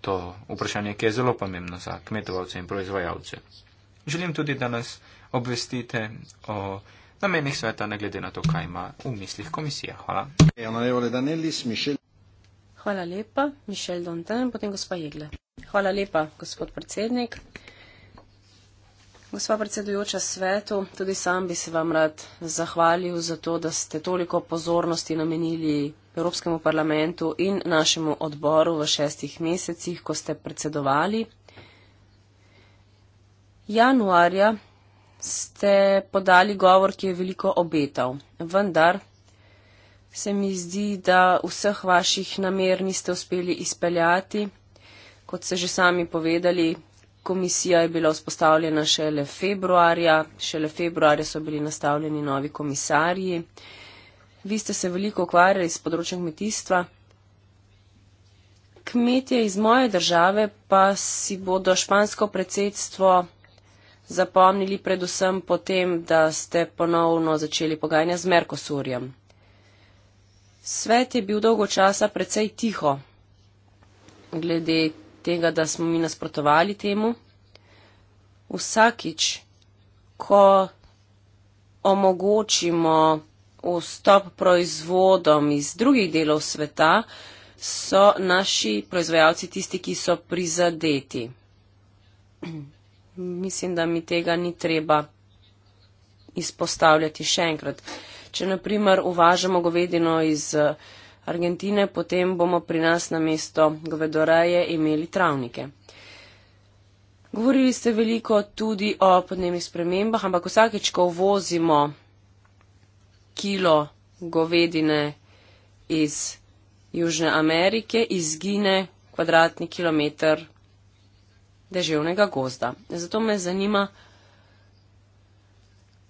to vprašanje, ki je zelo pomembno za kmetovalce in proizvajalce. Želim tudi, da nas obvestite o namenih sveta, ne glede na to, kaj ima v mislih komisija. Hvala. Hvala lepa, Mišel Donten, potem gospa Jegle. Hvala lepa, gospod predsednik. Gospa predsedujoča svetu, tudi sam bi se vam rad zahvalil za to, da ste toliko pozornosti namenili Evropskemu parlamentu in našemu odboru v šestih mesecih, ko ste predsedovali. Januarja ste podali govor, ki je veliko obetav, vendar se mi zdi, da vseh vaših namer niste uspeli izpeljati. Kot ste že sami povedali, komisija je bila vzpostavljena šele februarja, šele februarja so bili nastavljeni novi komisarji. Vi ste se veliko ukvarjali s področjem kmetijstva. Kmetje iz moje države pa si bodo špansko predsedstvo zapomnili predvsem potem, da ste ponovno začeli pogajanja z Merkosurjem. Svet je bil dolgo časa precej tiho glede tega, da smo mi nasprotovali temu. Vsakič, ko omogočimo vstop proizvodom iz drugih delov sveta, so naši proizvajalci tisti, ki so prizadeti. Mislim, da mi tega ni treba izpostavljati še enkrat. Če naprimer uvažamo govedino iz uh, Argentine, potem bomo pri nas na mesto govedoreje imeli travnike. Govorili ste veliko tudi o podnebnih spremembah, ampak vsakeč, ko vozimo kilo govedine iz Južne Amerike, izgine kvadratni kilometr deževnega gozda. Zato me zanima,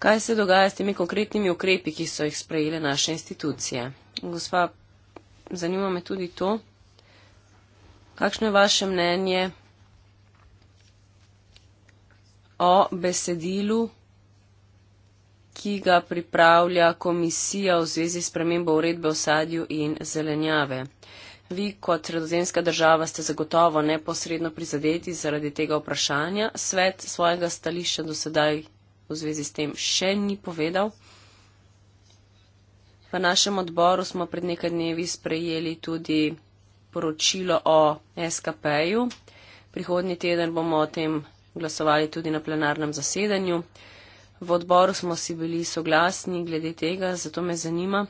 kaj se dogaja s temi konkretnimi ukrepi, ki so jih sprejele naše institucije. Gospa zanima me tudi to, kakšno je vaše mnenje o besedilu, ki ga pripravlja komisija v zvezi s premembo uredbe o sadju in zelenjave. Vi kot sredozemska država ste zagotovo neposredno prizadeti zaradi tega vprašanja. Svet svojega stališča do sedaj v zvezi s tem še ni povedal. V našem odboru smo pred nekaj dnevi sprejeli tudi poročilo o SKP-ju. Prihodnji teden bomo o tem glasovali tudi na plenarnem zasedanju. V odboru smo si bili soglasni glede tega, zato me zanima.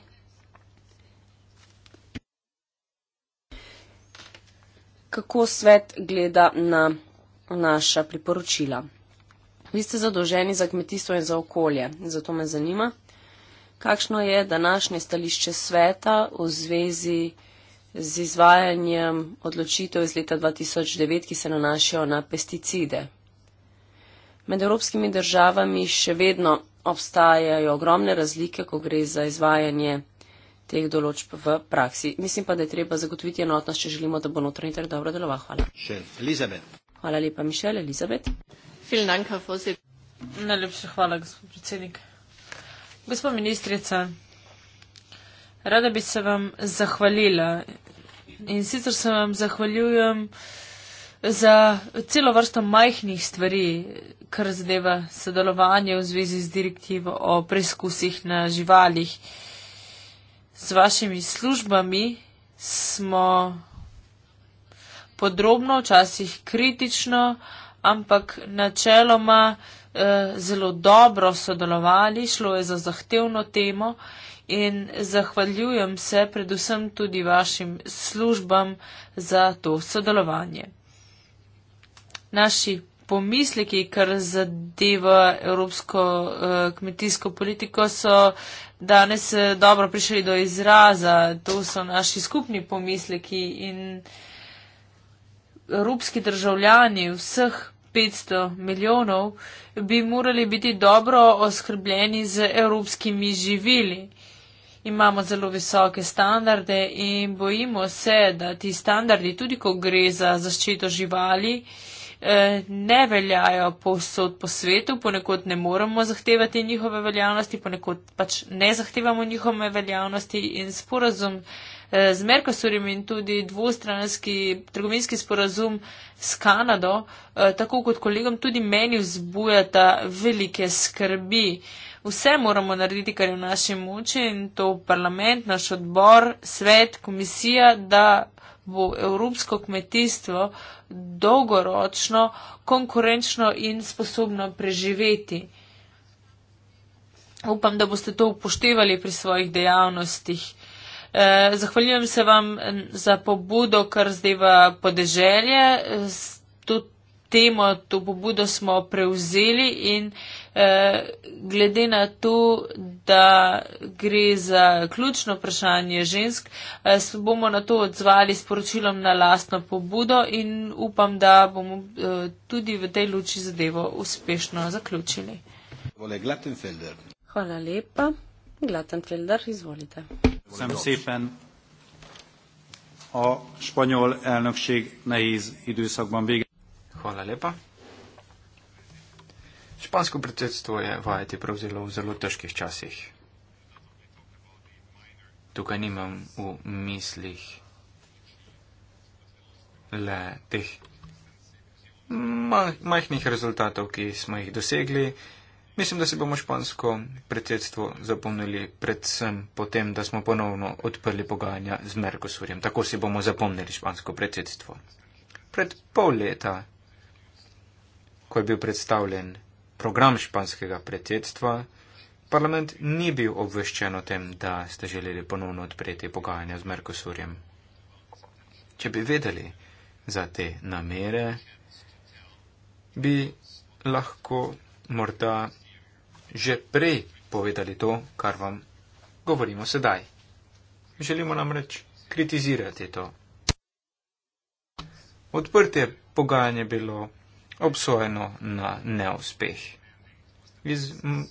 Kako svet gleda na naša priporočila? Vi ste zadolženi za kmetijstvo in za okolje, zato me zanima kakšno je današnje stališče sveta v zvezi z izvajanjem odločitev iz leta 2009, ki se nanašajo na pesticide. Med evropskimi državami še vedno obstajajo ogromne razlike, ko gre za izvajanje teh določb v praksi. Mislim pa, da je treba zagotoviti enotnost, če želimo, da bo notranji trg dobro deloval. Hvala. Hvala lepa, Mišel, Elizabet. Najlepša hvala, gospod predsednik. Gospod ministrica, rada bi se vam zahvalila in sicer se vam zahvaljujem za celo vrsto majhnih stvari, kar zadeva sodelovanje v zvezi z direktivo o preizkusih na živalih. Z vašimi službami smo podrobno, včasih kritično, ampak načeloma. Eh, zelo dobro sodelovali, šlo je za zahtevno temo in zahvaljujem se predvsem tudi vašim službam za to sodelovanje. Naši pomisleki, kar zadeva evropsko eh, kmetijsko politiko, so danes eh, dobro prišli do izraza. To so naši skupni pomisleki in evropski državljani vseh 500 milijonov, bi morali biti dobro oskrbljeni z evropskimi živili. Imamo zelo visoke standarde in bojimo se, da ti standardi, tudi ko gre za zaščito živali, eh, ne veljajo povsod po svetu, ponekod ne moremo zahtevati njihove veljavnosti, ponekod pač ne zahtevamo njihove veljavnosti in sporazum z Merkosurjem in tudi dvostranski trgovinski sporazum s Kanado, eh, tako kot kolegom, tudi meni vzbujata velike skrbi. Vse moramo narediti, kar je v naši moči in to parlament, naš odbor, svet, komisija, da bo evropsko kmetijstvo dolgoročno, konkurenčno in sposobno preživeti. Upam, da boste to upoštevali pri svojih dejavnostih. Eh, zahvaljujem se vam eh, za pobudo, kar zdajva podeželje. Temo, to pobudo smo prevzeli in eh, glede na to, da gre za ključno vprašanje žensk, eh, se bomo na to odzvali s poročilom na lastno pobudo in upam, da bomo eh, tudi v tej luči zadevo uspešno zaključili. Hvala lepa. Glatenfelder, izvolite. Köszönöm szépen. A spanyol elnökség nehéz időszakban vége. Hola lepa. Spansko predsedstvo je vajeti prevzelo v zelo težkih časih. Tukaj nimam v mislih le teh majhnih rezultatov, ki smo jih dosegli, Mislim, da si bomo špansko predsedstvo zapomnili predvsem potem, da smo ponovno odprli pogajanja z Merkosurjem. Tako si bomo zapomnili špansko predsedstvo. Pred pol leta, ko je bil predstavljen program španskega predsedstva, parlament ni bil obveščen o tem, da ste želeli ponovno odpreti pogajanja z Merkosurjem. Če bi vedeli za te namere, bi lahko morda že prej povedali to, kar vam govorimo sedaj. Želimo namreč kritizirati to. Odprtje pogajanje bilo obsojeno na neuspeh. Iz, m,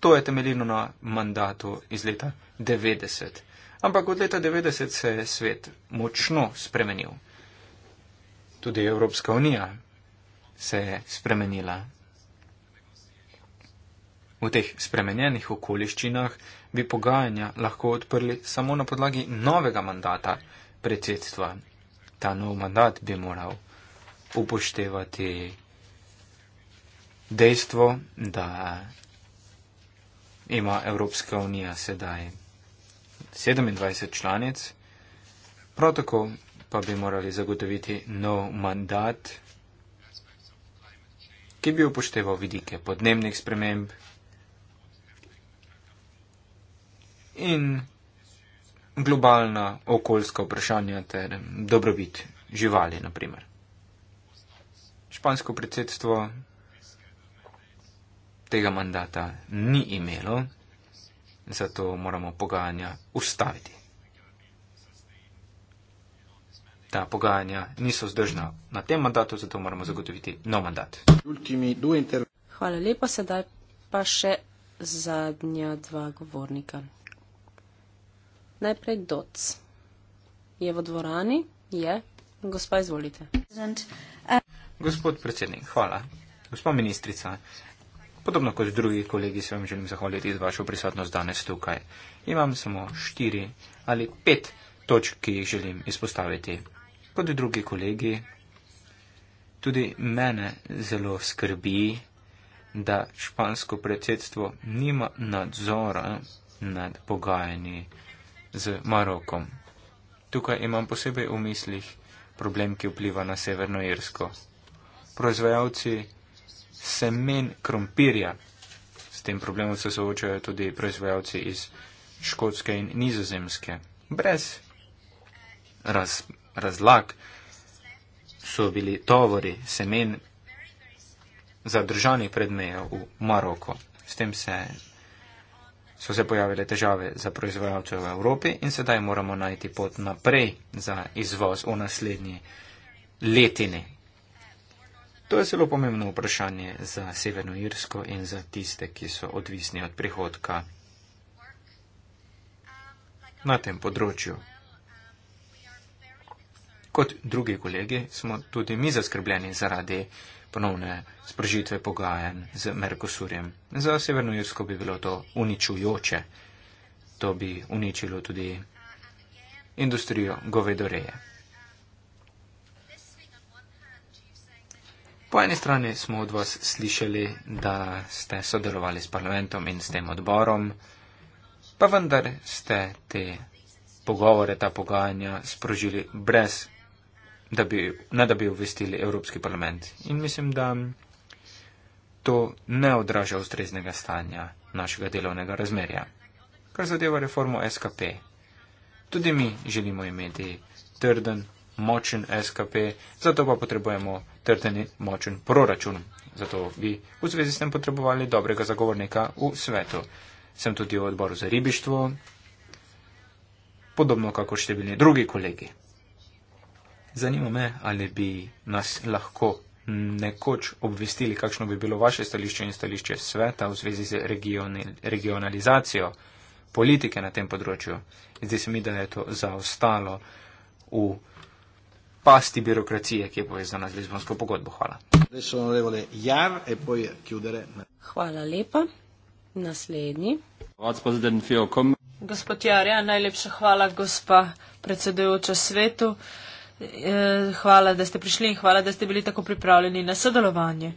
to je temeljino na mandatu iz leta 90. Ampak od leta 90 se je svet močno spremenil. Tudi Evropska unija se je spremenila. V teh spremenjenih okoliščinah bi pogajanja lahko odprli samo na podlagi novega mandata predsedstva. Ta nov mandat bi moral upoštevati dejstvo, da ima Evropska unija sedaj 27 članic, prav tako pa bi morali zagotoviti nov mandat, ki bi upošteval vidike podnebnih sprememb, in globalna okoljska vprašanja ter dobrobit živali, naprimer. Špansko predsedstvo tega mandata ni imelo, zato moramo pogajanja ustaviti. Ta pogajanja niso zdržna na tem mandatu, zato moramo zagotoviti nov mandat. Hvala lepa, sedaj pa še zadnja dva govornika. Najprej doc. Je v dvorani? Je. Gospa, izvolite. Gospod predsednik, hvala. Gospa ministrica, podobno kot drugi kolegi se vam želim zahvaliti za vašo prisotnost danes tukaj. Imam samo štiri ali pet točk, ki jih želim izpostaviti. Kot drugi kolegi, tudi mene zelo skrbi, da špansko predsedstvo nima nadzora nad pogajanji z Marokom. Tukaj imam posebej v mislih problem, ki vpliva na Severno Irsko. Proizvajalci semen krompirja, s tem problemom se soočajo tudi proizvajalci iz Škotske in Nizozemske. Brez raz, razlag so bili tovori semen zadržani pred mejo v Maroko. S tem se so se pojavile težave za proizvajalce v Evropi in sedaj moramo najti pot naprej za izvoz v naslednji letini. To je zelo pomembno vprašanje za Severno Irsko in za tiste, ki so odvisni od prihodka na tem področju. Kot drugi kolegi smo tudi mi zaskrbljeni zaradi ponovne spržitve pogajanj z Merkosurjem. Za Severno Jursko bi bilo to uničujoče. To bi uničilo tudi industrijo govedoreje. Po eni strani smo od vas slišali, da ste sodelovali s parlamentom in s tem odborom, pa vendar ste te pogovore, ta pogajanja sprožili brez da bi, ne da bi obvestili Evropski parlament. In mislim, da to ne odraža ustreznega stanja našega delovnega razmerja. Kar zadeva reformo SKP. Tudi mi želimo imeti trden, močen SKP, zato pa potrebujemo trden in močen proračun. Zato bi v zvezi s tem potrebovali dobrega zagovornika v svetu. Sem tudi v odboru za ribištvo, podobno kako številni drugi kolegi. Zanima me, ali bi nas lahko nekoč obvestili, kakšno bi bilo vaše stališče in stališče sveta v zvezi z regionalizacijo politike na tem področju. Zdi se mi, da je to zaostalo v pasti birokracije, ki je povezana z Lizbonsko pogodbo. Hvala. E hvala lepa. Naslednji. Gospod Jarja, najlepša hvala, gospa predsedujoča svetu. Eh, hvala, da ste prišli in hvala, da ste bili tako pripravljeni na sodelovanje.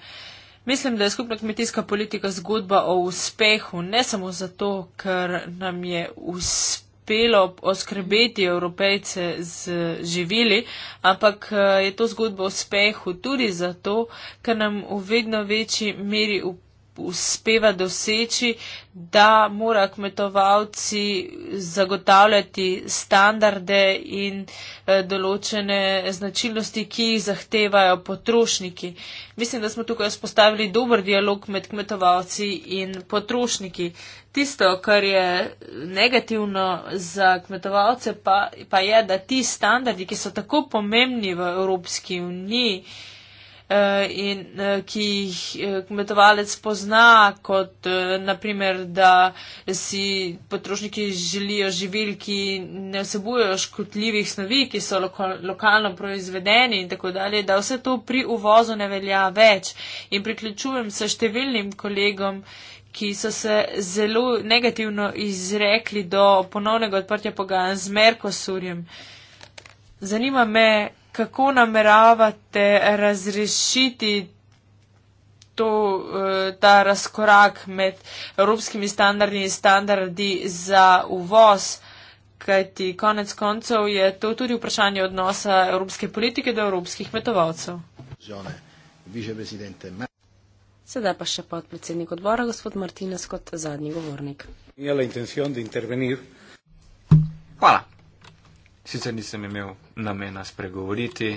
Mislim, da je skupna kmetijska politika zgodba o uspehu, ne samo zato, ker nam je uspelo oskrbeti evropejce z živili, ampak eh, je to zgodba o uspehu tudi zato, ker nam v vedno večji meri upravlja uspeva doseči, da mora kmetovalci zagotavljati standarde in eh, določene značilnosti, ki jih zahtevajo potrošniki. Mislim, da smo tukaj spostavili dober dialog med kmetovalci in potrošniki. Tisto, kar je negativno za kmetovalce, pa, pa je, da ti standardi, ki so tako pomembni v Evropski uniji, Eh, in eh, ki jih eh, kmetovalec pozna, kot naprimer, da si potrošniki želijo živil, ki ne vsebujejo škotljivih snovi, ki so loko, lokalno proizvedeni in tako dalje, da vse to pri uvozu ne velja več. In priključujem se številnim kolegom, ki so se zelo negativno izrekli do ponovnega odprtja pogajanj z Merkosurjem. Zanima me, kako nameravate razrešiti to, eh, ta razkorak med evropskimi standardi in standardi za uvoz, kajti konec koncev je to tudi vprašanje odnosa evropske politike do evropskih metovalcev. Sedaj pa še podpredsednik odbora, gospod Martinez, kot zadnji govornik. Hvala. Sicer nisem imel namena spregovoriti,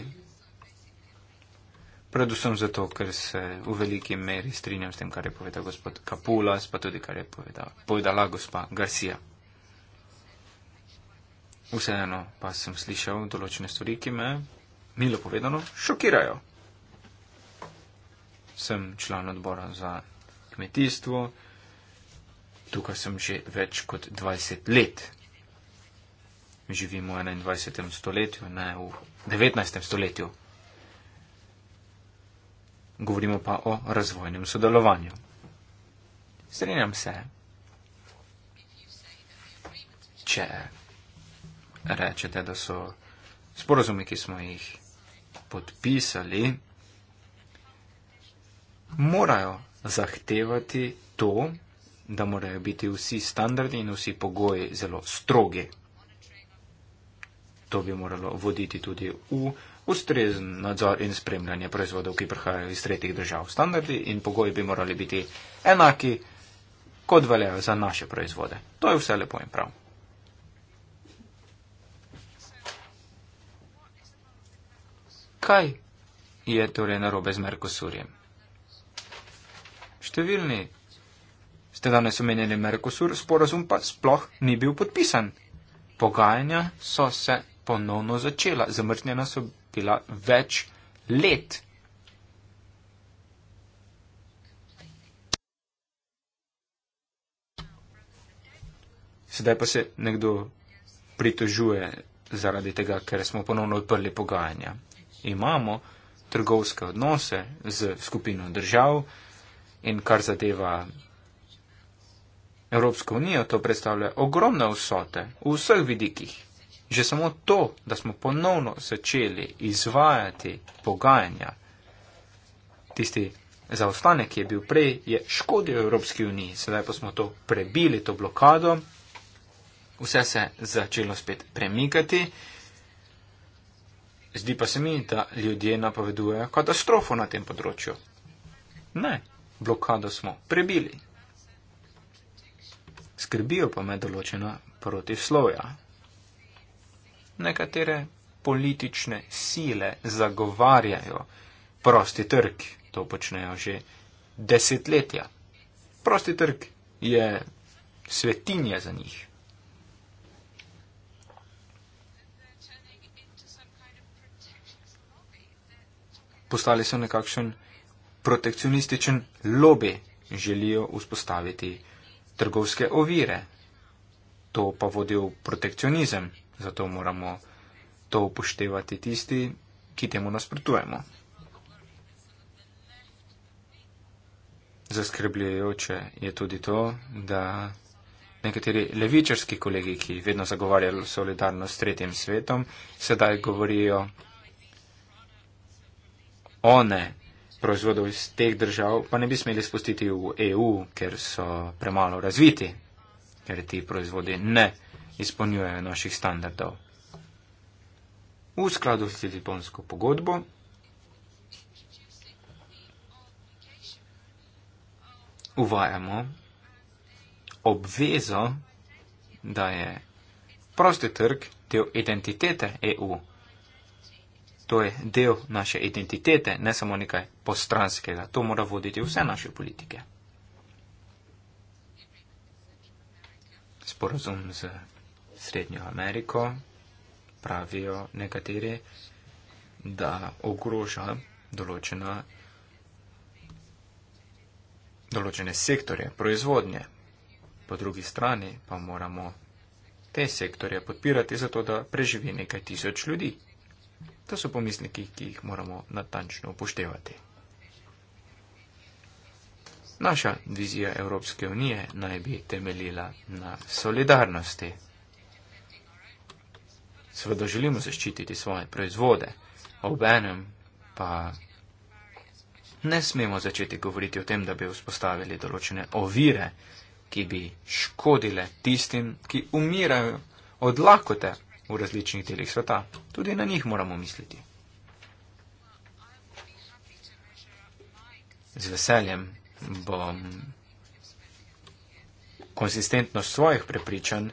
predvsem zato, ker se v veliki meri strinjam s tem, kar je povedal gospod Kapulas, pa tudi kar je povedal, povedala gospa Garcia. Vseeno pa sem slišal določene stvari, ki me, milo povedano, šokirajo. Sem član odbora za kmetijstvo, tukaj sem že več kot 20 let živimo v 21. stoletju, ne v 19. stoletju. Govorimo pa o razvojnem sodelovanju. Strenjam se, če rečete, da so sporozumi, ki smo jih podpisali, morajo zahtevati to, da morajo biti vsi standardi in vsi pogoji zelo strogi to bi moralo voditi tudi v ustrezen nadzor in spremljanje proizvodov, ki prihajajo iz tretjih držav. Standardi in pogoji bi morali biti enaki, kot veljajo za naše proizvode. To je vse lepo in prav. Kaj je torej narobe z Merkosurjem? Številni ste danes omenili Merkosur, sporazum pa sploh ni bil podpisan. Pogajanja so se ponovno začela. Zamrznjena so bila več let. Sedaj pa se nekdo pritožuje zaradi tega, ker smo ponovno odprli pogajanja. Imamo trgovske odnose z skupino držav in kar zadeva Evropsko unijo, to predstavlja ogromne vsote v vseh vidikih. Že samo to, da smo ponovno začeli izvajati pogajanja, tisti zaostanek, ki je bil prej, je škodil Evropski uniji, sedaj pa smo to prebili, to blokado, vse se je začelo spet premikati. Zdi pa se mi, da ljudje napovedujejo katastrofo na tem področju. Ne, blokado smo prebili. Skrbijo pa me določena protislovja nekatere politične sile zagovarjajo prosti trg, to počnejo že desetletja. Prosti trg je svetinja za njih. Postali so nekakšen protekcionističen lobby, želijo vzpostaviti trgovske ovire. To pa vodi v protekcionizem, zato moramo to upoštevati tisti, ki temu nasprotujemo. Zaskrbljujoče je tudi to, da nekateri levičarski kolegi, ki vedno zagovarjajo solidarnost s tretjim svetom, sedaj govorijo o ne proizvodov iz teh držav, pa ne bi smeli spustiti v EU, ker so premalo razviti, ker ti proizvodi ne izpolnjujejo naših standardov. V skladu s Lizbonsko pogodbo uvajamo obvezo, da je prosti trg del identitete EU. To je del naše identitete, ne samo nekaj postranskega. To mora voditi vse naše politike. Sporozum z Srednjo Ameriko, pravijo nekateri, da ogroža določena, določene sektorje proizvodnje. Po drugi strani pa moramo te sektorje podpirati, zato da preživi nekaj tisoč ljudi. To so pomisleki, ki jih moramo natančno upoštevati. Naša vizija Evropske unije naj bi temeljila na solidarnosti seveda želimo zaščititi svoje proizvode, a obenem pa ne smemo začeti govoriti o tem, da bi vzpostavili določene ovire, ki bi škodile tistim, ki umirajo od lakote v različnih delih sveta. Tudi na njih moramo misliti. Z veseljem bom konsistentnost svojih prepričanj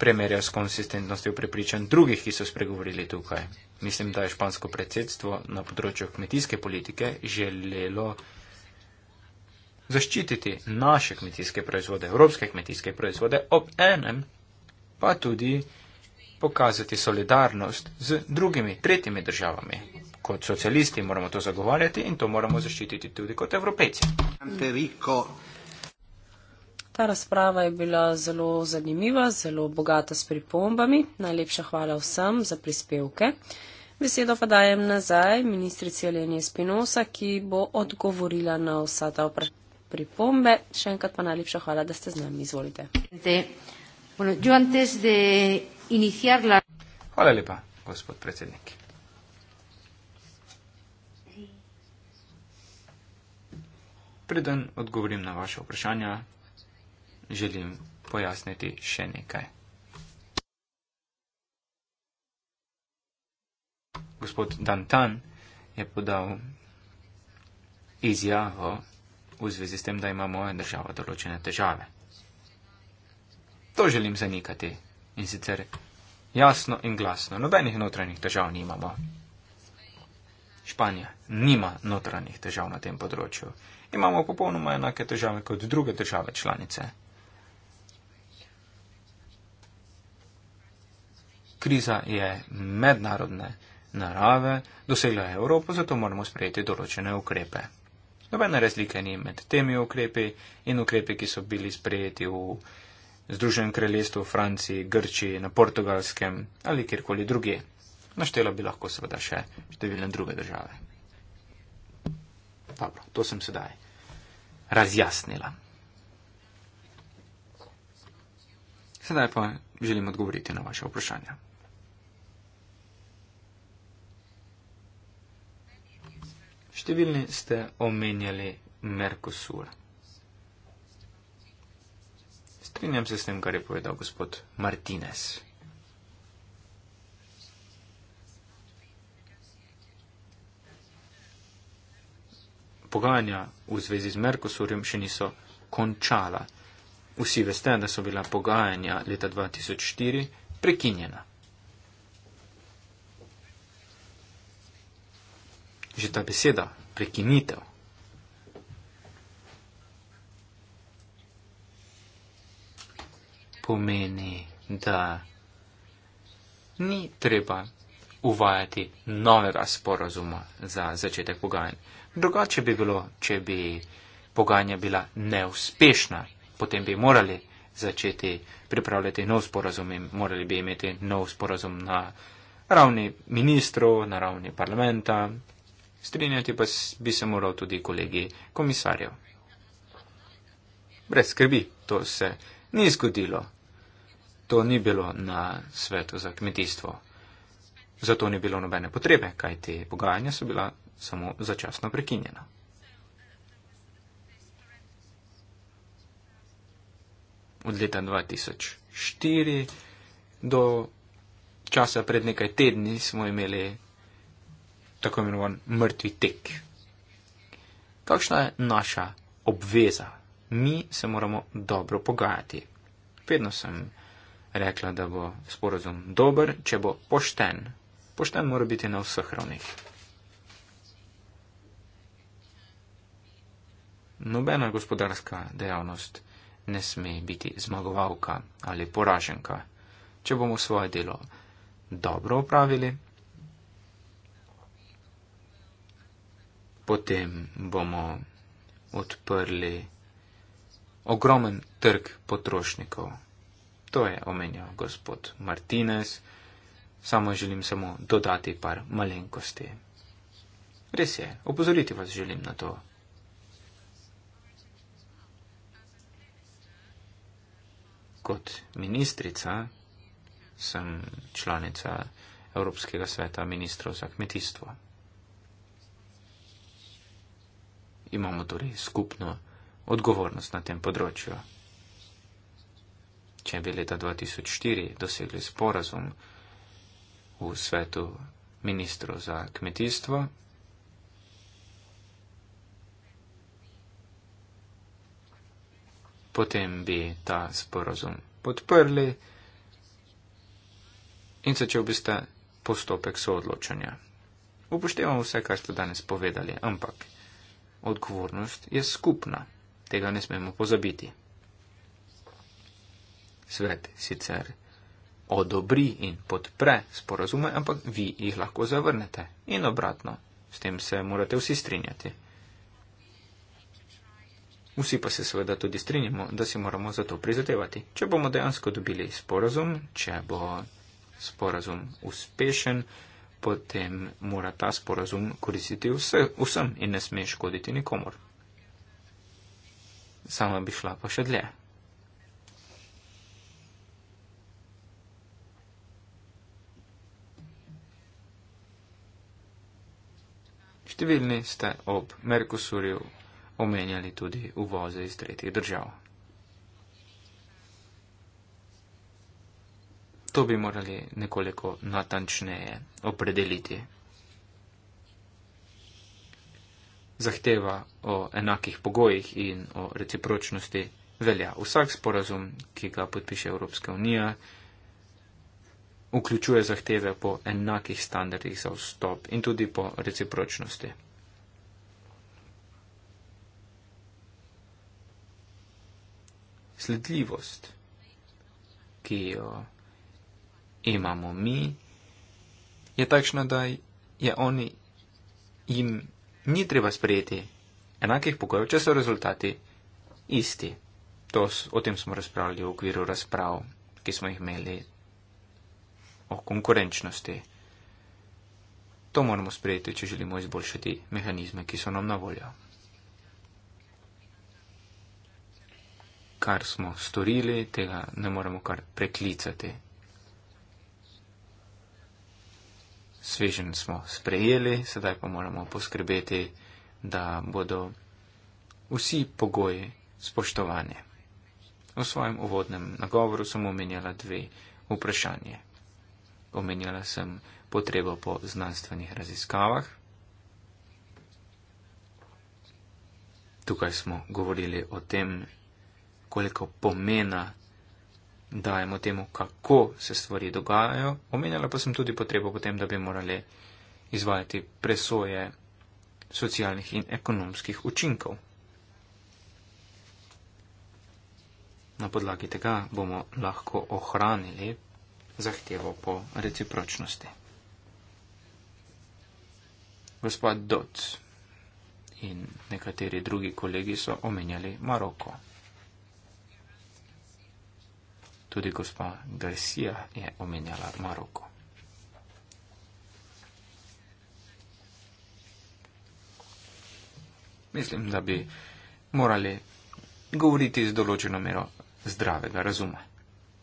primerja s konsistentnostjo prepričanj drugih, ki so spregovorili tukaj. Mislim, da je špansko predsedstvo na področju kmetijske politike želelo zaščititi naše kmetijske proizvode, evropske kmetijske proizvode, ob enem pa tudi pokazati solidarnost z drugimi, tretjimi državami. Kot socialisti moramo to zagovarjati in to moramo zaščititi tudi kot evropejci. Mm. Ta razprava je bila zelo zanimiva, zelo bogata s pripombami. Najlepša hvala vsem za prispevke. Besedo pa dajem nazaj ministrici Elenije Spinosa, ki bo odgovorila na vsa ta pripombe. Še enkrat pa najlepša hvala, da ste z nami. Izvolite. Hvala lepa, gospod predsednik. Preden odgovorim na vaše vprašanja, želim pojasniti še nekaj. Gospod Dantan je podal izjavo v zvezi s tem, da ima moja država določene težave. To želim zanikati in sicer jasno in glasno. Nobenih notranjih težav nimamo. Španija nima notranjih težav na tem področju. Imamo popolnoma enake težave kot druge države članice. Kriza je mednarodne narave, dosegla je Evropo, zato moramo sprejeti določene ukrepe. Nobene razlike ni med temi ukrepi in ukrepi, ki so bili sprejeti v Združenem kraljestvu, Franciji, Grčiji, na Portugalskem ali kjerkoli druge. Naštela bi lahko seveda še številne druge države. Dobro, to sem sedaj razjasnila. Sedaj pa želim odgovoriti na vaše vprašanje. Številni ste omenjali Merkosur. Strinjam se s tem, kar je povedal gospod Martinez. Pogajanja v zvezi z Merkosurjem še niso končala. Vsi veste, da so bila pogajanja leta 2004 prekinjena. že ta beseda, prekinitev. Pomeni, da ni treba uvajati novega sporozuma za začetek pogajanj. Drugače bi bilo, če bi pogajanja bila neuspešna, potem bi morali začeti pripravljati nov sporozum in morali bi imeti nov sporozum na ravni ministrov, na ravni parlamenta Strinjati pa bi se moral tudi kolegi komisarjev. Brez skrbi, to se ni zgodilo. To ni bilo na svetu za kmetijstvo. Zato ni bilo nobene potrebe, kaj te pogajanja so bila samo začasno prekinjena. Od leta 2004 do časa pred nekaj tedni smo imeli tako imenovan mrtvi tek. Kakšna je naša obveza? Mi se moramo dobro pogajati. Vedno sem rekla, da bo sporozum dober, če bo pošten. Pošten mora biti na vseh ravnih. Nobena gospodarska dejavnost ne sme biti zmagovalka ali poraženka. Če bomo svoje delo dobro opravili, potem bomo odprli ogromen trg potrošnikov. To je omenjal gospod Martinez, samo želim samo dodati par malenkosti. Res je, opozoriti vas želim na to. Kot ministrica sem članica Evropskega sveta ministrov za kmetijstvo. imamo torej skupno odgovornost na tem področju. Če bi leta 2004 dosegli sporazum v svetu ministrov za kmetijstvo, potem bi ta sporazum podprli in začel bi sta postopek soodločanja. Upoštevamo vse, kar ste danes povedali, ampak odgovornost je skupna, tega ne smemo pozabiti. Svet sicer odobri in podpre sporazume, ampak vi jih lahko zavrnete in obratno, s tem se morate vsi strinjati. Vsi pa se seveda tudi strinjamo, da si moramo za to prizadevati. Če bomo dejansko dobili sporazum, če bo sporazum uspešen, potem mora ta sporazum koristiti vse, vsem in ne sme škoditi nikomor. Sama bi šla pa še dlje. Številni ste ob Merkusurju omenjali tudi uvoze iz tretjih držav. To bi morali nekoliko natančneje opredeliti. Zahteva o enakih pogojih in o recipročnosti velja. Vsak sporazum, ki ga podpiše Evropska unija, vključuje zahteve po enakih standardih za vstop in tudi po recipročnosti. Sledljivost, ki jo imamo mi, je takšna, da je oni, jim ni treba sprejeti enakih pogojev, če so rezultati isti. To, o tem smo razpravljali v okviru razprav, ki smo jih imeli o konkurenčnosti. To moramo sprejeti, če želimo izboljšati mehanizme, ki so nam na voljo. Kar smo storili, tega ne moremo kar preklicati. svežen smo sprejeli, sedaj pa moramo poskrbeti, da bodo vsi pogoji spoštovani. V svojem uvodnem nagovoru sem omenjala dve vprašanje. Omenjala sem potrebo po znanstvenih raziskavah. Tukaj smo govorili o tem, koliko pomena dajemo temu, kako se stvari dogajajo. Omenjala pa sem tudi potrebo potem, da bi morali izvajati presoje socialnih in ekonomskih učinkov. Na podlagi tega bomo lahko ohranili zahtevo po recipročnosti. Gospod Dodd in nekateri drugi kolegi so omenjali Maroko. Tudi gospa Garcia je omenjala Maroko. Mislim, da bi morali govoriti z določeno mero zdravega razuma.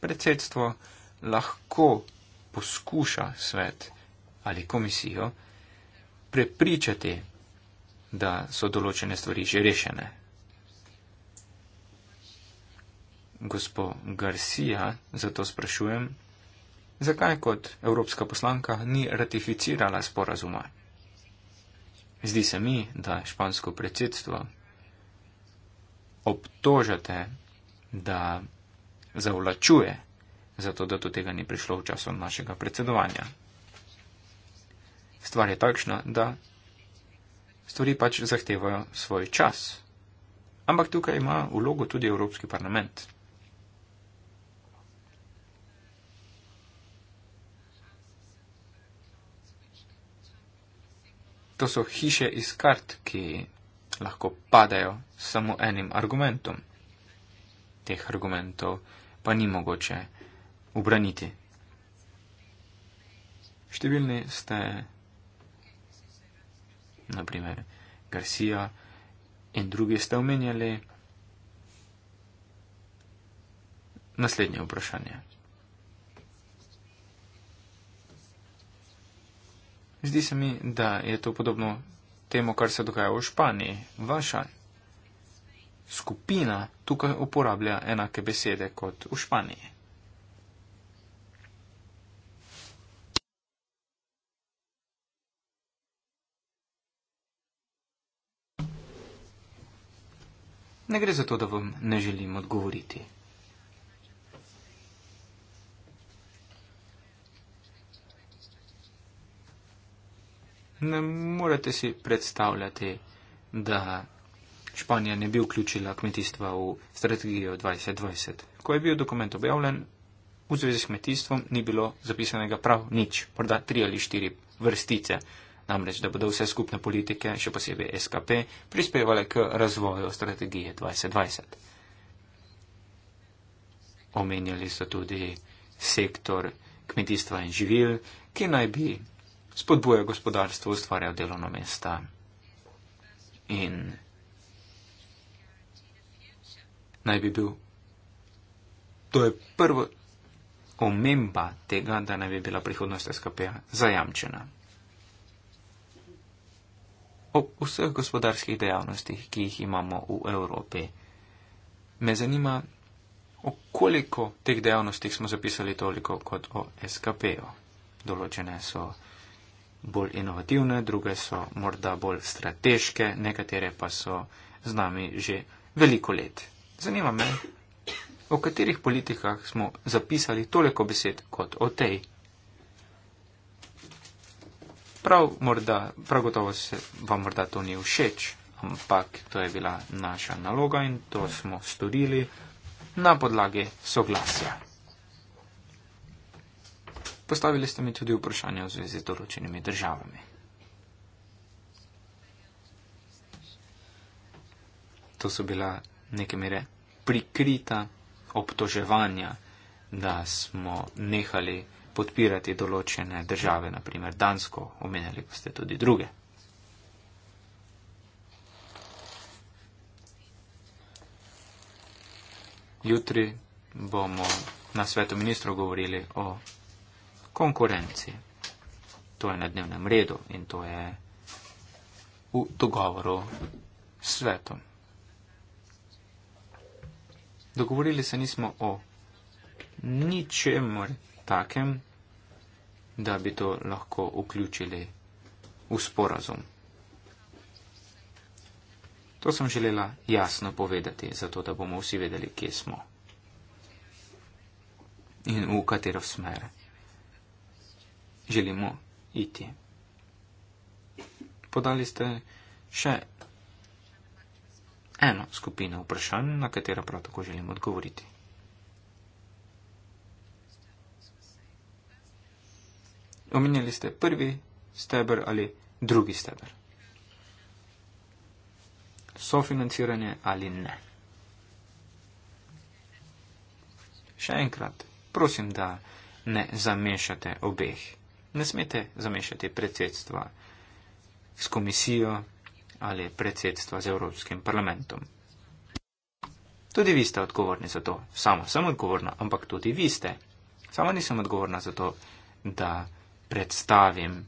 Predsedstvo lahko poskuša svet ali komisijo prepričati, da so določene stvari že rešene, gospo Garcia, zato sprašujem, zakaj kot evropska poslanka ni ratificirala sporazuma. Zdi se mi, da špansko predsedstvo obtožate, da zavlačuje, zato da do tega ni prišlo v času našega predsedovanja. Stvar je takšna, da stvari pač zahtevajo svoj čas. Ampak tukaj ima vlogo tudi Evropski parlament. To so hiše iz kart, ki lahko padajo samo enim argumentom. Teh argumentov pa ni mogoče ubraniti. Številni ste, naprimer Garcia in drugi ste omenjali naslednje vprašanje. Zdi se mi, da je to podobno temu, kar se dogaja v Španiji. Vaša skupina tukaj uporablja enake besede kot v Španiji. Ne gre za to, da vam ne želim odgovoriti. Ne morete si predstavljati, da Španija ne bi vključila kmetijstva v strategijo 2020. Ko je bil dokument objavljen, v zvezi s kmetijstvom ni bilo zapisanega prav nič, morda tri ali štiri vrstice. Namreč, da bodo vse skupne politike, še posebej SKP, prispevale k razvoju strategije 2020. Omenjali so tudi sektor kmetijstva in živil, ki naj bi spodbuja gospodarstvo, ustvarja delovno mesta in naj bi bil. To je prva omemba tega, da naj bi bila prihodnost SKP zajamčena. Ob vseh gospodarskih dejavnostih, ki jih imamo v Evropi, me zanima, o koliko teh dejavnostih smo zapisali toliko kot o SKP-ju. Določene so bolj inovativne, druge so morda bolj strateške, nekatere pa so z nami že veliko let. Zanima me, o katerih politikah smo zapisali toliko besed kot o tej. Prav, morda, prav gotovo se vam morda to ni všeč, ampak to je bila naša naloga in to smo storili na podlagi soglasja. Postavili ste mi tudi vprašanje v zvezi z določenimi državami. To so bila neke mere prikrita obtoževanja, da smo nehali podpirati določene države, naprimer Dansko, omenjali pa ste tudi druge. Jutri bomo na svetu ministrov govorili o konkurenci. To je na dnevnem redu in to je v dogovoru s svetom. Dogovorili se nismo o ničemor takem, da bi to lahko vključili v sporazum. To sem želela jasno povedati, zato da bomo vsi vedeli, kje smo in v katero smer želimo iti. Podali ste še eno skupino vprašanj, na katero prav tako želim odgovoriti. Omenjali ste prvi steber ali drugi steber. Sofinanciranje ali ne. Še enkrat, prosim, da ne zamešate obeh ne smete zamešati predsedstva s komisijo ali predsedstva z Evropskim parlamentom. Tudi vi ste odgovorni za to. Sama sem odgovorna, ampak tudi vi ste. Sama nisem odgovorna za to, da predstavim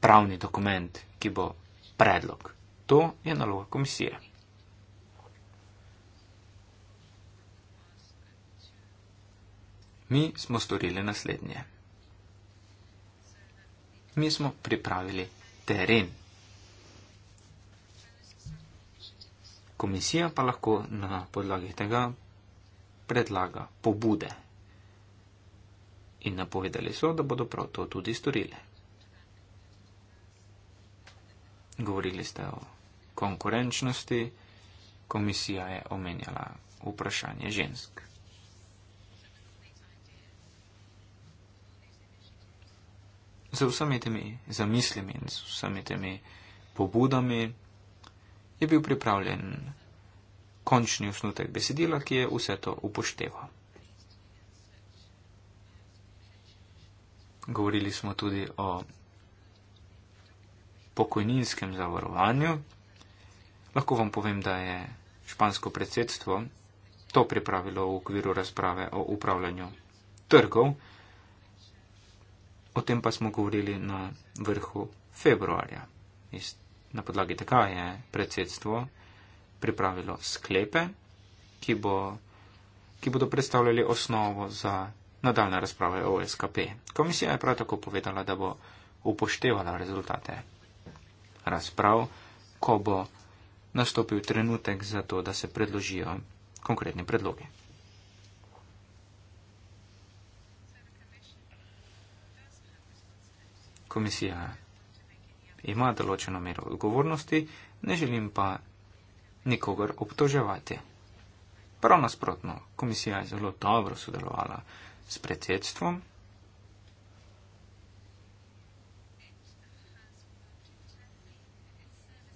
pravni dokument, ki bo predlog. To je naloga komisije. Mi smo storili naslednje mi smo pripravili teren. Komisija pa lahko na podlagi tega predlaga pobude. In napovedali so, da bodo prav to tudi storili. Govorili ste o konkurenčnosti, komisija je omenjala vprašanje žensk. z vsemi temi zamislimi in z vsemi temi pobudami je bil pripravljen končni osnutek besedila, ki je vse to upošteval. Govorili smo tudi o pokojninskem zavarovanju. Lahko vam povem, da je špansko predsedstvo to pripravilo v okviru razprave o upravljanju trgov. O tem pa smo govorili na vrhu februarja. Na podlagi tega je predsedstvo pripravilo sklepe, ki, bo, ki bodo predstavljali osnovo za nadaljne razprave o SKP. Komisija je prav tako povedala, da bo upoštevala rezultate razprav, ko bo nastopil trenutek za to, da se predložijo konkretni predloge. komisija ima določeno mero odgovornosti, ne želim pa nikogar obtoževati. Prav nasprotno, komisija je zelo dobro sodelovala s predsedstvom.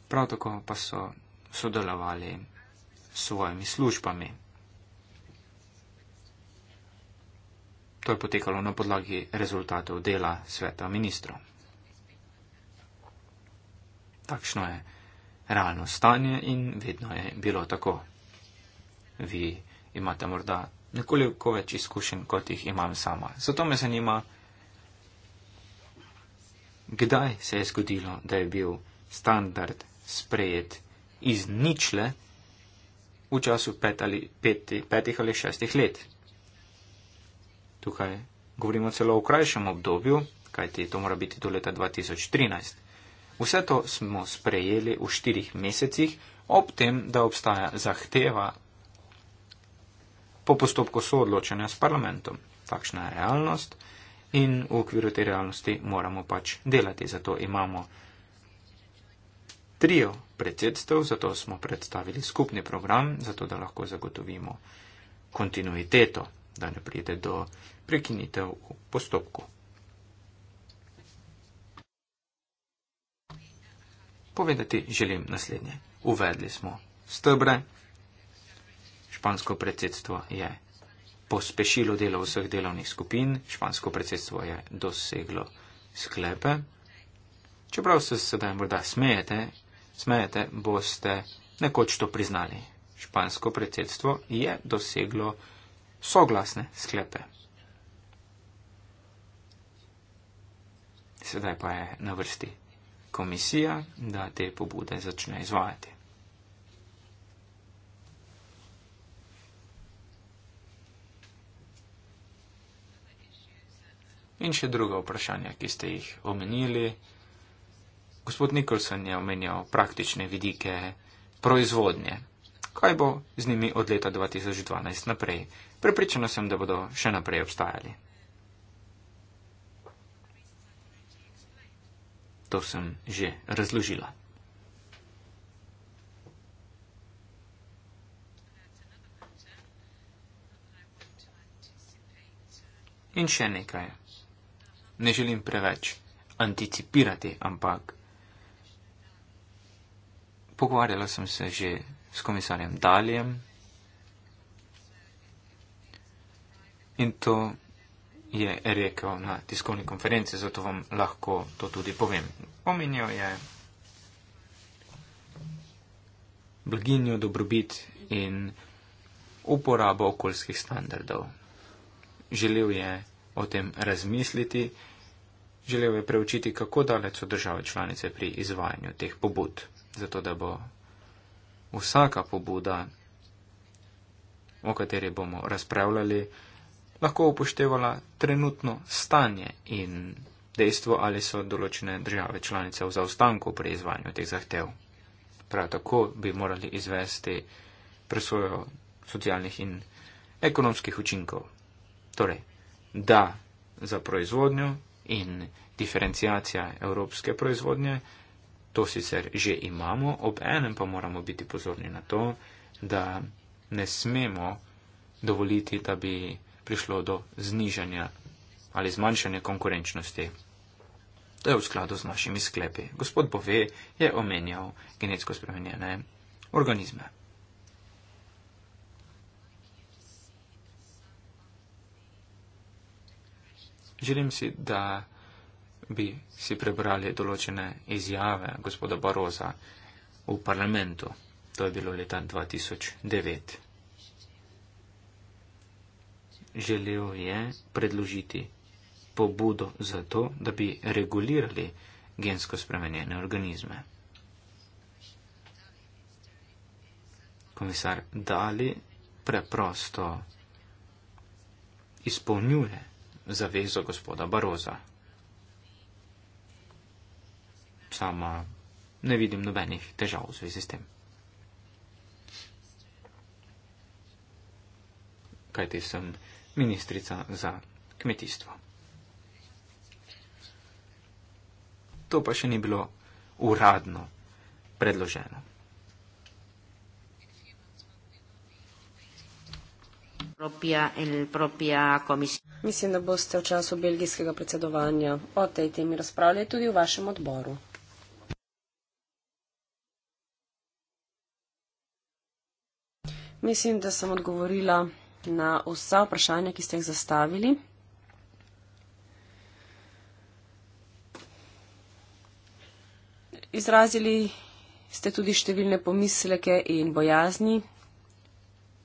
Prav tako pa so sodelovali s svojimi službami. To je potekalo na podlagi rezultatov dela sveta ministrov. Takšno je realno stanje in vedno je bilo tako. Vi imate morda nekoliko več izkušenj, kot jih imam sama. Zato me zanima, kdaj se je zgodilo, da je bil standard sprejet iz ničle v času pet ali, peti, petih ali šestih let. Tukaj govorimo celo o krajšem obdobju, kajti to mora biti do leta 2013. Vse to smo sprejeli v štirih mesecih, ob tem, da obstaja zahteva po postopku soodločanja s parlamentom. Takšna je realnost in v okviru te realnosti moramo pač delati. Zato imamo trio predsedstev, zato smo predstavili skupni program, zato da lahko zagotovimo kontinuiteto, da ne pride do prekinitev v postopku. Povedati želim naslednje. Uvedli smo stebre, špansko predsedstvo je pospešilo delo vseh delovnih skupin, špansko predsedstvo je doseglo sklepe. Čeprav se sedaj morda smejete, smejete, boste nekoč to priznali. Špansko predsedstvo je doseglo soglasne sklepe. sedaj pa je na vrsti komisija, da te pobude začne izvajati. In še druga vprašanja, ki ste jih omenili. Gospod Nikolson je omenjal praktične vidike proizvodnje. Kaj bo z njimi od leta 2012 naprej? Prepričana sem, da bodo še naprej obstajali. To sem že razložila. In še nekaj. Ne želim preveč anticipirati, ampak pogovarjala sem se že s komisarjem Daljem. In to je rekel na tiskovni konferenci, zato vam lahko to tudi povem. Omenil je blaginjo, dobrobit in uporabo okoljskih standardov. Želel je o tem razmisliti, želel je preučiti, kako daleč so države članice pri izvajanju teh pobud, zato da bo vsaka pobuda, o kateri bomo razpravljali, lahko upoštevala trenutno stanje in dejstvo, ali so določene države članice v zaostanku pri izvajanju teh zahtev. Prav tako bi morali izvesti presojo socialnih in ekonomskih učinkov. Torej, da za proizvodnjo in diferencijacija evropske proizvodnje, to sicer že imamo, ob enem pa moramo biti pozorni na to, da ne smemo dovoliti, da bi prišlo do znižanja ali zmanjšanja konkurenčnosti. To je v skladu z našimi sklepi. Gospod Bove je omenjal genetsko spremenjene organizme. Želim si, da bi si prebrali določene izjave gospoda Baroza v parlamentu. To je bilo leta 2009 želel je predložiti pobudo za to, da bi regulirali gensko spremenjene organizme. Komisar Dali preprosto izpolnjuje zavezo gospoda Baroza. Sama ne vidim nobenih težav v zvezi s tem. Kajti sem ministrica za kmetijstvo. To pa še ni bilo uradno predloženo. Mislim, da boste v času belgijskega predsedovanja o tej temi razpravljali tudi v vašem odboru. Mislim, da sem odgovorila na vsa vprašanja, ki ste jih zastavili. Izrazili ste tudi številne pomisleke in bojazni.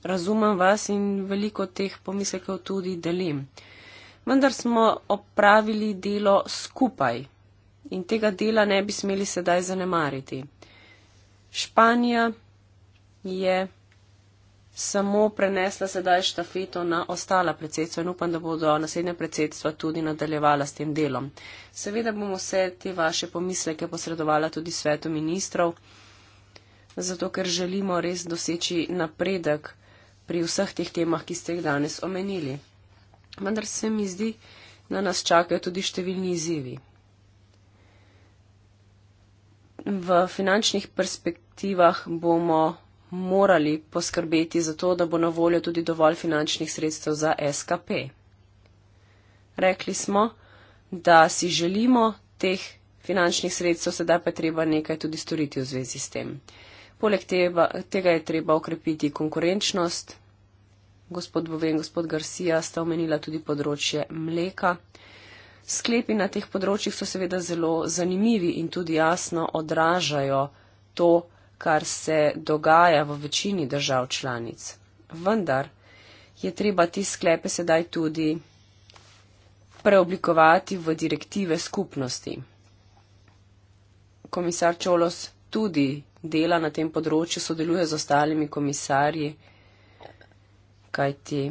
Razumem vas in veliko teh pomislekov tudi delim. Vendar smo opravili delo skupaj in tega dela ne bi smeli sedaj zanemariti. Španija je samo prenesla sedaj štafeto na ostala predsedstva in upam, da bodo naslednja predsedstva tudi nadaljevala s tem delom. Seveda bomo vse te vaše pomisleke posredovala tudi svetu ministrov, zato ker želimo res doseči napredek pri vseh teh temah, ki ste jih danes omenili. Vendar se mi zdi, da nas čakajo tudi številni izzivi. V finančnih perspektivah bomo morali poskrbeti za to, da bo na voljo tudi dovolj finančnih sredstev za SKP. Rekli smo, da si želimo teh finančnih sredstev, sedaj pa je treba nekaj tudi storiti v zvezi s tem. Poleg teba, tega je treba okrepiti konkurenčnost. Gospod Boven, gospod Garcia sta omenila tudi področje mleka. Sklepi na teh področjih so seveda zelo zanimivi in tudi jasno odražajo to, kar se dogaja v večini držav članic. Vendar je treba te sklepe sedaj tudi preoblikovati v direktive skupnosti. Komisar Čolos tudi dela na tem področju, sodeluje z ostalimi komisarji, kajti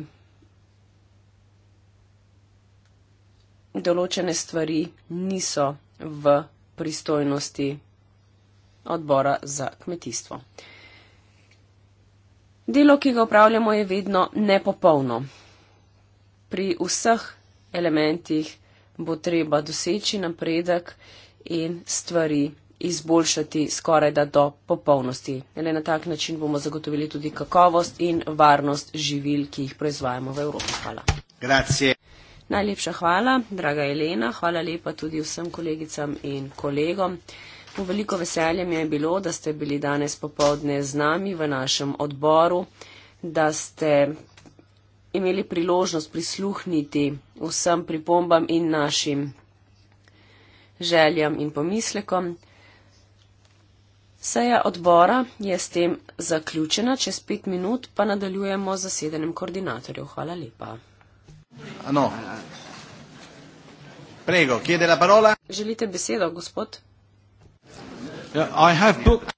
določene stvari niso v pristojnosti odbora za kmetijstvo. Delo, ki ga upravljamo, je vedno nepopolno. Pri vseh elementih bo treba doseči napredek in stvari izboljšati skoraj da do popolnosti. Le na tak način bomo zagotovili tudi kakovost in varnost živil, ki jih proizvajamo v Evropi. Hvala. Grazie. Najlepša hvala, draga Elena. Hvala lepa tudi vsem kolegicam in kolegom. Veliko veselje mi je bilo, da ste bili danes popovdne z nami v našem odboru, da ste imeli priložnost prisluhniti vsem pripombam in našim željam in pomislekom. Seja odbora je s tem zaključena, čez pet minut pa nadaljujemo z zasedenim koordinatorjem. Hvala lepa. Ano. Ah, Prego, kje je bila parola? Želite besedo, gospod? Uh, I have booked.